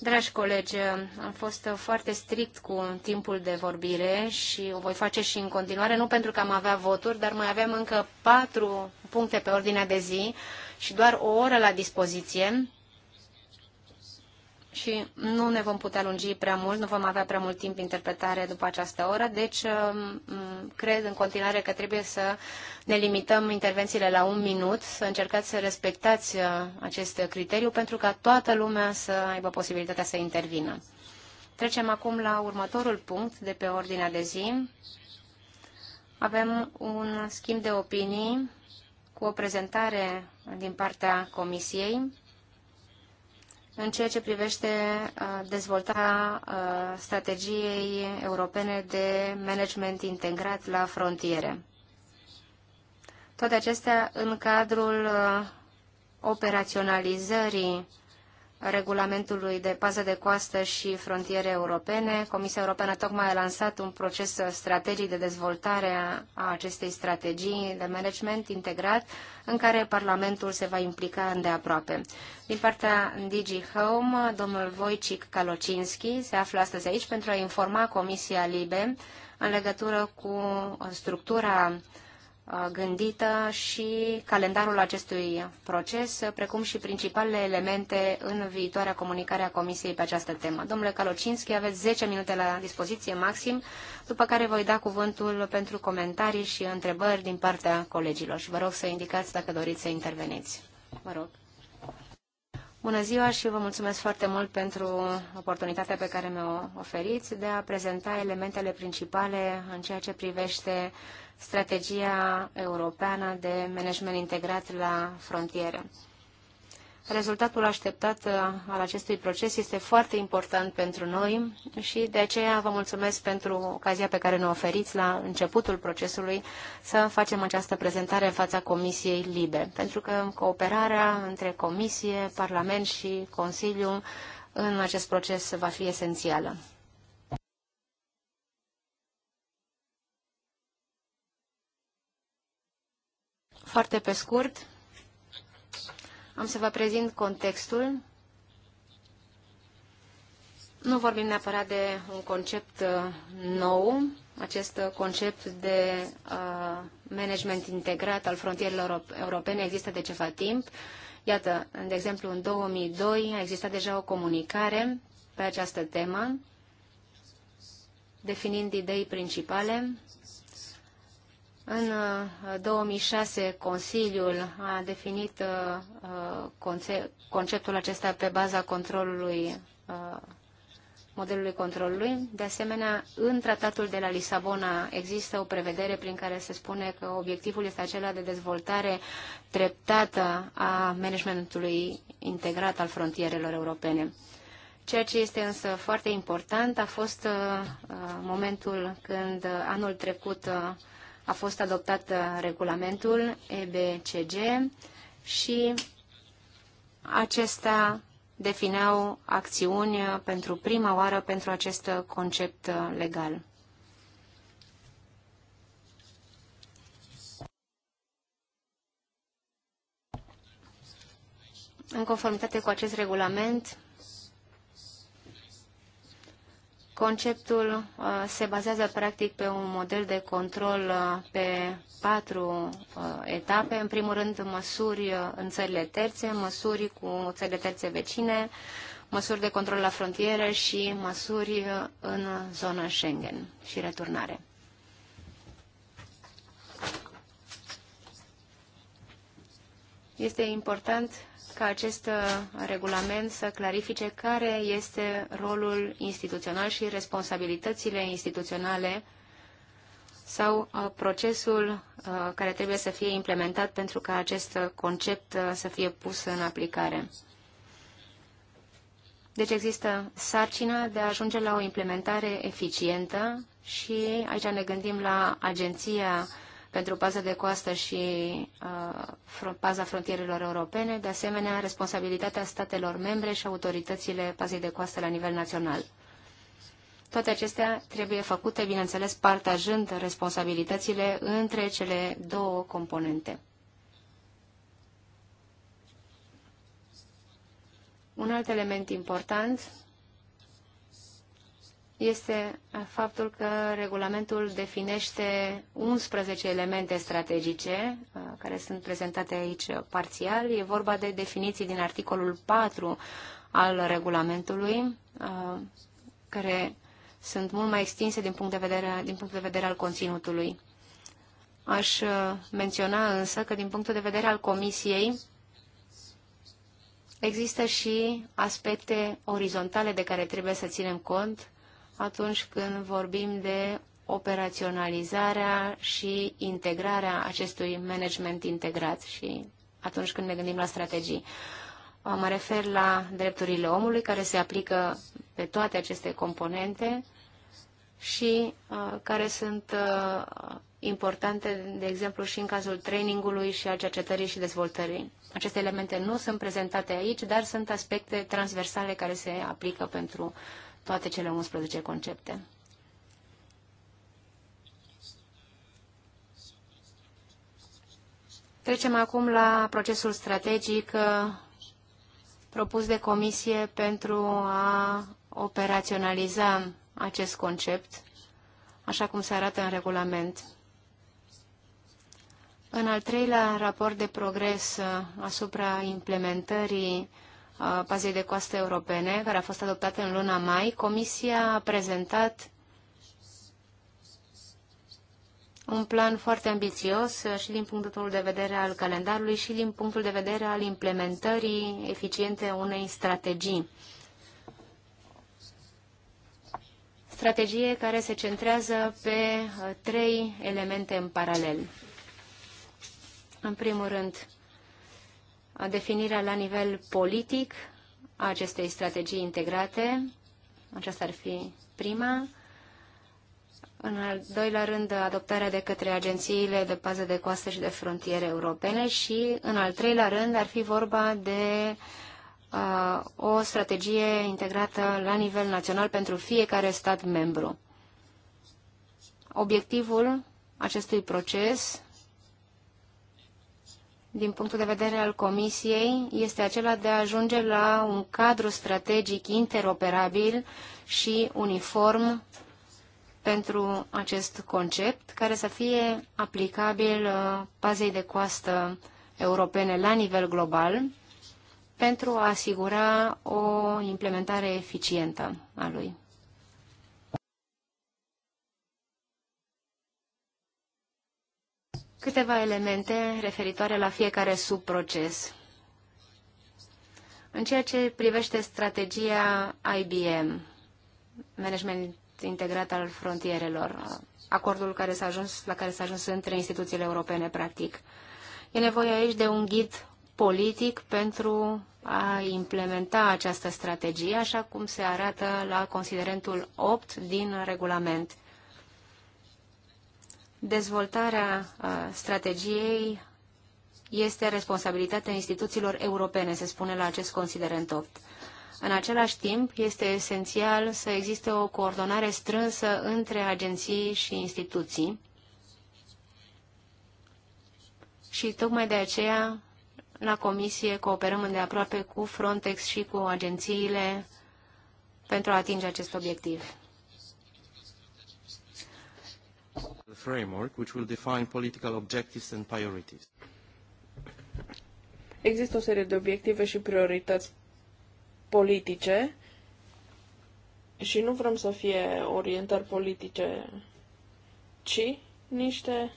Dragi colegi, am fost foarte strict cu timpul de vorbire și o voi face și în continuare, nu pentru că am avea voturi, dar mai avem încă patru puncte pe ordinea de zi și doar o oră la dispoziție și nu ne vom putea lungi prea mult, nu vom avea prea mult timp interpretare după această oră, deci um, um, cred în continuare că trebuie să ne limităm intervențiile la un minut, să încercați să respectați uh, acest criteriu pentru ca toată lumea să aibă posibilitatea să intervină. Trecem acum la următorul punct de pe ordinea de zi. Avem un schimb de opinii cu o prezentare din partea Comisiei în ceea ce privește uh, dezvoltarea uh, strategiei europene de management integrat la frontiere. Toate acestea în cadrul uh, operaționalizării regulamentului de pază de coastă și frontiere europene. Comisia Europeană tocmai a lansat un proces strategic de dezvoltare a acestei strategii de management integrat, în care Parlamentul se va implica îndeaproape. Din partea DG Home, domnul Wojcik Kalocinski se află astăzi aici pentru a informa Comisia Libe în legătură cu structura uh, Uh, gândită și calendarul acestui proces, precum și principalele elemente în viitoarea comunicare a Comisiei pe această temă. Domnule Calocinski, aveți 10 minute la dispoziție maxim, după care voi da cuvântul pentru comentarii și întrebări din partea colegilor și vă rog să indicați dacă doriți să interveniți. Vă rog. Bună ziua și vă mulțumesc foarte mult pentru oportunitatea pe care mi-o oferiți de a prezenta elementele principale în ceea ce privește strategia europeană de management integrat la frontieră. Rezultatul așteptat uh, al acestui proces este foarte important pentru noi și de aceea vă mulțumesc pentru ocazia pe care ne oferiți la începutul procesului să facem această prezentare în fața Comisiei Libe, pentru că cooperarea între Comisie, Parlament și Consiliu în acest proces va fi esențială. Foarte pe scurt, am să vă prezint contextul. Nu vorbim neapărat de un concept uh, nou, acest concept de uh, management integrat al frontierelor europene există de ceva timp. Iată, de exemplu, în 2002 a existat deja o comunicare pe această temă, definind idei principale în 2006, uh, Consiliul a definit uh, uh, conceptul acesta pe baza controlului modelului controlului. De asemenea, în tratatul de la Lisabona există o prevedere prin care se spune că obiectivul este acela de dezvoltare treptată a managementului integrat al frontierelor europene. Ceea ce este însă foarte important a fost uh, momentul când anul trecut uh, a fost adoptat uh, regulamentul EBCG și acesta defineau acțiuni uh, pentru prima oară pentru acest uh, concept legal. În conformitate cu acest regulament, Conceptul uh, se bazează practic pe un model de control uh, pe patru uh, etape. În primul rând, măsuri în țările terțe, măsuri cu țările terțe vecine, măsuri de control la frontieră și măsuri în zona Schengen și returnare. Este important ca acest uh, regulament să clarifice care este rolul instituțional și responsabilitățile instituționale sau uh, procesul uh, care trebuie să fie implementat pentru ca acest concept să fie pus în aplicare. Deci există sarcina de a ajunge la o implementare eficientă și aici ne gândim la Agenția pentru paza de coastă și uh, paza frontierelor europene, de asemenea responsabilitatea statelor membre și autoritățile pazei de coastă la nivel național. Toate acestea trebuie făcute, bineînțeles, partajând responsabilitățile între cele două componente. Un alt element important este uh, faptul că regulamentul definește 11 elemente strategice uh, care sunt prezentate aici parțial. E vorba de definiții din articolul 4 al regulamentului uh, care sunt mult mai extinse din punct de vedere, din punct de vedere al conținutului. Aș menționa însă că din punctul de vedere al Comisiei există și aspecte orizontale de care trebuie să ținem cont atunci când vorbim de operaționalizarea și integrarea acestui management integrat și atunci când ne gândim la strategii. Uh, mă refer la drepturile omului care se aplică pe toate aceste componente și uh, care sunt uh, importante, de exemplu, și în cazul trainingului și al cercetării și dezvoltării. Aceste elemente nu sunt prezentate aici, dar sunt aspecte transversale care se aplică pentru uh, toate cele 11 concepte. Trecem acum la procesul strategic uh, propus de comisie pentru a operaționaliza acest concept, așa cum se arată în regulament. În al treilea raport de progres uh, asupra implementării pazei de coastă europene, care a fost adoptată în luna mai, Comisia a prezentat un plan foarte ambițios uh, și din punctul de vedere al calendarului și din punctul de vedere al implementării eficiente unei strategii. Strategie care se centrează pe uh, trei elemente în paralel. În primul rând, definirea la nivel politic a acestei strategii integrate. Aceasta ar fi prima. În al doilea rând, adoptarea de către agențiile de pază de coastă și de frontiere europene și, în al treilea rând, ar fi vorba de uh, o strategie integrată la nivel național pentru fiecare stat membru. Obiectivul acestui proces din punctul de vedere al Comisiei este acela de a ajunge la un cadru strategic interoperabil și uniform pentru acest concept, care să fie aplicabil bazei uh, de coastă europene la nivel global, pentru a asigura o implementare eficientă a lui. Câteva elemente referitoare la fiecare subproces. În ceea ce privește strategia IBM, Management Integrat al Frontierelor, acordul care s-a ajuns, la care s-a ajuns între instituțiile europene, practic. E nevoie aici de un ghid politic pentru a implementa această strategie, așa cum se arată la considerentul 8 din regulament. Dezvoltarea strategiei este responsabilitatea instituțiilor europene, se spune la acest considerent 8. În același timp, este esențial să existe o coordonare strânsă între agenții și instituții și tocmai de aceea la comisie cooperăm îndeaproape cu Frontex și cu agențiile pentru a atinge acest obiectiv. framework which will define political objectives and priorities. Există o serie de obiective și priorități politice și nu vrem să fie orientări politice, ci niște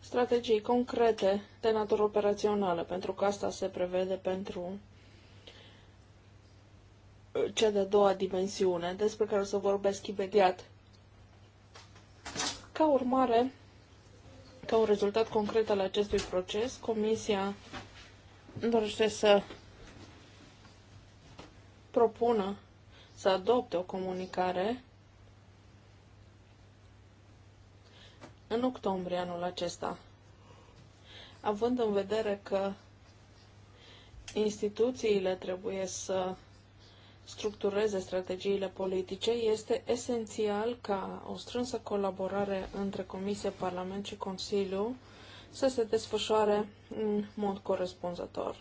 strategii concrete de natură operațională, pentru că asta se prevede pentru cea de-a doua dimensiune, despre care o să vorbesc imediat. Ca urmare, ca un rezultat concret al acestui proces, Comisia dorește să propună să adopte o comunicare în octombrie anul acesta, având în vedere că instituțiile trebuie să structureze strategiile politice, este esențial ca o strânsă colaborare între Comisie, Parlament și Consiliu să se desfășoare în mod corespunzător.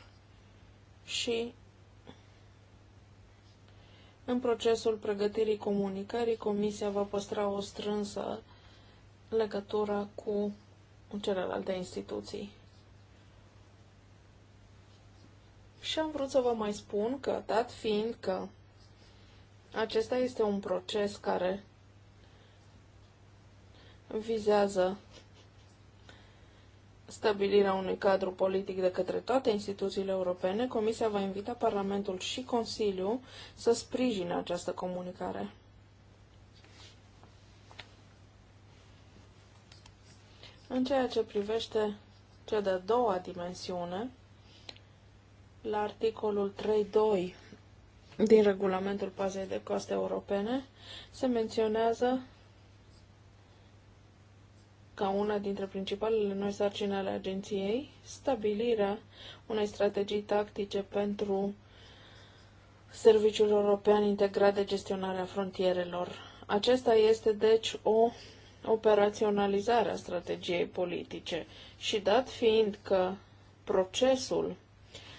Și în procesul pregătirii comunicării, Comisia va păstra o strânsă legătură cu celelalte instituții. Și am vrut să vă mai spun că, dat fiind că acesta este un proces care vizează stabilirea unui cadru politic de către toate instituțiile europene, Comisia va invita Parlamentul și Consiliul să sprijine această comunicare. În ceea ce privește cea de-a doua dimensiune, la articolul 3.2 din regulamentul pazei de coste europene se menționează ca una dintre principalele noi sarcini ale agenției stabilirea unei strategii tactice pentru Serviciul European Integrat de Gestionare a Frontierelor. Acesta este, deci, o operaționalizare a strategiei politice și dat fiind că procesul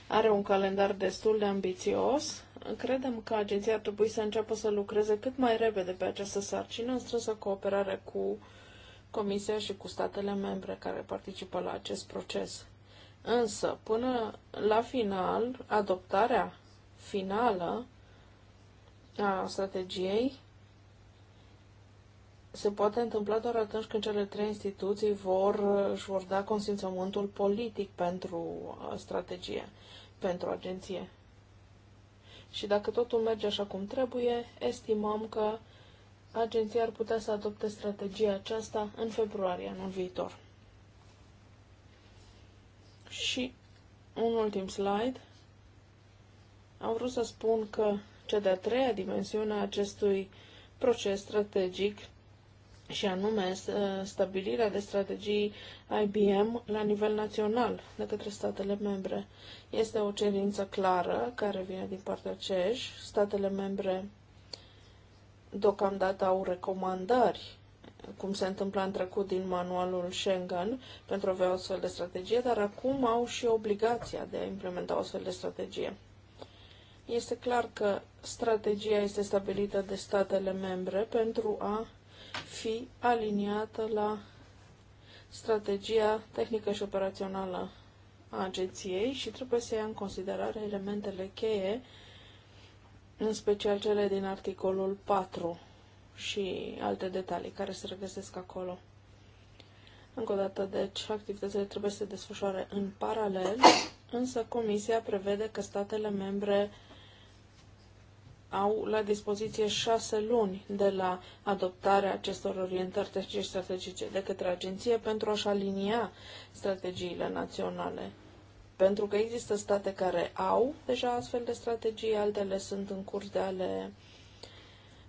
are un calendar destul de ambițios, Credem că agenția ar trebui să înceapă să lucreze cât mai repede pe această sarcină în strânsă cooperare cu Comisia și cu statele membre care participă la acest proces. Însă, până la final, adoptarea finală a strategiei se poate întâmpla doar atunci când cele trei instituții vor, își vor da consimțământul politic pentru uh, strategie, pentru agenție și dacă totul merge așa cum trebuie, estimăm că agenția ar putea să adopte strategia aceasta în februarie anul viitor. Și un ultim slide. Am vrut să spun că cea de-a treia dimensiune a acestui proces strategic și anume stabilirea de strategii IBM la nivel național de către statele membre. Este o cerință clară care vine din partea CEJ. Statele membre deocamdată au recomandări cum se întâmpla în trecut din manualul Schengen pentru a avea o astfel de strategie, dar acum au și obligația de a implementa o astfel de strategie. Este clar că strategia este stabilită de statele membre pentru a fi aliniată la strategia tehnică și operațională a agenției și trebuie să ia în considerare elementele cheie, în special cele din articolul 4 și alte detalii care se regăsesc acolo. Încă o dată, deci, activitățile trebuie să se desfășoare în paralel, însă Comisia prevede că statele membre au la dispoziție șase luni de la adoptarea acestor orientări strategice de către agenție pentru a-și alinia strategiile naționale. Pentru că există state care au deja astfel de strategii, altele sunt în curs de a le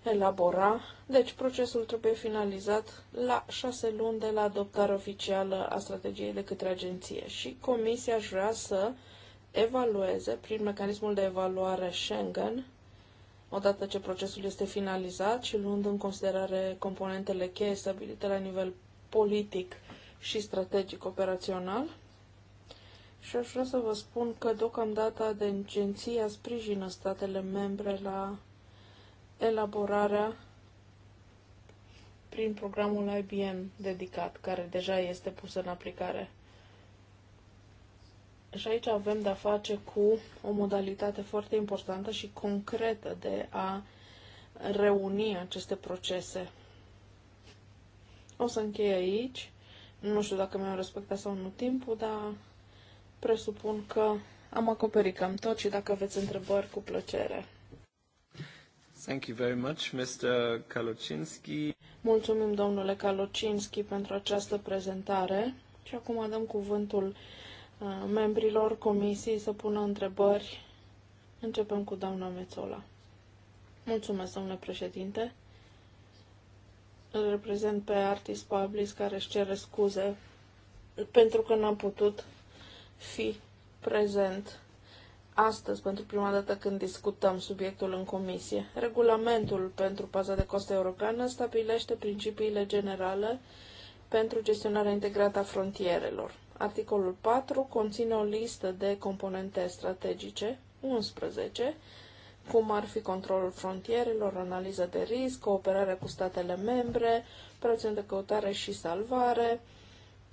elabora, deci procesul trebuie finalizat la șase luni de la adoptarea oficială a strategiei de către agenție și Comisia își vrea să evalueze prin mecanismul de evaluare Schengen odată ce procesul este finalizat și luând în considerare componentele cheie stabilite la nivel politic și strategic operațional. Și aș vrea să vă spun că deocamdată agenția sprijină statele membre la elaborarea prin programul IBM dedicat, care deja este pus în aplicare. Și aici avem de-a face cu o modalitate foarte importantă și concretă de a reuni aceste procese. O să închei aici. Nu știu dacă mi-am respectat sau nu timpul, dar presupun că am acoperit cam tot și dacă aveți întrebări, cu plăcere. Thank you very much, Mr. Kalocinski. Mulțumim, domnule Kalocinski, pentru această prezentare. Și acum dăm cuvântul membrilor comisiei să pună întrebări. Începem cu doamna Mețola. Mulțumesc, domnule președinte. Îl reprezent pe Artis Publis care își cere scuze pentru că n-a putut fi prezent astăzi pentru prima dată când discutăm subiectul în comisie. Regulamentul pentru paza de costă europeană stabilește principiile generale pentru gestionarea integrată a frontierelor. Articolul 4 conține o listă de componente strategice, 11, cum ar fi controlul frontierelor, analiza de risc, cooperarea cu statele membre, operațiuni de căutare și salvare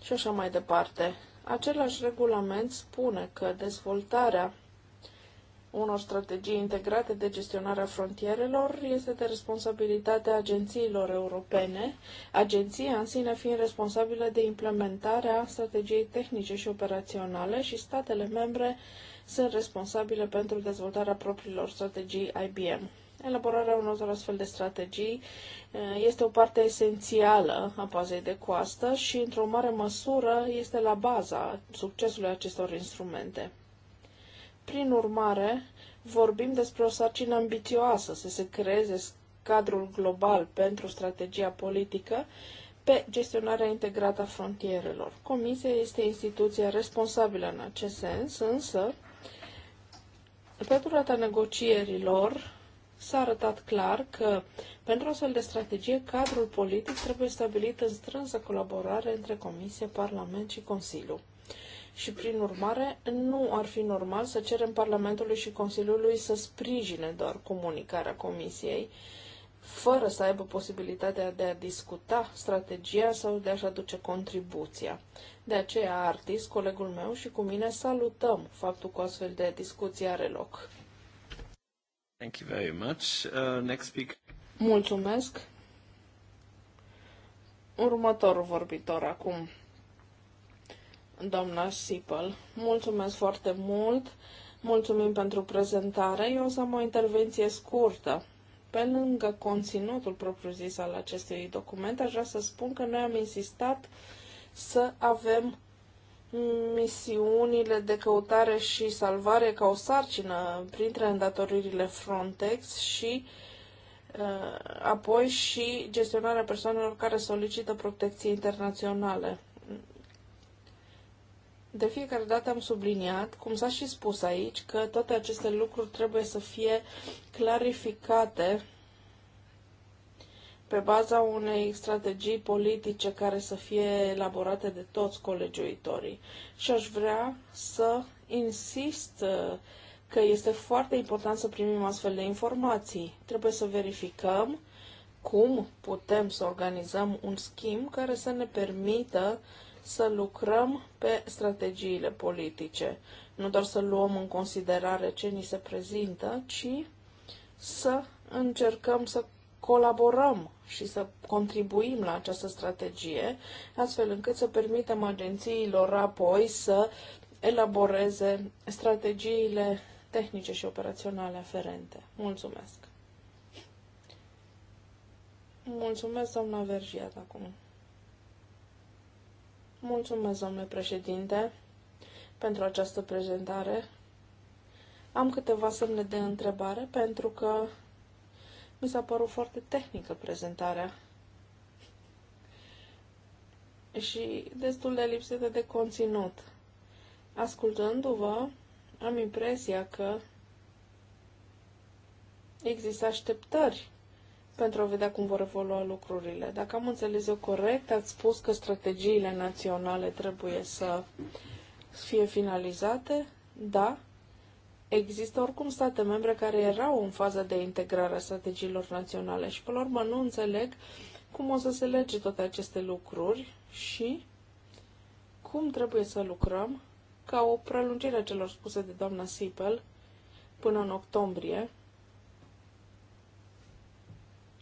și așa mai departe. Același regulament spune că dezvoltarea unor strategii integrate de gestionare a frontierelor este de responsabilitatea agențiilor europene, agenția în sine fiind responsabilă de implementarea strategiei tehnice și operaționale și statele membre sunt responsabile pentru dezvoltarea propriilor strategii IBM. Elaborarea unor astfel de strategii eh, este o parte esențială a bazei de coastă și, într-o mare măsură, este la baza succesului acestor instrumente. Prin urmare, vorbim despre o sarcină ambițioasă să se creeze cadrul global pentru strategia politică pe gestionarea integrată a frontierelor. Comisia este instituția responsabilă în acest sens, însă, pe durata negocierilor, s-a arătat clar că pentru o astfel de strategie, cadrul politic trebuie stabilit în strânsă colaborare între Comisie, Parlament și Consiliu și, prin urmare, nu ar fi normal să cerem Parlamentului și Consiliului să sprijine doar comunicarea Comisiei, fără să aibă posibilitatea de a discuta strategia sau de a-și aduce contribuția. De aceea, Artis, colegul meu și cu mine, salutăm faptul că astfel de discuție are loc. Thank you very much. Uh, next speaker. Mulțumesc. Următorul vorbitor acum, doamna Sipel. Mulțumesc foarte mult, mulțumim pentru prezentare. Eu o să am o intervenție scurtă. Pe lângă conținutul propriu-zis al acestui document, aș vrea să spun că noi am insistat să avem misiunile de căutare și salvare ca o sarcină printre îndatoririle Frontex și uh, apoi și gestionarea persoanelor care solicită protecție internaționale. De fiecare dată am subliniat, cum s-a și spus aici, că toate aceste lucruri trebuie să fie clarificate pe baza unei strategii politice care să fie elaborate de toți colegiuitorii. Și aș vrea să insist uh, că este foarte important să primim astfel de informații. Trebuie să verificăm cum putem să organizăm un schimb care să ne permită uh, să lucrăm pe strategiile politice. Nu doar să luăm în considerare ce ni se prezintă, ci să încercăm să colaborăm și să contribuim la această strategie, astfel încât să permitem agențiilor apoi să elaboreze strategiile tehnice și operaționale aferente. Mulțumesc! Mulțumesc, doamna Vergiat, acum. Mulțumesc, domnule președinte, pentru această prezentare. Am câteva semne de întrebare pentru că mi s-a părut foarte tehnică prezentarea și destul de lipsită de conținut. Ascultându-vă, am impresia că există așteptări pentru a vedea cum vor evolua lucrurile. Dacă am înțeles eu corect, ați spus că strategiile naționale trebuie să fie finalizate? Da. Există oricum state membre care erau în faza de integrare a strategiilor naționale și, pe la urmă, nu înțeleg cum o să se lege toate aceste lucruri și cum trebuie să lucrăm ca o prelungire a celor spuse de doamna Sipel până în octombrie,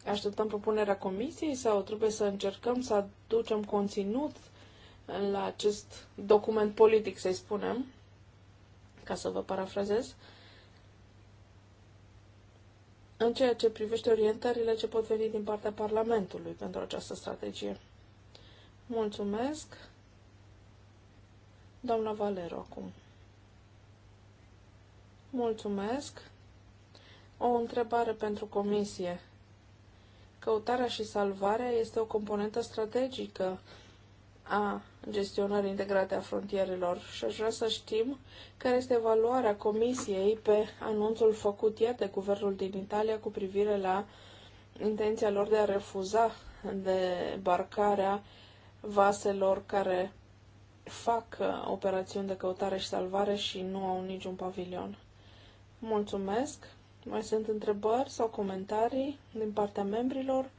Așteptăm propunerea comisiei sau trebuie să încercăm să aducem conținut la acest document politic, să-i spunem, ca să vă parafrazez, în ceea ce privește orientările ce pot veni din partea Parlamentului pentru această strategie. Mulțumesc! Doamna Valero, acum. Mulțumesc! O întrebare pentru comisie. Căutarea și salvarea este o componentă strategică a gestionării integrate a frontierelor și aș vrea să știm care este valoarea Comisiei pe anunțul făcut ieri de Guvernul din Italia cu privire la intenția lor de a refuza debarcarea vaselor care fac uh, operațiuni de căutare și salvare și nu au niciun pavilion. Mulțumesc! Mai sunt întrebări sau comentarii din partea membrilor?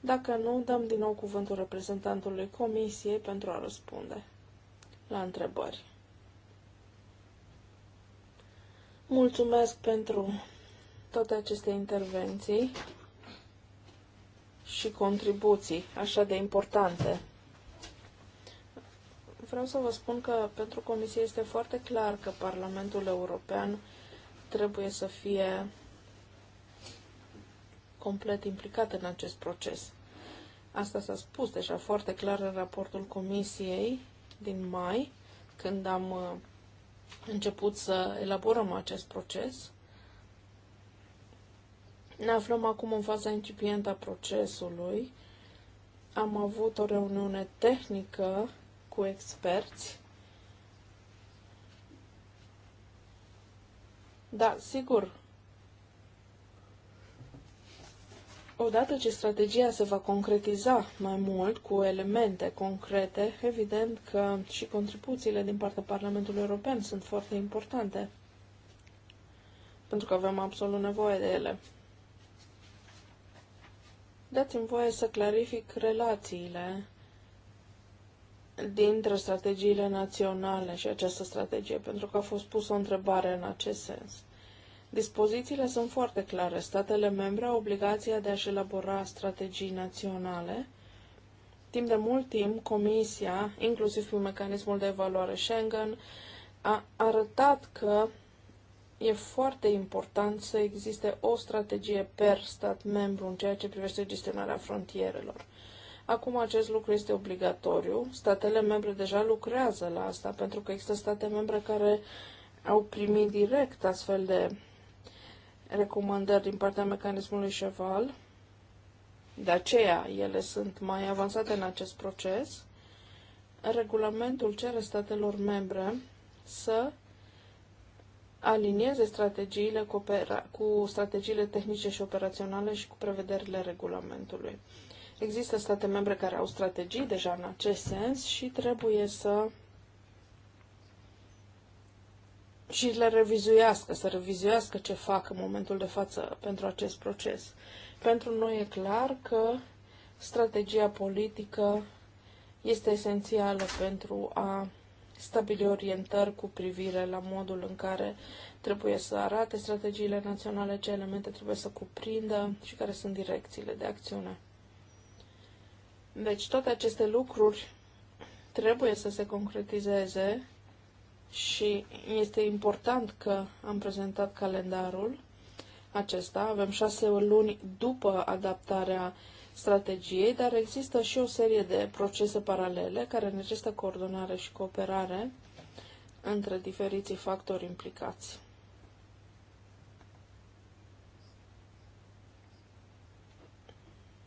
Dacă nu, dăm din nou cuvântul reprezentantului Comisiei pentru a răspunde la întrebări. Mulțumesc pentru toate aceste intervenții și contribuții așa de importante. Vreau să vă spun că pentru Comisie este foarte clar că Parlamentul European trebuie să fie complet implicat în acest proces. Asta s-a spus deja foarte clar în raportul comisiei din mai, când am uh, început să elaborăm acest proces. Ne aflăm acum în faza incipientă a procesului. Am avut o reuniune tehnică cu experți. Da, sigur, Odată ce strategia se va concretiza mai mult cu elemente concrete, evident că și contribuțiile din partea Parlamentului European sunt foarte importante, pentru că avem absolut nevoie de ele. Dați-mi voie să clarific relațiile dintre strategiile naționale și această strategie, pentru că a fost pusă o întrebare în acest sens. Dispozițiile sunt foarte clare. Statele membre au obligația de a-și elabora strategii naționale. Timp de mult timp, Comisia, inclusiv prin mecanismul de evaluare Schengen, a arătat că e foarte important să existe o strategie per stat membru în ceea ce privește gestionarea frontierelor. Acum acest lucru este obligatoriu. Statele membre deja lucrează la asta, pentru că există state membre care au primit direct astfel de recomandări din partea mecanismului Cheval. De aceea, ele sunt mai avansate în acest proces. Regulamentul cere statelor membre să alinieze strategiile cu, cu strategiile tehnice și operaționale și cu prevederile regulamentului. Există state membre care au strategii deja în acest sens și trebuie să și le revizuiască, să revizuiască ce fac în momentul de față pentru acest proces. Pentru noi e clar că strategia politică este esențială pentru a stabili orientări cu privire la modul în care trebuie să arate strategiile naționale, ce elemente trebuie să cuprindă și care sunt direcțiile de acțiune. Deci toate aceste lucruri trebuie să se concretizeze și este important că am prezentat calendarul acesta. Avem șase luni după adaptarea strategiei, dar există și o serie de procese paralele care necesită coordonare și cooperare între diferiții factori implicați.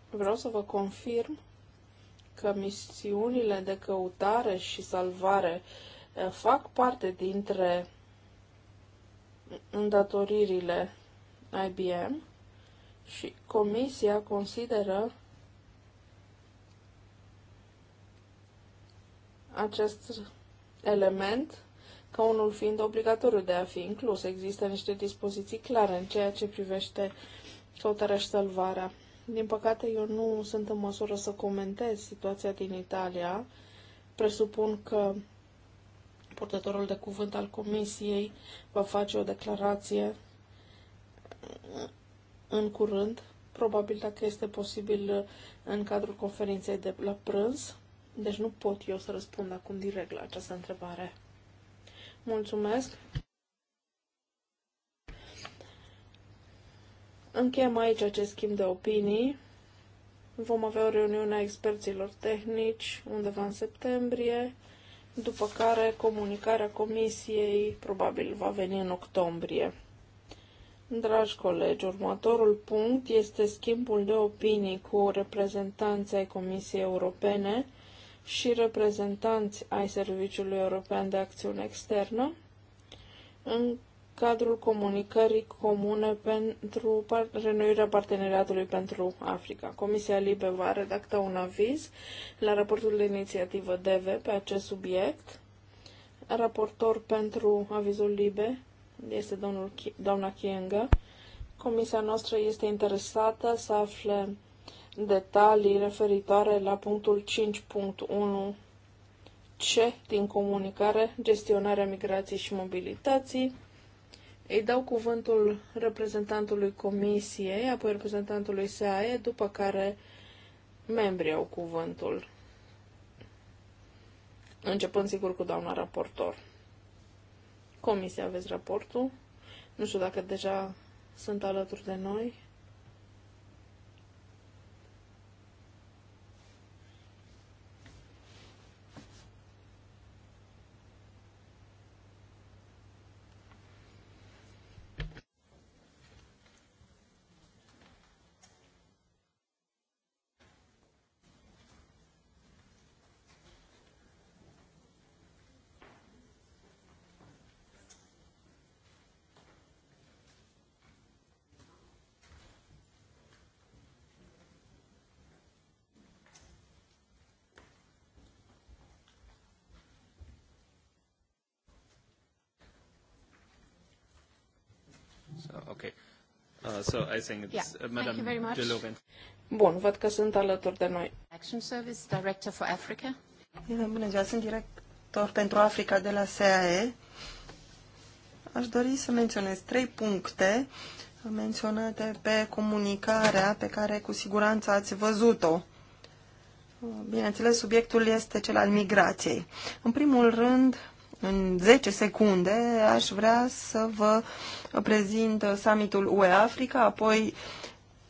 Vreau să vă confirm că misiunile de căutare și salvare uh, Eh, fac parte dintre îndatoririle IBM și comisia consideră acest element ca unul fiind obligatoriu de a fi inclus. Există niște dispoziții clare în ceea ce privește căutarea și salvarea. Din păcate, eu nu sunt în măsură să comentez situația din Italia. Presupun că purtătorul de cuvânt al Comisiei va face o declarație în curând, probabil dacă este posibil în cadrul conferinței de la prânz. Deci nu pot eu să răspund acum direct la această întrebare. Mulțumesc! Încheiem aici acest schimb de opinii. Vom avea o reuniune a experților tehnici undeva în septembrie după care comunicarea comisiei probabil va veni în octombrie. Dragi colegi, următorul punct este schimbul de opinii cu reprezentanții ai Comisiei Europene și reprezentanți ai Serviciului European de Acțiune Externă în cadrul comunicării comune pentru renoirea parteneriatului pentru Africa. Comisia Libe va redacta un aviz la raportul de inițiativă DV pe acest subiect. Raportor pentru avizul Libe este domnul, doamna Chienga. Comisia noastră este interesată să afle detalii referitoare la punctul 5.1 C din comunicare, gestionarea migrației și mobilității, îi dau cuvântul reprezentantului comisiei, apoi reprezentantului SAE, după care membrii au cuvântul. Începând sigur cu doamna raportor. Comisia, aveți raportul? Nu știu dacă deja sunt alături de noi. so I think it's yeah. Uh, Madame Thank you very much. Bun, văd că sunt alături de noi. Action Service, Director for Africa. Bună ziua, sunt director pentru Africa de la SAE. Aș dori să menționez trei puncte menționate pe comunicarea pe care cu siguranță ați văzut-o. Bineînțeles, subiectul este cel al migrației. În primul rând, în 10 secunde aș vrea să vă prezint summitul UE-Africa, apoi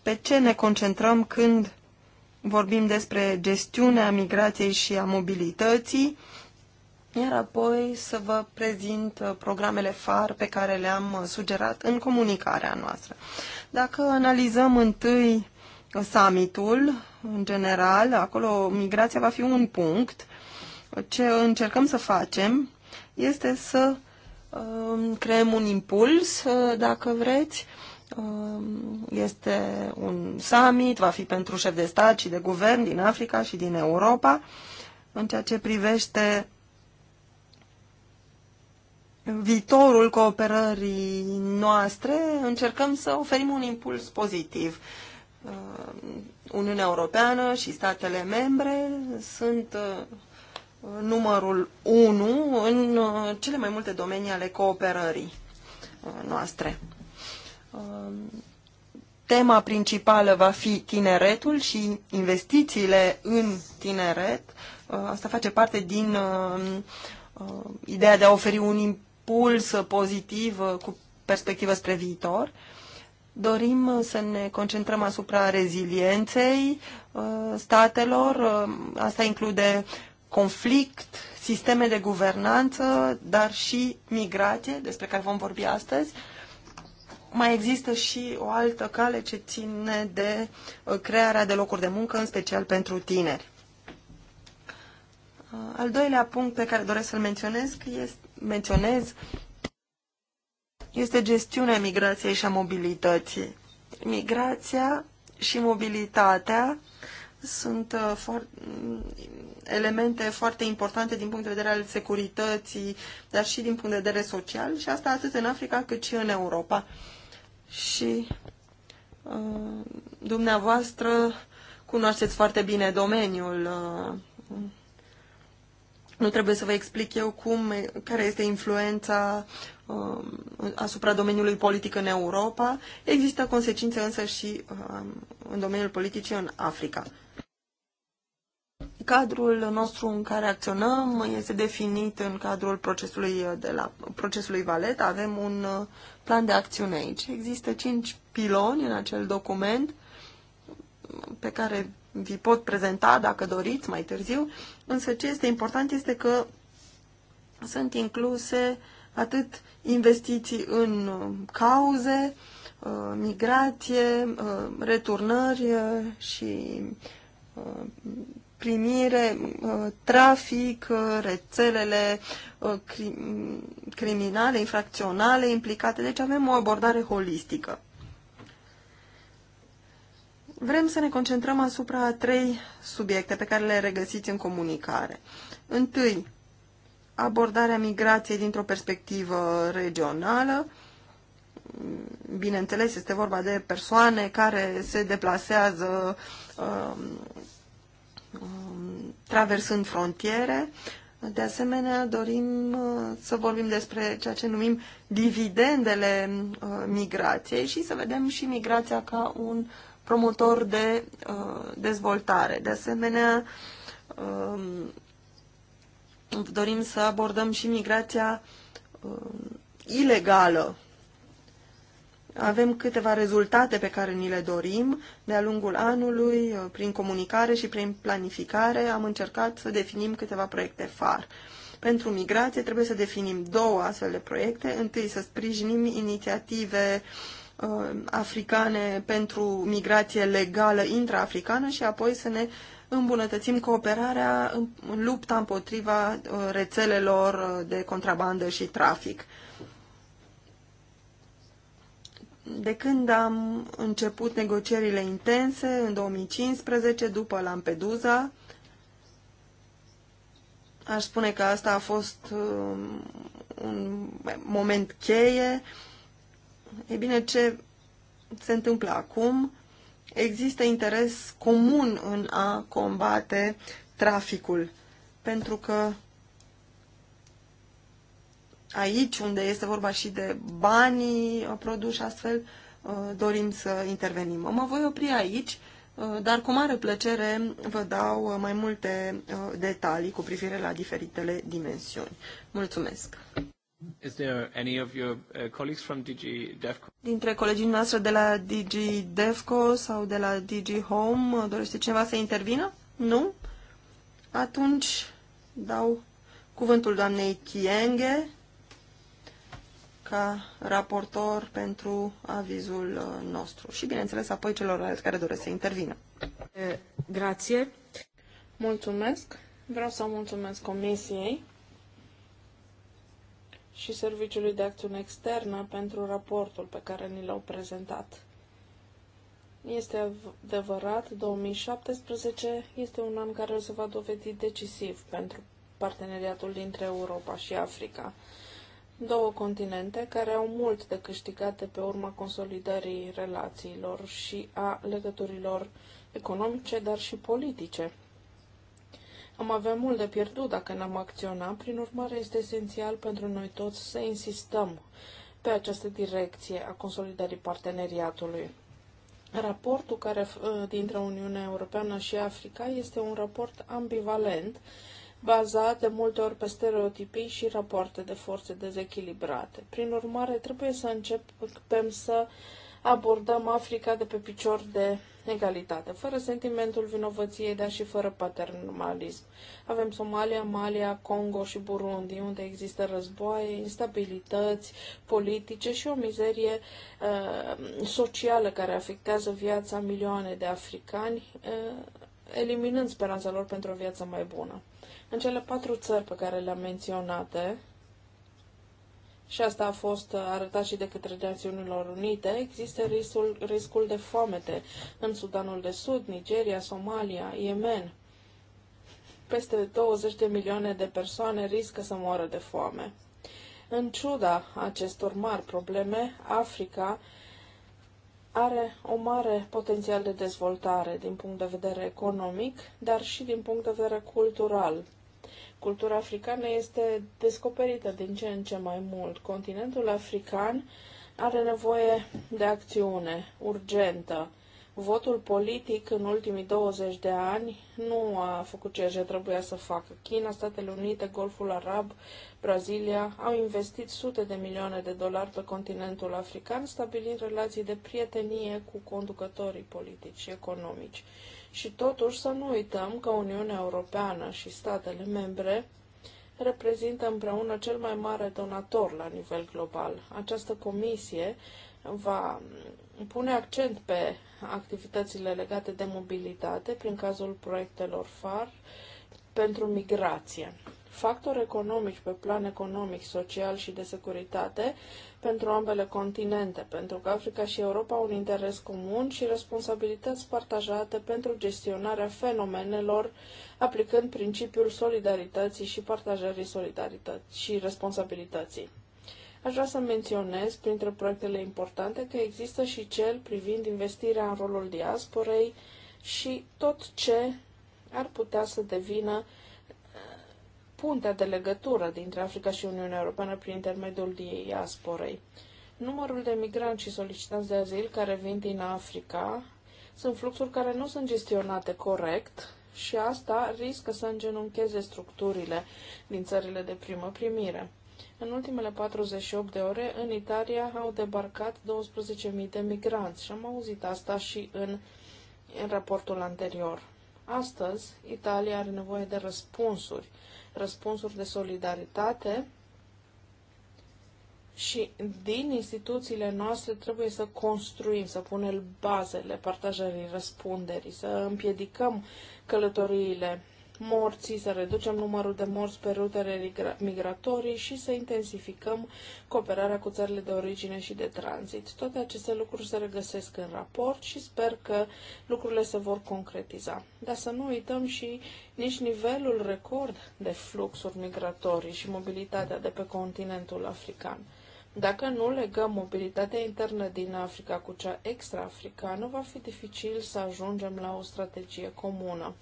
pe ce ne concentrăm când vorbim despre gestiunea migrației și a mobilității, iar apoi să vă prezint programele FAR pe care le-am sugerat în comunicarea noastră. Dacă analizăm întâi summitul, în general, acolo migrația va fi un punct, ce încercăm să facem este să um, creăm un impuls, uh, dacă vreți. Um, este un summit, va fi pentru șef de stat și de guvern din Africa și din Europa, în ceea ce privește viitorul cooperării noastre, încercăm să oferim un impuls pozitiv. Uh, Uniunea Europeană și statele membre sunt uh, numărul 1 în uh, cele mai multe domenii ale cooperării uh, noastre. Uh, tema principală va fi tineretul și investițiile în tineret. Asta face parte din ideea de a oferi un impuls pozitiv cu perspectivă spre viitor. Dorim să ne concentrăm asupra rezilienței statelor. Asta include conflict, sisteme de guvernanță, dar și migrație, despre care vom vorbi astăzi. Mai există și o altă cale ce ține de uh, crearea de locuri de muncă, în special pentru tineri. Uh, al doilea punct pe care doresc să-l menționez este, menționez este gestiunea migrației și a mobilității. Migrația și mobilitatea sunt, uh, elemente foarte importante din punct de vedere al securității, dar și din punct de vedere social și asta atât în Africa cât și în Europa. Și uh, dumneavoastră cunoașteți foarte bine domeniul. Uh, nu trebuie să vă explic eu cum, care este influența uh, asupra domeniului politic în Europa. Există consecințe însă și în domeniul politicii în Africa. Cadrul nostru în care acționăm este definit în cadrul procesului, uh, de la, procesului Valet. Avem un uh, plan de acțiune aici. Există cinci piloni în acel document pe care vi pot prezenta dacă doriți mai târziu, însă ce este important este că sunt incluse atât investiții în uh, cauze, migrație, returnări și primire, uh, trafic, uh, rețelele uh, criminale, infracționale implicate. Deci avem o abordare holistică. Vrem să ne concentrăm asupra trei subiecte pe care le regăsiți în comunicare. Întâi, abordarea migrației dintr-o perspectivă regională. Bineînțeles, este vorba de persoane care se deplasează um, traversând frontiere. De asemenea, dorim uh, să vorbim despre ceea ce numim dividendele uh, migrației și să vedem și migrația ca un promotor de uh, dezvoltare. De asemenea, um, dorim să abordăm și migrația um, ilegală avem câteva rezultate pe care ni le dorim. De-a lungul anului, prin comunicare și prin planificare, am încercat să definim câteva proiecte far. Pentru migrație trebuie să definim două astfel de proiecte. Întâi să sprijinim inițiative uh, africane pentru migrație legală intraafricană și apoi să ne îmbunătățim cooperarea în lupta împotriva uh, rețelelor uh, de contrabandă și trafic. De când am început negocierile intense, în 2015, după Lampedusa, aș spune că asta a fost um, un moment cheie. E bine, ce se întâmplă acum? Există interes comun în a combate traficul, pentru că aici, unde este vorba și de banii uh, produși astfel, uh, dorim să intervenim. Mă voi opri aici, uh, dar cu mare plăcere vă dau mai multe detalii cu privire la diferitele dimensiuni. Mulțumesc! Is there any of your colleagues from DG DEFCO? Dintre colegii noastre de la DG DEFCO sau de la DG Home, dorește cineva să intervină? Nu? Atunci dau cuvântul doamnei Chienge ca raportor pentru avizul uh, nostru și, bineînțeles, apoi celorlalți care doresc să intervină. Grație. Mulțumesc. Vreau să mulțumesc Comisiei și Serviciului de Acțiune Externă pentru raportul pe care ni l-au prezentat. Este adevărat, 2017 este un an care se va dovedi decisiv pentru parteneriatul dintre Europa și Africa două continente care au mult de câștigate pe urma consolidării relațiilor și a legăturilor economice, dar și politice. Am avea mult de pierdut dacă n-am acționat, prin urmare este esențial pentru noi toți să insistăm pe această direcție a consolidării parteneriatului. Raportul care dintre Uniunea Europeană și Africa este un raport ambivalent bazate multe ori pe stereotipii și rapoarte de forțe dezechilibrate. Prin urmare, trebuie să începem să abordăm Africa de pe picior de egalitate, fără sentimentul vinovăției, dar și fără paternalism. Avem Somalia, Malia, Congo și Burundi, unde există războaie, instabilități politice și o mizerie uh, socială care afectează viața milioane de africani, uh, eliminând speranța lor pentru o viață mai bună. În cele patru țări pe care le-am menționate, și asta a fost arătat și de către Națiunilor Unite, există riscul, riscul de foamete în Sudanul de Sud, Nigeria, Somalia, Yemen. Peste 20 de milioane de persoane riscă să moară de foame. În ciuda acestor mari probleme, Africa are o mare potențial de dezvoltare din punct de vedere economic, dar și din punct de vedere cultural. Cultura africană este descoperită din ce în ce mai mult. Continentul african are nevoie de acțiune urgentă. Votul politic în ultimii 20 de ani nu a făcut ceea ce trebuia să facă. China, Statele Unite, Golful Arab, Brazilia au investit sute de milioane de dolari pe continentul african, stabilind relații de prietenie cu conducătorii politici și economici. Și totuși să nu uităm că Uniunea Europeană și statele membre reprezintă împreună cel mai mare donator la nivel global. Această comisie va pune accent pe activitățile legate de mobilitate prin cazul proiectelor FAR pentru migrație. Factori economici pe plan economic, social și de securitate pentru ambele continente, pentru că Africa și Europa au un interes comun și responsabilități partajate pentru gestionarea fenomenelor, aplicând principiul solidarității și partajării solidarității și responsabilității. Aș vrea să menționez, printre proiectele importante, că există și cel privind investirea în rolul diasporei și tot ce ar putea să devină puntea de legătură dintre Africa și Uniunea Europeană prin intermediul diasporei. Numărul de migranți și solicitanți de azil care vin din Africa sunt fluxuri care nu sunt gestionate corect și asta riscă să îngenuncheze structurile din țările de primă primire. În ultimele 48 de ore, în Italia au debarcat 12.000 de migranți și am auzit asta și în, în raportul anterior. Astăzi, Italia are nevoie de răspunsuri răspunsuri de solidaritate și din instituțiile noastre trebuie să construim, să punem bazele partajării răspunderii, să împiedicăm călătoriile morții, să reducem numărul de morți pe rutele migratorii și să intensificăm cooperarea cu țările de origine și de tranzit. Toate aceste lucruri se regăsesc în raport și sper că lucrurile se vor concretiza. Dar să nu uităm și nici nivelul record de fluxuri migratorii și mobilitatea de pe continentul african. Dacă nu legăm mobilitatea internă din Africa cu cea extra-africană, va fi dificil să ajungem la o strategie comună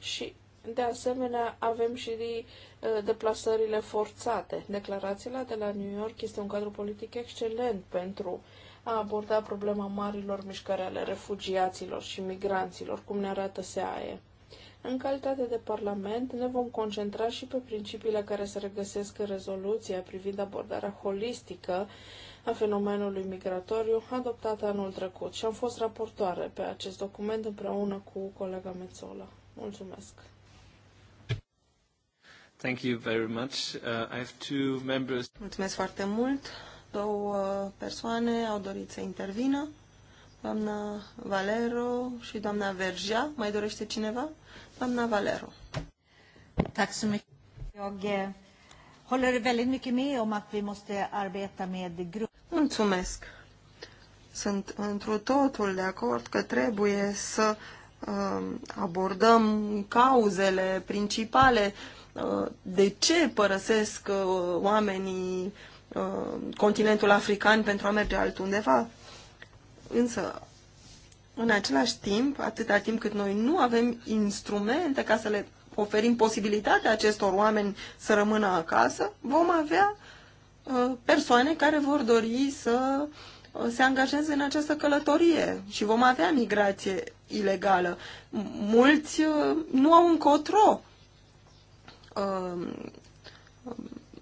și de asemenea, avem și de uh, deplasările forțate. Declarația de la New York este un cadru politic excelent pentru a aborda problema marilor mișcări ale refugiaților și migranților, cum ne arată SAE. În calitate de Parlament, ne vom concentra și pe principiile care se regăsesc în rezoluția privind abordarea holistică a fenomenului migratoriu adoptată anul trecut și am fost raportoare pe acest document împreună cu colega Mețola. Mulțumesc. Thank you very much. Uh, I have two members. Mulțumesc foarte mult. Două persoane au dorit să intervină. Doamna Valero și doamna Vergea. Mai dorește cineva? Doamna Valero. Tack så mycket. Jag eh, håller väldigt mycket med om att vi måste arbeta med grupp. Mulțumesc. Sunt întru totul de acord că trebuie să Um, abordăm cauzele principale, uh, de ce părăsesc uh, oamenii uh, continentul african pentru a merge altundeva. Însă, în același timp, atâta timp cât noi nu avem instrumente ca să le oferim posibilitatea acestor oameni să rămână acasă, vom avea persoane care vor dori să uh, se angajează în această călătorie și vom avea migrație ilegală. Mulți uh, nu au încotro. Uh,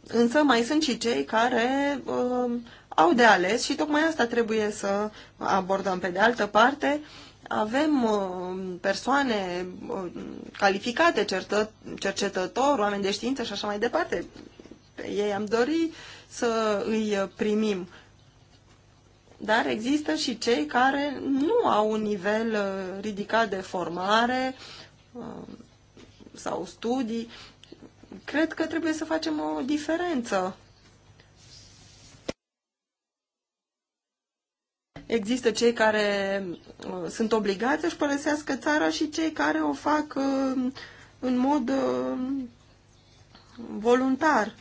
însă mai sunt și cei care uh, au de ales și tocmai asta trebuie să abordăm. Pe de altă parte, avem persoane calificate, cercetători, oameni de știință și așa mai departe. Pe ei am dorit să îi primim dar există și cei care nu au un nivel uh, ridicat de formare uh, sau studii. Cred că trebuie să facem o diferență. Există cei care uh, sunt obligați să-și părăsească țara și cei care o fac în mod voluntar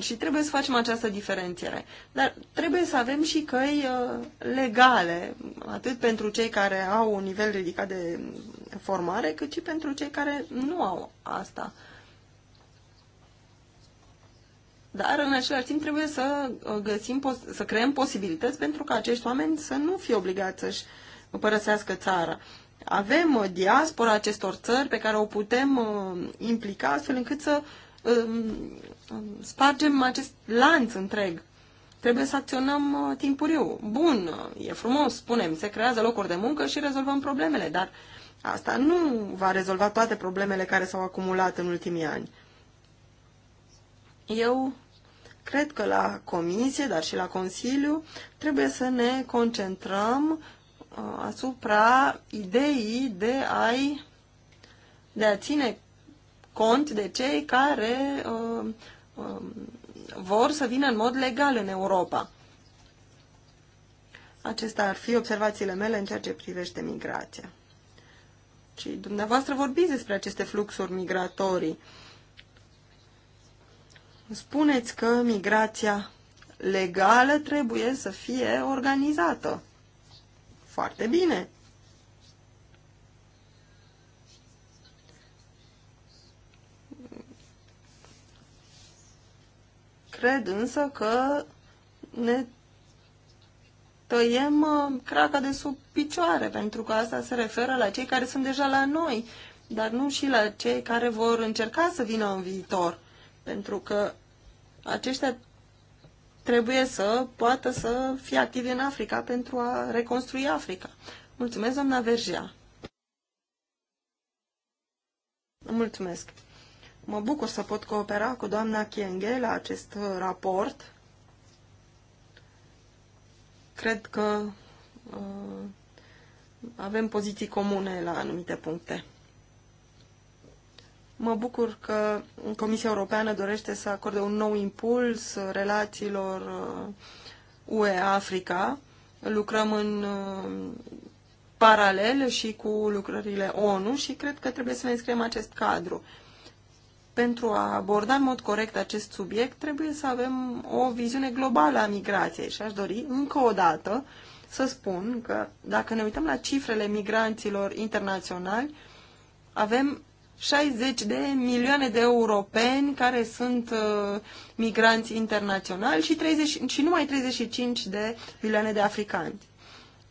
și trebuie să facem această diferențiere. Dar trebuie să avem și căi uh, legale, atât pentru cei care au un nivel ridicat de formare, cât și pentru cei care nu au asta. Dar, în același timp, trebuie să, uh, găsim, să creăm posibilități pentru ca acești oameni să nu fie obligați să-și părăsească țara. Avem uh, diaspora acestor țări pe care o putem implica astfel încât să uh, spargem acest lanț întreg. Trebuie să acționăm uh, timpuriu. Bun, e frumos, spunem, se creează locuri de muncă și rezolvăm problemele, dar asta nu va rezolva toate problemele care s-au acumulat în ultimii ani. Eu cred că la Comisie, dar și la Consiliu, trebuie să ne concentrăm uh, asupra ideii de a de a ține cont de cei care uh, uh, vor să vină în mod legal în Europa. Acestea ar fi observațiile mele în ceea ce privește migrația. Și dumneavoastră vorbiți despre aceste fluxuri migratorii. Spuneți că migrația legală trebuie să fie organizată. Foarte bine. Cred însă că ne tăiem uh, craca de sub picioare, pentru că asta se referă la cei care sunt deja la noi, dar nu și la cei care vor încerca să vină în viitor, pentru că aceștia trebuie să poată să fie activi în Africa pentru a reconstrui Africa. Mulțumesc, doamna Vergea. Mulțumesc. Mă bucur să pot coopera cu doamna Chienghe la acest uh, raport. Cred că uh, avem poziții comune la anumite puncte. Mă bucur că Comisia Europeană dorește să acorde un nou impuls relațiilor uh, UE-Africa. Lucrăm în uh, paralel și cu lucrările ONU și cred că trebuie să ne înscriem acest cadru. Pentru a aborda în mod corect acest subiect, trebuie să avem o viziune globală a migrației și aș dori încă o dată să spun că dacă ne uităm la cifrele migranților internaționali, avem 60 de milioane de europeni care sunt uh, migranți internaționali și, 30, și numai 35 de milioane de africani.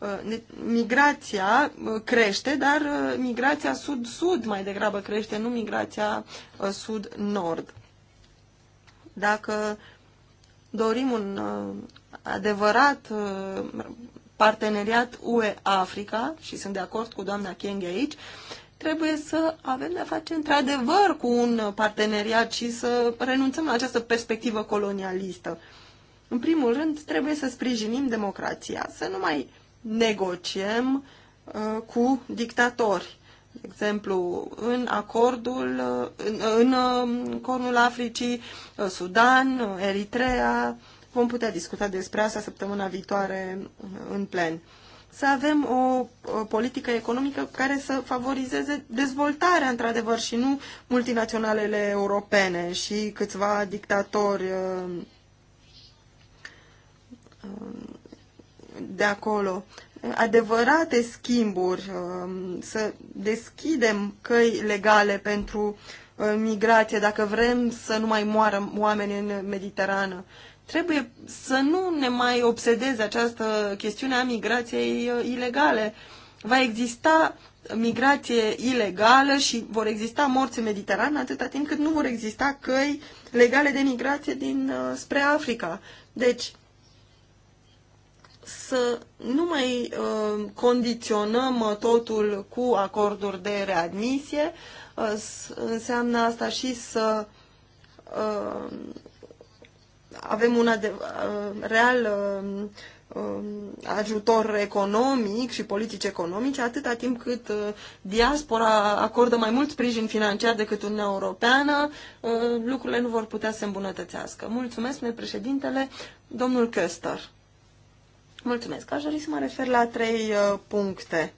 Uh, migrația uh, crește, dar uh, migrația sud-sud mai degrabă crește, nu migrația sud-nord. Dacă dorim un adevărat parteneriat UE-Africa, și sunt de acord cu doamna Kenge aici, trebuie să avem de-a face într-adevăr cu un parteneriat și să renunțăm la această perspectivă colonialistă. În primul rând, trebuie să sprijinim democrația, să nu mai negociem uh, cu dictatori. De exemplu, în acordul, uh, în, în uh, Cornul Africii, Sudan, Eritrea, vom putea discuta despre asta săptămâna viitoare în plen. Să avem o, o politică economică care să favorizeze dezvoltarea, într-adevăr, și nu multinaționalele europene și câțiva dictatori de acolo adevărate schimburi, um, să deschidem căi legale pentru uh, migrație, dacă vrem să nu mai moară oameni în Mediterană. Trebuie să nu ne mai obsedeze această chestiune a migrației uh, ilegale. Va exista migrație ilegală și vor exista morți în Mediterană atâta timp cât nu vor exista căi legale de migrație din, uh, spre Africa. Deci, să nu mai uh, condiționăm totul cu acorduri de readmisie. Uh, înseamnă asta și să uh, avem un uh, real uh, um, ajutor economic și politici economice, atâta timp cât uh, diaspora acordă mai mult sprijin financiar decât Uniunea Europeană, lucrurile nu vor putea să se îmbunătățească. Mulțumesc, președintele, domnul Köster. Mulțumesc. Aș dori să mă refer la trei uh, puncte.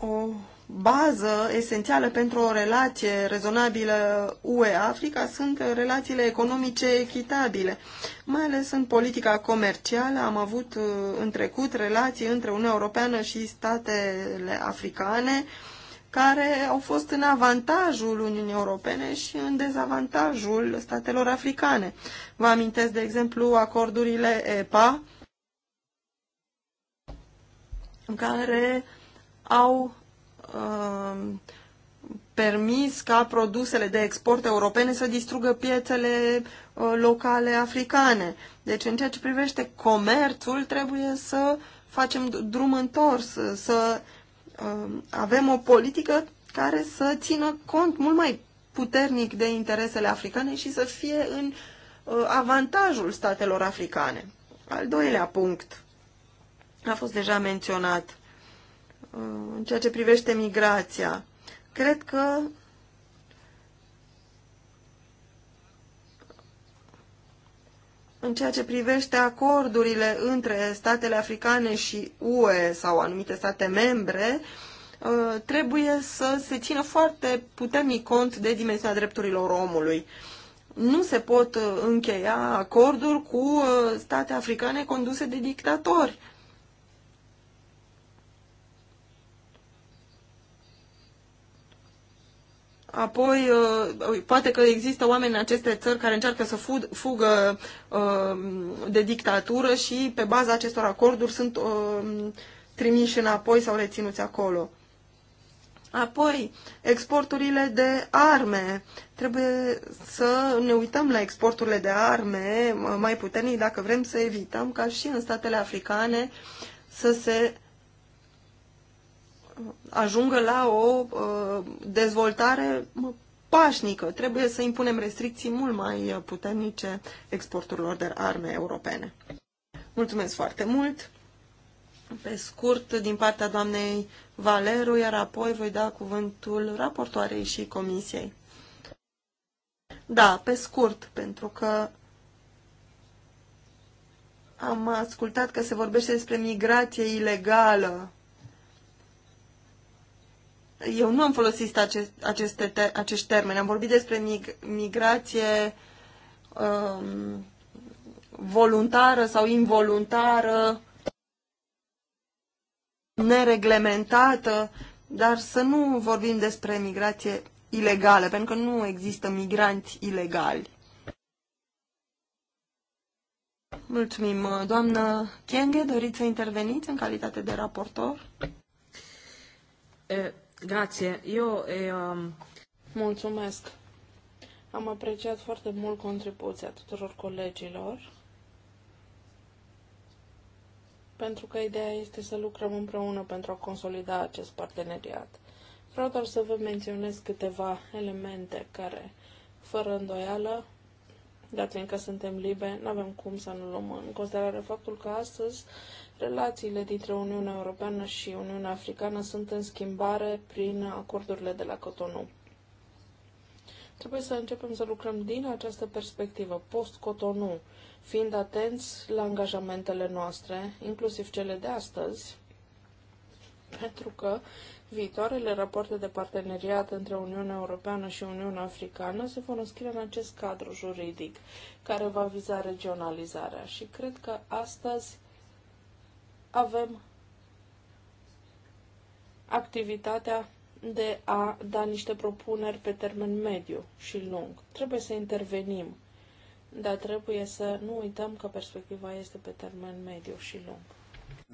O bază esențială pentru o relație rezonabilă UE-Africa sunt relațiile economice echitabile. Mai ales în politica comercială am avut uh, în trecut relații între Uniunea Europeană și statele africane uh, care au fost în avantajul Uniunii Europene și în dezavantajul statelor africane. Vă amintesc, de exemplu, acordurile EPA, în care au uh, permis ca produsele de export europene să distrugă piețele uh, locale africane. Deci, în ceea ce privește comerțul, trebuie să facem drum întors, să Um, avem o politică care să țină cont mult mai puternic de interesele africane și să fie în uh, avantajul statelor africane. Al doilea punct a fost deja menționat uh, în ceea ce privește migrația. Cred că în ceea ce privește acordurile între statele africane și UE sau anumite state membre, uh, trebuie să se țină foarte puternic cont de dimensiunea drepturilor omului. Nu se pot uh, încheia acorduri cu uh, state africane conduse de dictatori. Apoi, uh, poate că există oameni în aceste țări care încearcă să fugă uh, de dictatură și pe baza acestor acorduri sunt uh, trimiși înapoi sau reținuți acolo. Apoi, exporturile de arme. Trebuie să ne uităm la exporturile de arme mai puternic dacă vrem să evităm ca și în statele africane să se ajungă la o uh, dezvoltare pașnică. Trebuie să impunem restricții mult mai puternice exporturilor de arme europene. Mulțumesc foarte mult! Pe scurt, din partea doamnei Valeru, iar apoi voi da cuvântul raportoarei și comisiei. Da, pe scurt, pentru că am ascultat că se vorbește despre migrație ilegală eu nu am folosit acest, aceste ter, acești termeni. Am vorbit despre mig, migrație um, voluntară sau involuntară, nereglementată, dar să nu vorbim despre migrație ilegală, pentru că nu există migranți ilegali. Mulțumim, doamnă Chienghe. Doriți să interveniți în calitate de raportor? Eh, Grație. Eu... E, eh, um... Mulțumesc. Am apreciat foarte mult contribuția tuturor colegilor pentru că ideea este să lucrăm împreună pentru a consolida acest parteneriat. Vreau doar să vă menționez câteva elemente care, fără îndoială, dat fiindcă suntem liberi, nu avem cum să nu luăm în considerare faptul că astăzi Relațiile dintre Uniunea Europeană și Uniunea Africană sunt în schimbare prin acordurile de la Cotonou. Trebuie să începem să lucrăm din această perspectivă, post-Cotonou, fiind atenți la angajamentele noastre, inclusiv cele de astăzi, pentru că viitoarele rapoarte de parteneriat între Uniunea Europeană și Uniunea Africană se vor înscrie în acest cadru juridic care va viza regionalizarea și cred că astăzi avem activitatea de a da niște propuneri pe termen mediu și lung. Trebuie să intervenim, dar trebuie să nu uităm că perspectiva este pe termen mediu și lung.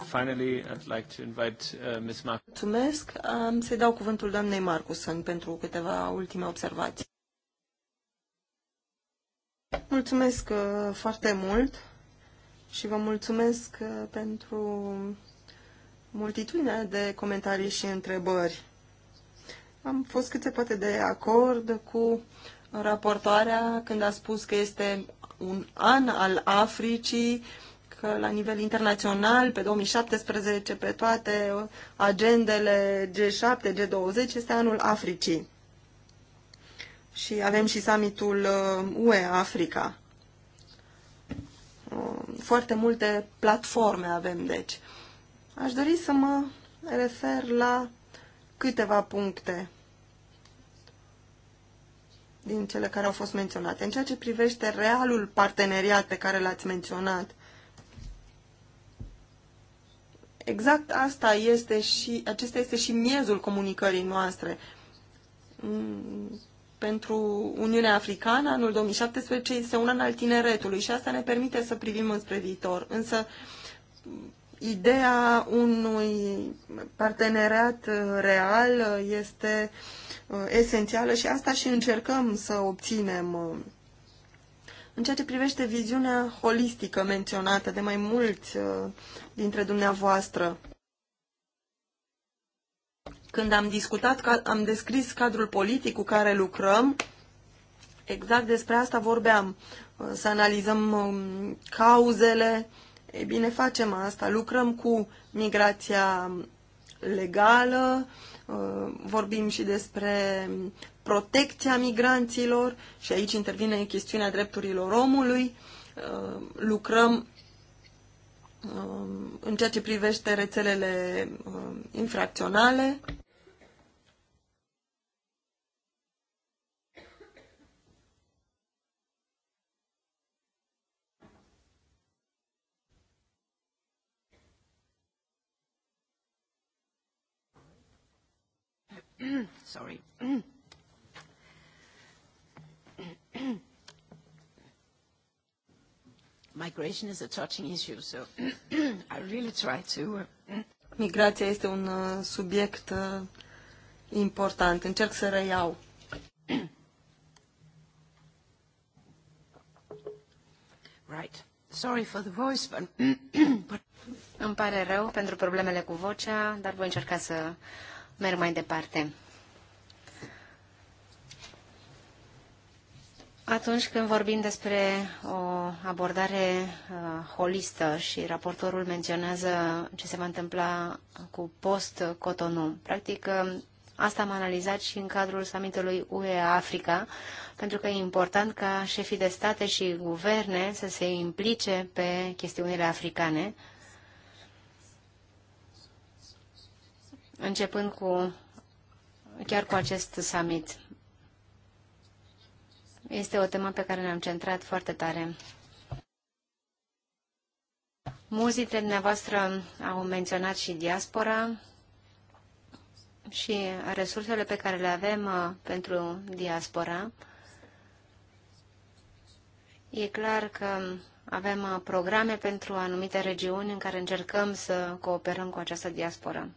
Finally, I'd like to invite uh, Ms. Marcus. Mulțumesc. Um, să dau cuvântul doamnei Marcuson pentru câteva ultime observații. Mulțumesc uh, foarte mult și vă mulțumesc uh, pentru multitudinea de comentarii și întrebări. Am fost cât se poate de acord cu raportoarea când a spus că este un an al Africii, că la nivel internațional, pe 2017, pe toate agendele G7, G20, este anul Africii. Și avem și summitul UE uh, Africa. Foarte multe platforme avem, deci. Aș dori să mă refer la câteva puncte din cele care au fost menționate. În ceea ce privește realul parteneriat pe care l-ați menționat, exact asta este și, acesta este și miezul comunicării noastre. Mm, pentru Uniunea Africană, anul 2017, este un an al tineretului și asta ne permite să privim înspre viitor. Însă, ideea unui parteneriat uh, real uh, este uh, esențială și asta și încercăm să obținem în ceea ce privește viziunea holistică menționată de mai mulți dintre dumneavoastră. Când am discutat, am descris cadrul politic cu care lucrăm, exact despre asta vorbeam, uh, să analizăm um, cauzele, e bine, facem asta, lucrăm cu migrația legală, uh, vorbim și despre protecția migranților și aici intervine chestiunea drepturilor omului, uh, lucrăm um, în ceea ce privește rețelele um, infracționale. [clears throat] sorry. [clears throat] Migration is a touching issue, so [clears throat] I really try to. Uh, Migrația este un uh, subiect uh, important. Încerc să reiau. Right. Sorry for the voice, but... Îmi pare rău pentru problemele cu vocea, dar voi încerca să merg mai departe. Atunci când vorbim despre o abordare uh, holistă și raportorul menționează ce se va întâmpla cu post-Cotonou, practic uh, asta am analizat și în cadrul summitului UE-Africa, pentru că e important ca șefii de state și guverne să se implice pe chestiunile africane începând cu chiar cu acest summit. Este o temă pe care ne-am centrat foarte tare. Mulți dintre dumneavoastră au menționat și diaspora și resursele pe care le avem uh, pentru diaspora. E clar că avem uh, programe pentru anumite regiuni în care încercăm să cooperăm cu această diasporă.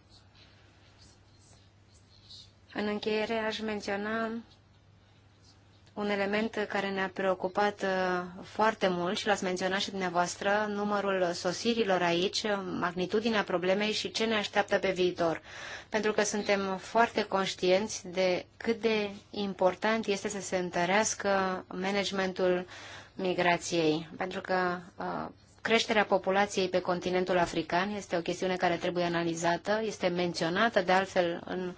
În încheiere aș menționa un element care ne-a preocupat uh, foarte mult și l-ați menționat și dumneavoastră, numărul sosirilor aici, magnitudinea problemei și ce ne așteaptă pe viitor. Pentru că suntem foarte conștienți de cât de important este să se întărească managementul migrației. Pentru că uh, creșterea populației pe continentul african este o chestiune care trebuie analizată, este menționată de altfel în uh,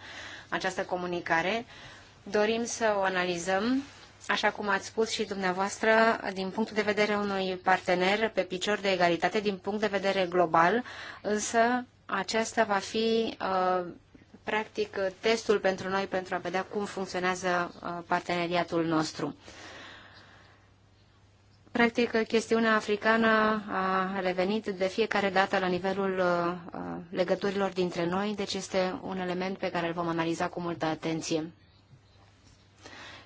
această comunicare. Dorim să o analizăm, așa cum ați spus și dumneavoastră, din punctul de vedere unui partener pe picior de egalitate, din punct de vedere global, însă aceasta va fi uh, practic testul pentru noi pentru a vedea cum funcționează uh, parteneriatul nostru. Practic, chestiunea africană a revenit de fiecare dată la nivelul uh, uh, legăturilor dintre noi, deci este un element pe care îl vom analiza cu multă atenție.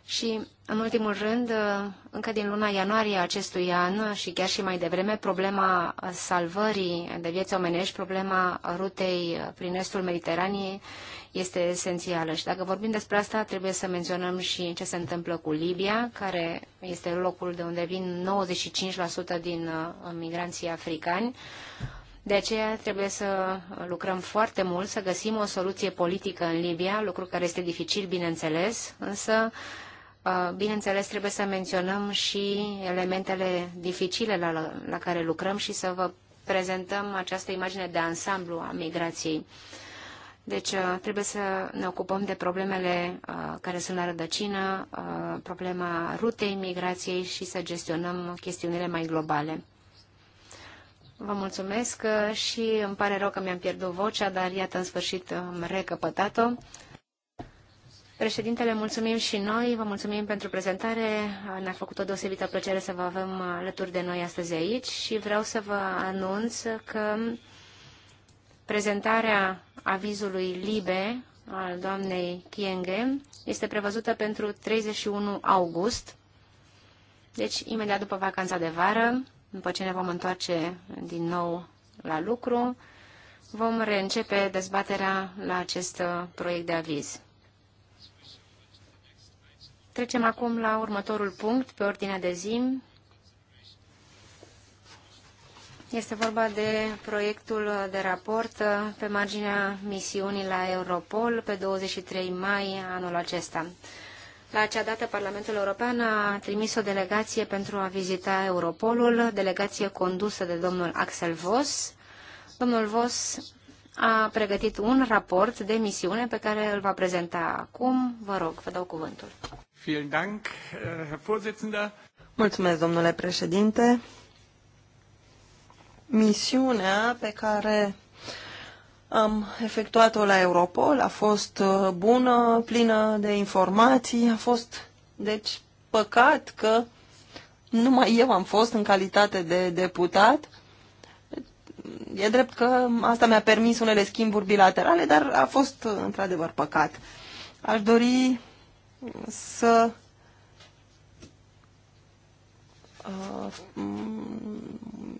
Și în ultimul rând, încă din luna ianuarie acestui an și chiar și mai devreme, problema salvării de vieți omenești, problema rutei prin estul Mediteraniei este esențială. Și dacă vorbim despre asta, trebuie să menționăm și ce se întâmplă cu Libia, care este locul de unde vin 95% din uh, migranții africani. De aceea trebuie să lucrăm foarte mult, să găsim o soluție politică în Libia, lucru care este dificil, bineînțeles, însă Uh, bineînțeles, trebuie să menționăm și elementele dificile la, la care lucrăm și să vă prezentăm această imagine de ansamblu a migrației. Deci uh, trebuie să ne ocupăm de problemele uh, care sunt la rădăcină, problema rutei migrației și să gestionăm chestiunile mai globale. Vă mulțumesc și îmi pare rău că mi-am pierdut vocea, dar iată în sfârșit am recăpătat-o. Președintele, mulțumim și noi, vă mulțumim pentru prezentare. Ne-a făcut o deosebită plăcere să vă avem alături de noi astăzi aici și vreau să vă anunț că prezentarea avizului LIBE al doamnei Kienge este prevăzută pentru 31 august, deci imediat după vacanța de vară, după ce ne vom întoarce din nou la lucru, vom reîncepe dezbaterea la acest proiect de aviz. Trecem acum la următorul punct pe ordinea de zi. Este vorba de proiectul de raport pe marginea misiunii la Europol pe 23 mai anul acesta. La acea dată, Parlamentul European a trimis o delegație pentru a vizita Europolul, delegație condusă de domnul Axel Voss. Domnul Voss a pregătit un raport de misiune pe care îl va prezenta acum. Vă rog, vă dau cuvântul. Äh, Mulțumesc, domnule președinte. Misiunea pe care am efectuat-o la Europol a fost uh, bună, plină de informații, a fost, deci, păcat că numai eu am fost în calitate de deputat. E drept că asta mi-a permis unele schimburi bilaterale, dar a fost uh, într-adevăr păcat. Aș dori să uh,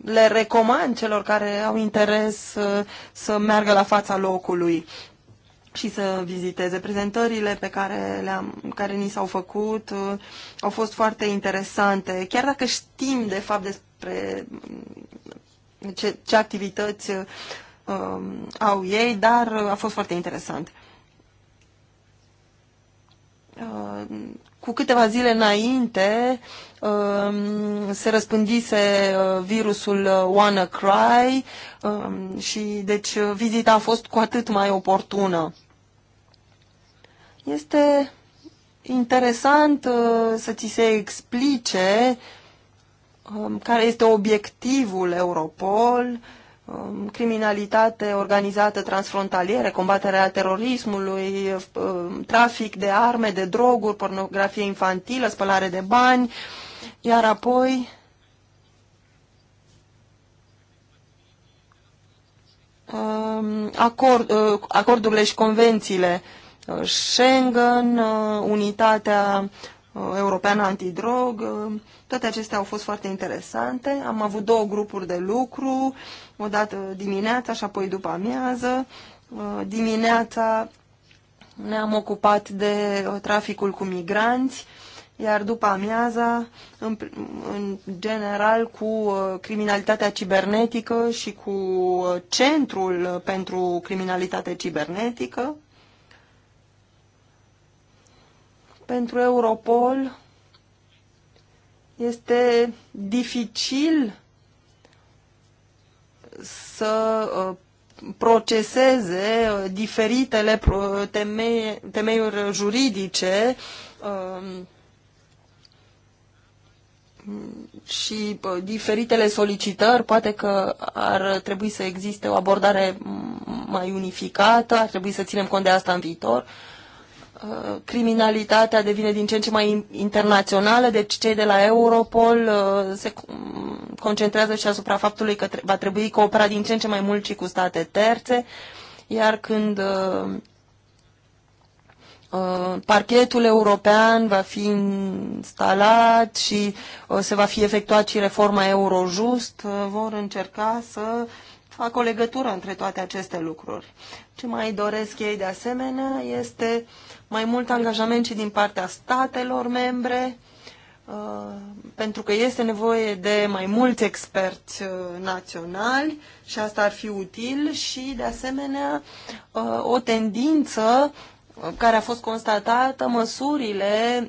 le recomand celor care au interes uh, să meargă la fața locului și să viziteze. Prezentările pe care, le-am, care ni s-au făcut uh, au fost foarte interesante. Chiar dacă știm, de fapt, despre mm, ce, ce activități um, au ei, dar a fost foarte interesant cu câteva zile înainte um, se răspândise uh, virusul uh, WannaCry um, și deci vizita a fost cu atât mai oportună. Este interesant uh, să ți se explice um, care este obiectivul Europol, Um, criminalitate organizată transfrontalieră, combaterea terorismului, um, trafic de arme, de droguri, pornografie infantilă, spălare de bani, iar apoi um, acord, uh, acordurile și convențiile uh, Schengen, uh, unitatea europeană antidrog, toate acestea au fost foarte interesante. Am avut două grupuri de lucru, o dată dimineața și apoi după amiază. Uh, dimineața ne-am ocupat de uh, traficul cu migranți, iar după amiaza, în, în general, cu uh, criminalitatea cibernetică și cu Centrul pentru Criminalitate Cibernetică. Pentru Europol este dificil să uh, proceseze uh, diferitele temei, temeiuri juridice um, și uh, diferitele solicitări, poate că ar trebui să existe o abordare mai unificată, ar trebui să ținem cont de asta în viitor. Uh, criminalitatea devine din ce în ce mai internațională, deci cei de la Europol uh, se concentrează și asupra faptului că va trebui coopera din ce în ce mai mult și cu state terțe, iar când uh, parchetul european va fi instalat și se va fi efectuat și reforma Eurojust, vor încerca să fac o legătură între toate aceste lucruri. Ce mai doresc ei de asemenea este uh, mai mult angajament și din partea statelor membre, uh, pentru că este nevoie de mai mulți experți uh, naționali și asta ar fi util și, de asemenea, uh, o tendință care a fost constatată, măsurile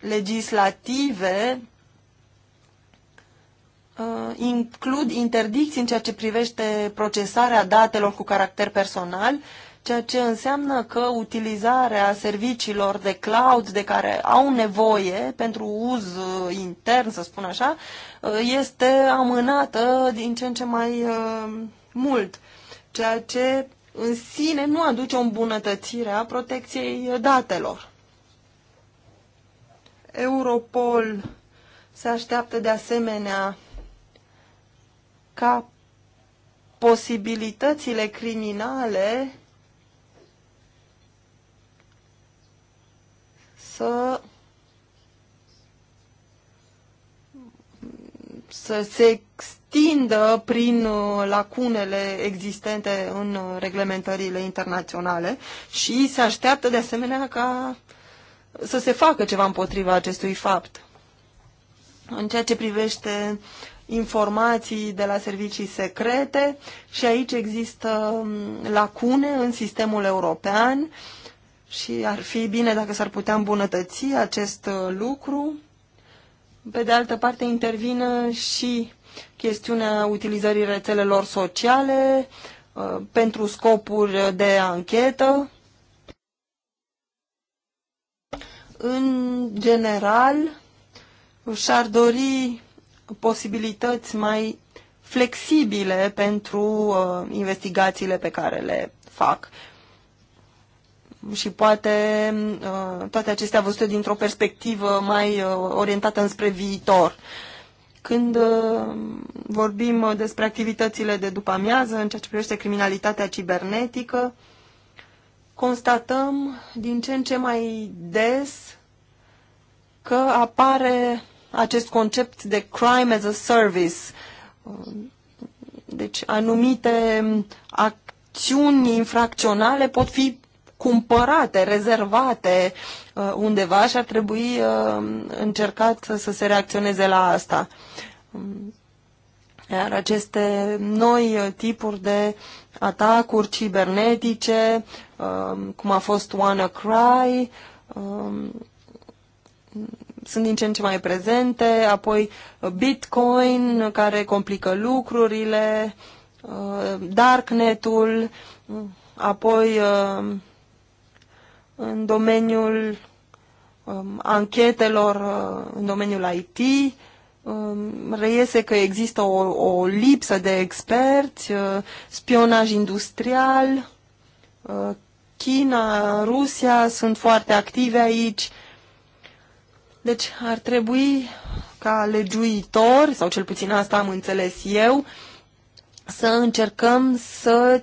legislative includ interdicții în ceea ce privește procesarea datelor cu caracter personal ceea ce înseamnă că utilizarea serviciilor de cloud de care au nevoie pentru uz uh, intern, să spun așa, uh, este amânată din ce în ce mai uh, mult, ceea ce în sine nu aduce o îmbunătățire a protecției datelor. Europol se așteaptă de asemenea ca posibilitățile criminale să să se extindă prin uh, lacunele existente în uh, reglementările internaționale și se așteaptă de asemenea ca să se facă ceva împotriva acestui fapt. În ceea ce privește informații de la servicii secrete și aici există um, lacune în sistemul european și ar fi bine dacă s-ar putea îmbunătăți acest uh, lucru. Pe de altă parte, intervină și chestiunea utilizării rețelelor sociale uh, pentru scopuri de anchetă. În general, și-ar dori posibilități mai flexibile pentru uh, investigațiile pe care le fac și poate uh, toate acestea văzute dintr-o perspectivă mai uh, orientată înspre viitor. Când uh, vorbim despre activitățile de după amiază, în ceea ce privește criminalitatea cibernetică, constatăm din ce în ce mai des că apare acest concept de crime as a service. Deci anumite acțiuni infracționale pot fi cumpărate, rezervate uh, undeva și ar trebui uh, încercat să se reacționeze la asta. Um, iar aceste noi tipuri de atacuri cibernetice, um, cum a fost WannaCry, um, sunt din ce în ce mai prezente, apoi Bitcoin, care complică lucrurile, uh, Darknet-ul, apoi în domeniul um, anchetelor, uh, în domeniul IT, um, reiese că există o, o lipsă de experți, uh, spionaj industrial, uh, China, Rusia sunt foarte active aici. Deci ar trebui ca legiuitori, sau cel puțin asta am înțeles eu, să încercăm să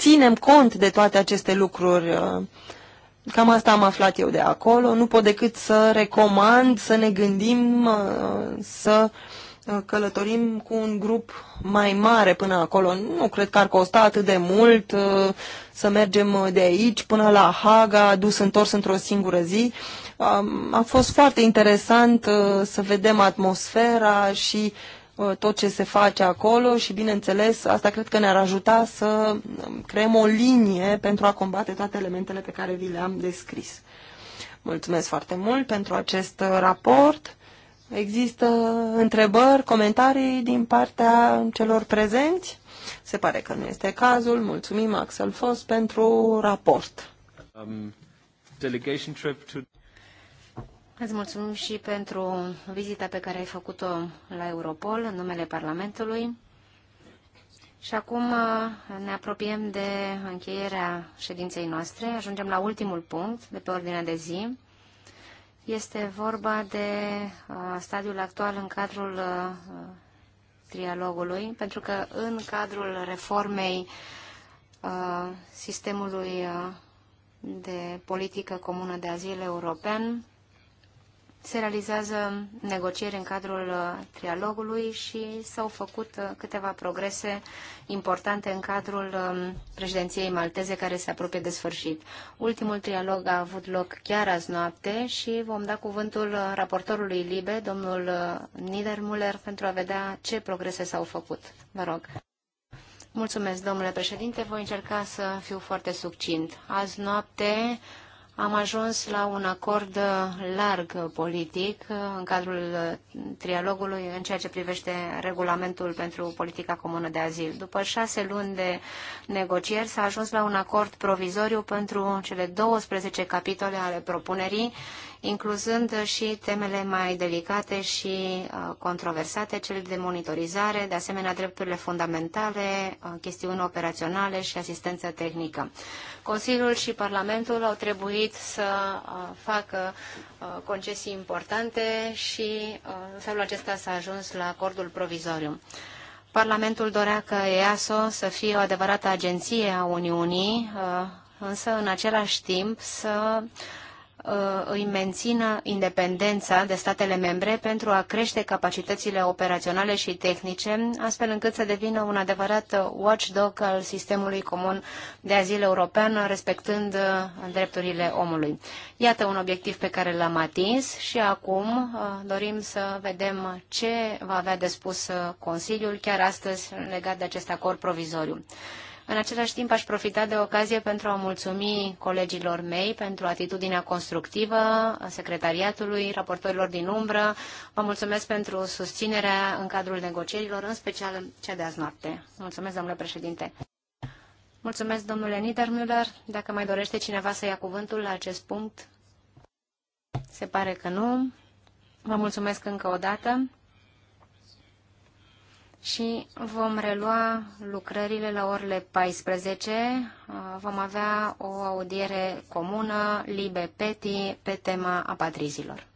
ținem cont de toate aceste lucruri. Uh, cam asta am aflat eu de acolo. Nu pot decât să recomand să ne gândim uh, să uh, călătorim cu un grup mai mare până acolo. Nu cred că ar costa atât de mult să mergem de aici până la Haga, dus întors într-o singură zi. Um, a fost foarte interesant să vedem atmosfera și Uh, tot ce se face acolo și, bineînțeles, asta cred că ne-ar ajuta să um, creăm o linie pentru a combate toate elementele pe care vi le-am descris. Mulțumesc foarte mult pentru acest uh, raport. Există întrebări, comentarii din partea celor prezenți? Se pare că nu este cazul. Mulțumim, Axel Fos, pentru raport. Um, delegation trip to... Îți mulțumim și pentru vizita pe care ai făcut-o la Europol în numele Parlamentului. Și acum uh, ne apropiem de încheierea ședinței noastre. Ajungem la ultimul punct de pe ordinea de zi. Este vorba de uh, stadiul actual în cadrul uh, trialogului, pentru că în cadrul reformei sistemului de politică comună de azil european, se realizează negocieri în cadrul uh, trialogului și s-au făcut uh, câteva progrese importante în cadrul um, președinției malteze care se apropie de sfârșit. Ultimul trialog a avut loc chiar azi noapte și vom da cuvântul uh, raportorului Libe, domnul Niedermuller, pentru a vedea ce progrese s-au făcut. Vă rog. Mulțumesc, domnule președinte. Voi încerca să fiu foarte succint. Azi noapte am ajuns la un acord larg politic în cadrul trialogului în ceea ce privește regulamentul pentru politica comună de azil. După șase luni de negocieri s-a ajuns la un acord provizoriu pentru cele 12 capitole ale propunerii incluzând și temele mai delicate și uh, controversate, cele de monitorizare, de asemenea drepturile fundamentale, uh, chestiuni operaționale și asistență tehnică. Consiliul și Parlamentul au trebuit să uh, facă concesii importante și în felul acesta s-a ajuns la acordul provizoriu. Parlamentul dorea că EASO să fie o adevărată agenție a Uniunii, însă în același timp să Uh, îi mențină independența de statele membre pentru a crește capacitățile operaționale și tehnice, astfel încât să devină un adevărat watchdog al sistemului comun de azil european, respectând uh, drepturile omului. Iată un obiectiv pe care l-am atins și acum uh, dorim să vedem ce va avea de spus Consiliul chiar astăzi legat de acest acord provizoriu. În același timp aș profita de ocazie pentru a mulțumi colegilor mei pentru atitudinea constructivă a secretariatului, raportorilor din umbră. Vă mulțumesc pentru susținerea în cadrul negocierilor, în special cea de azi noapte. Mulțumesc, domnule președinte. Mulțumesc, domnule Niedermüller. Dacă mai dorește cineva să ia cuvântul la acest punct, se pare că nu. Vă mulțumesc încă o dată și vom relua lucrările la orele 14. Vom avea o audiere comună, libe peti, pe tema apatrizilor.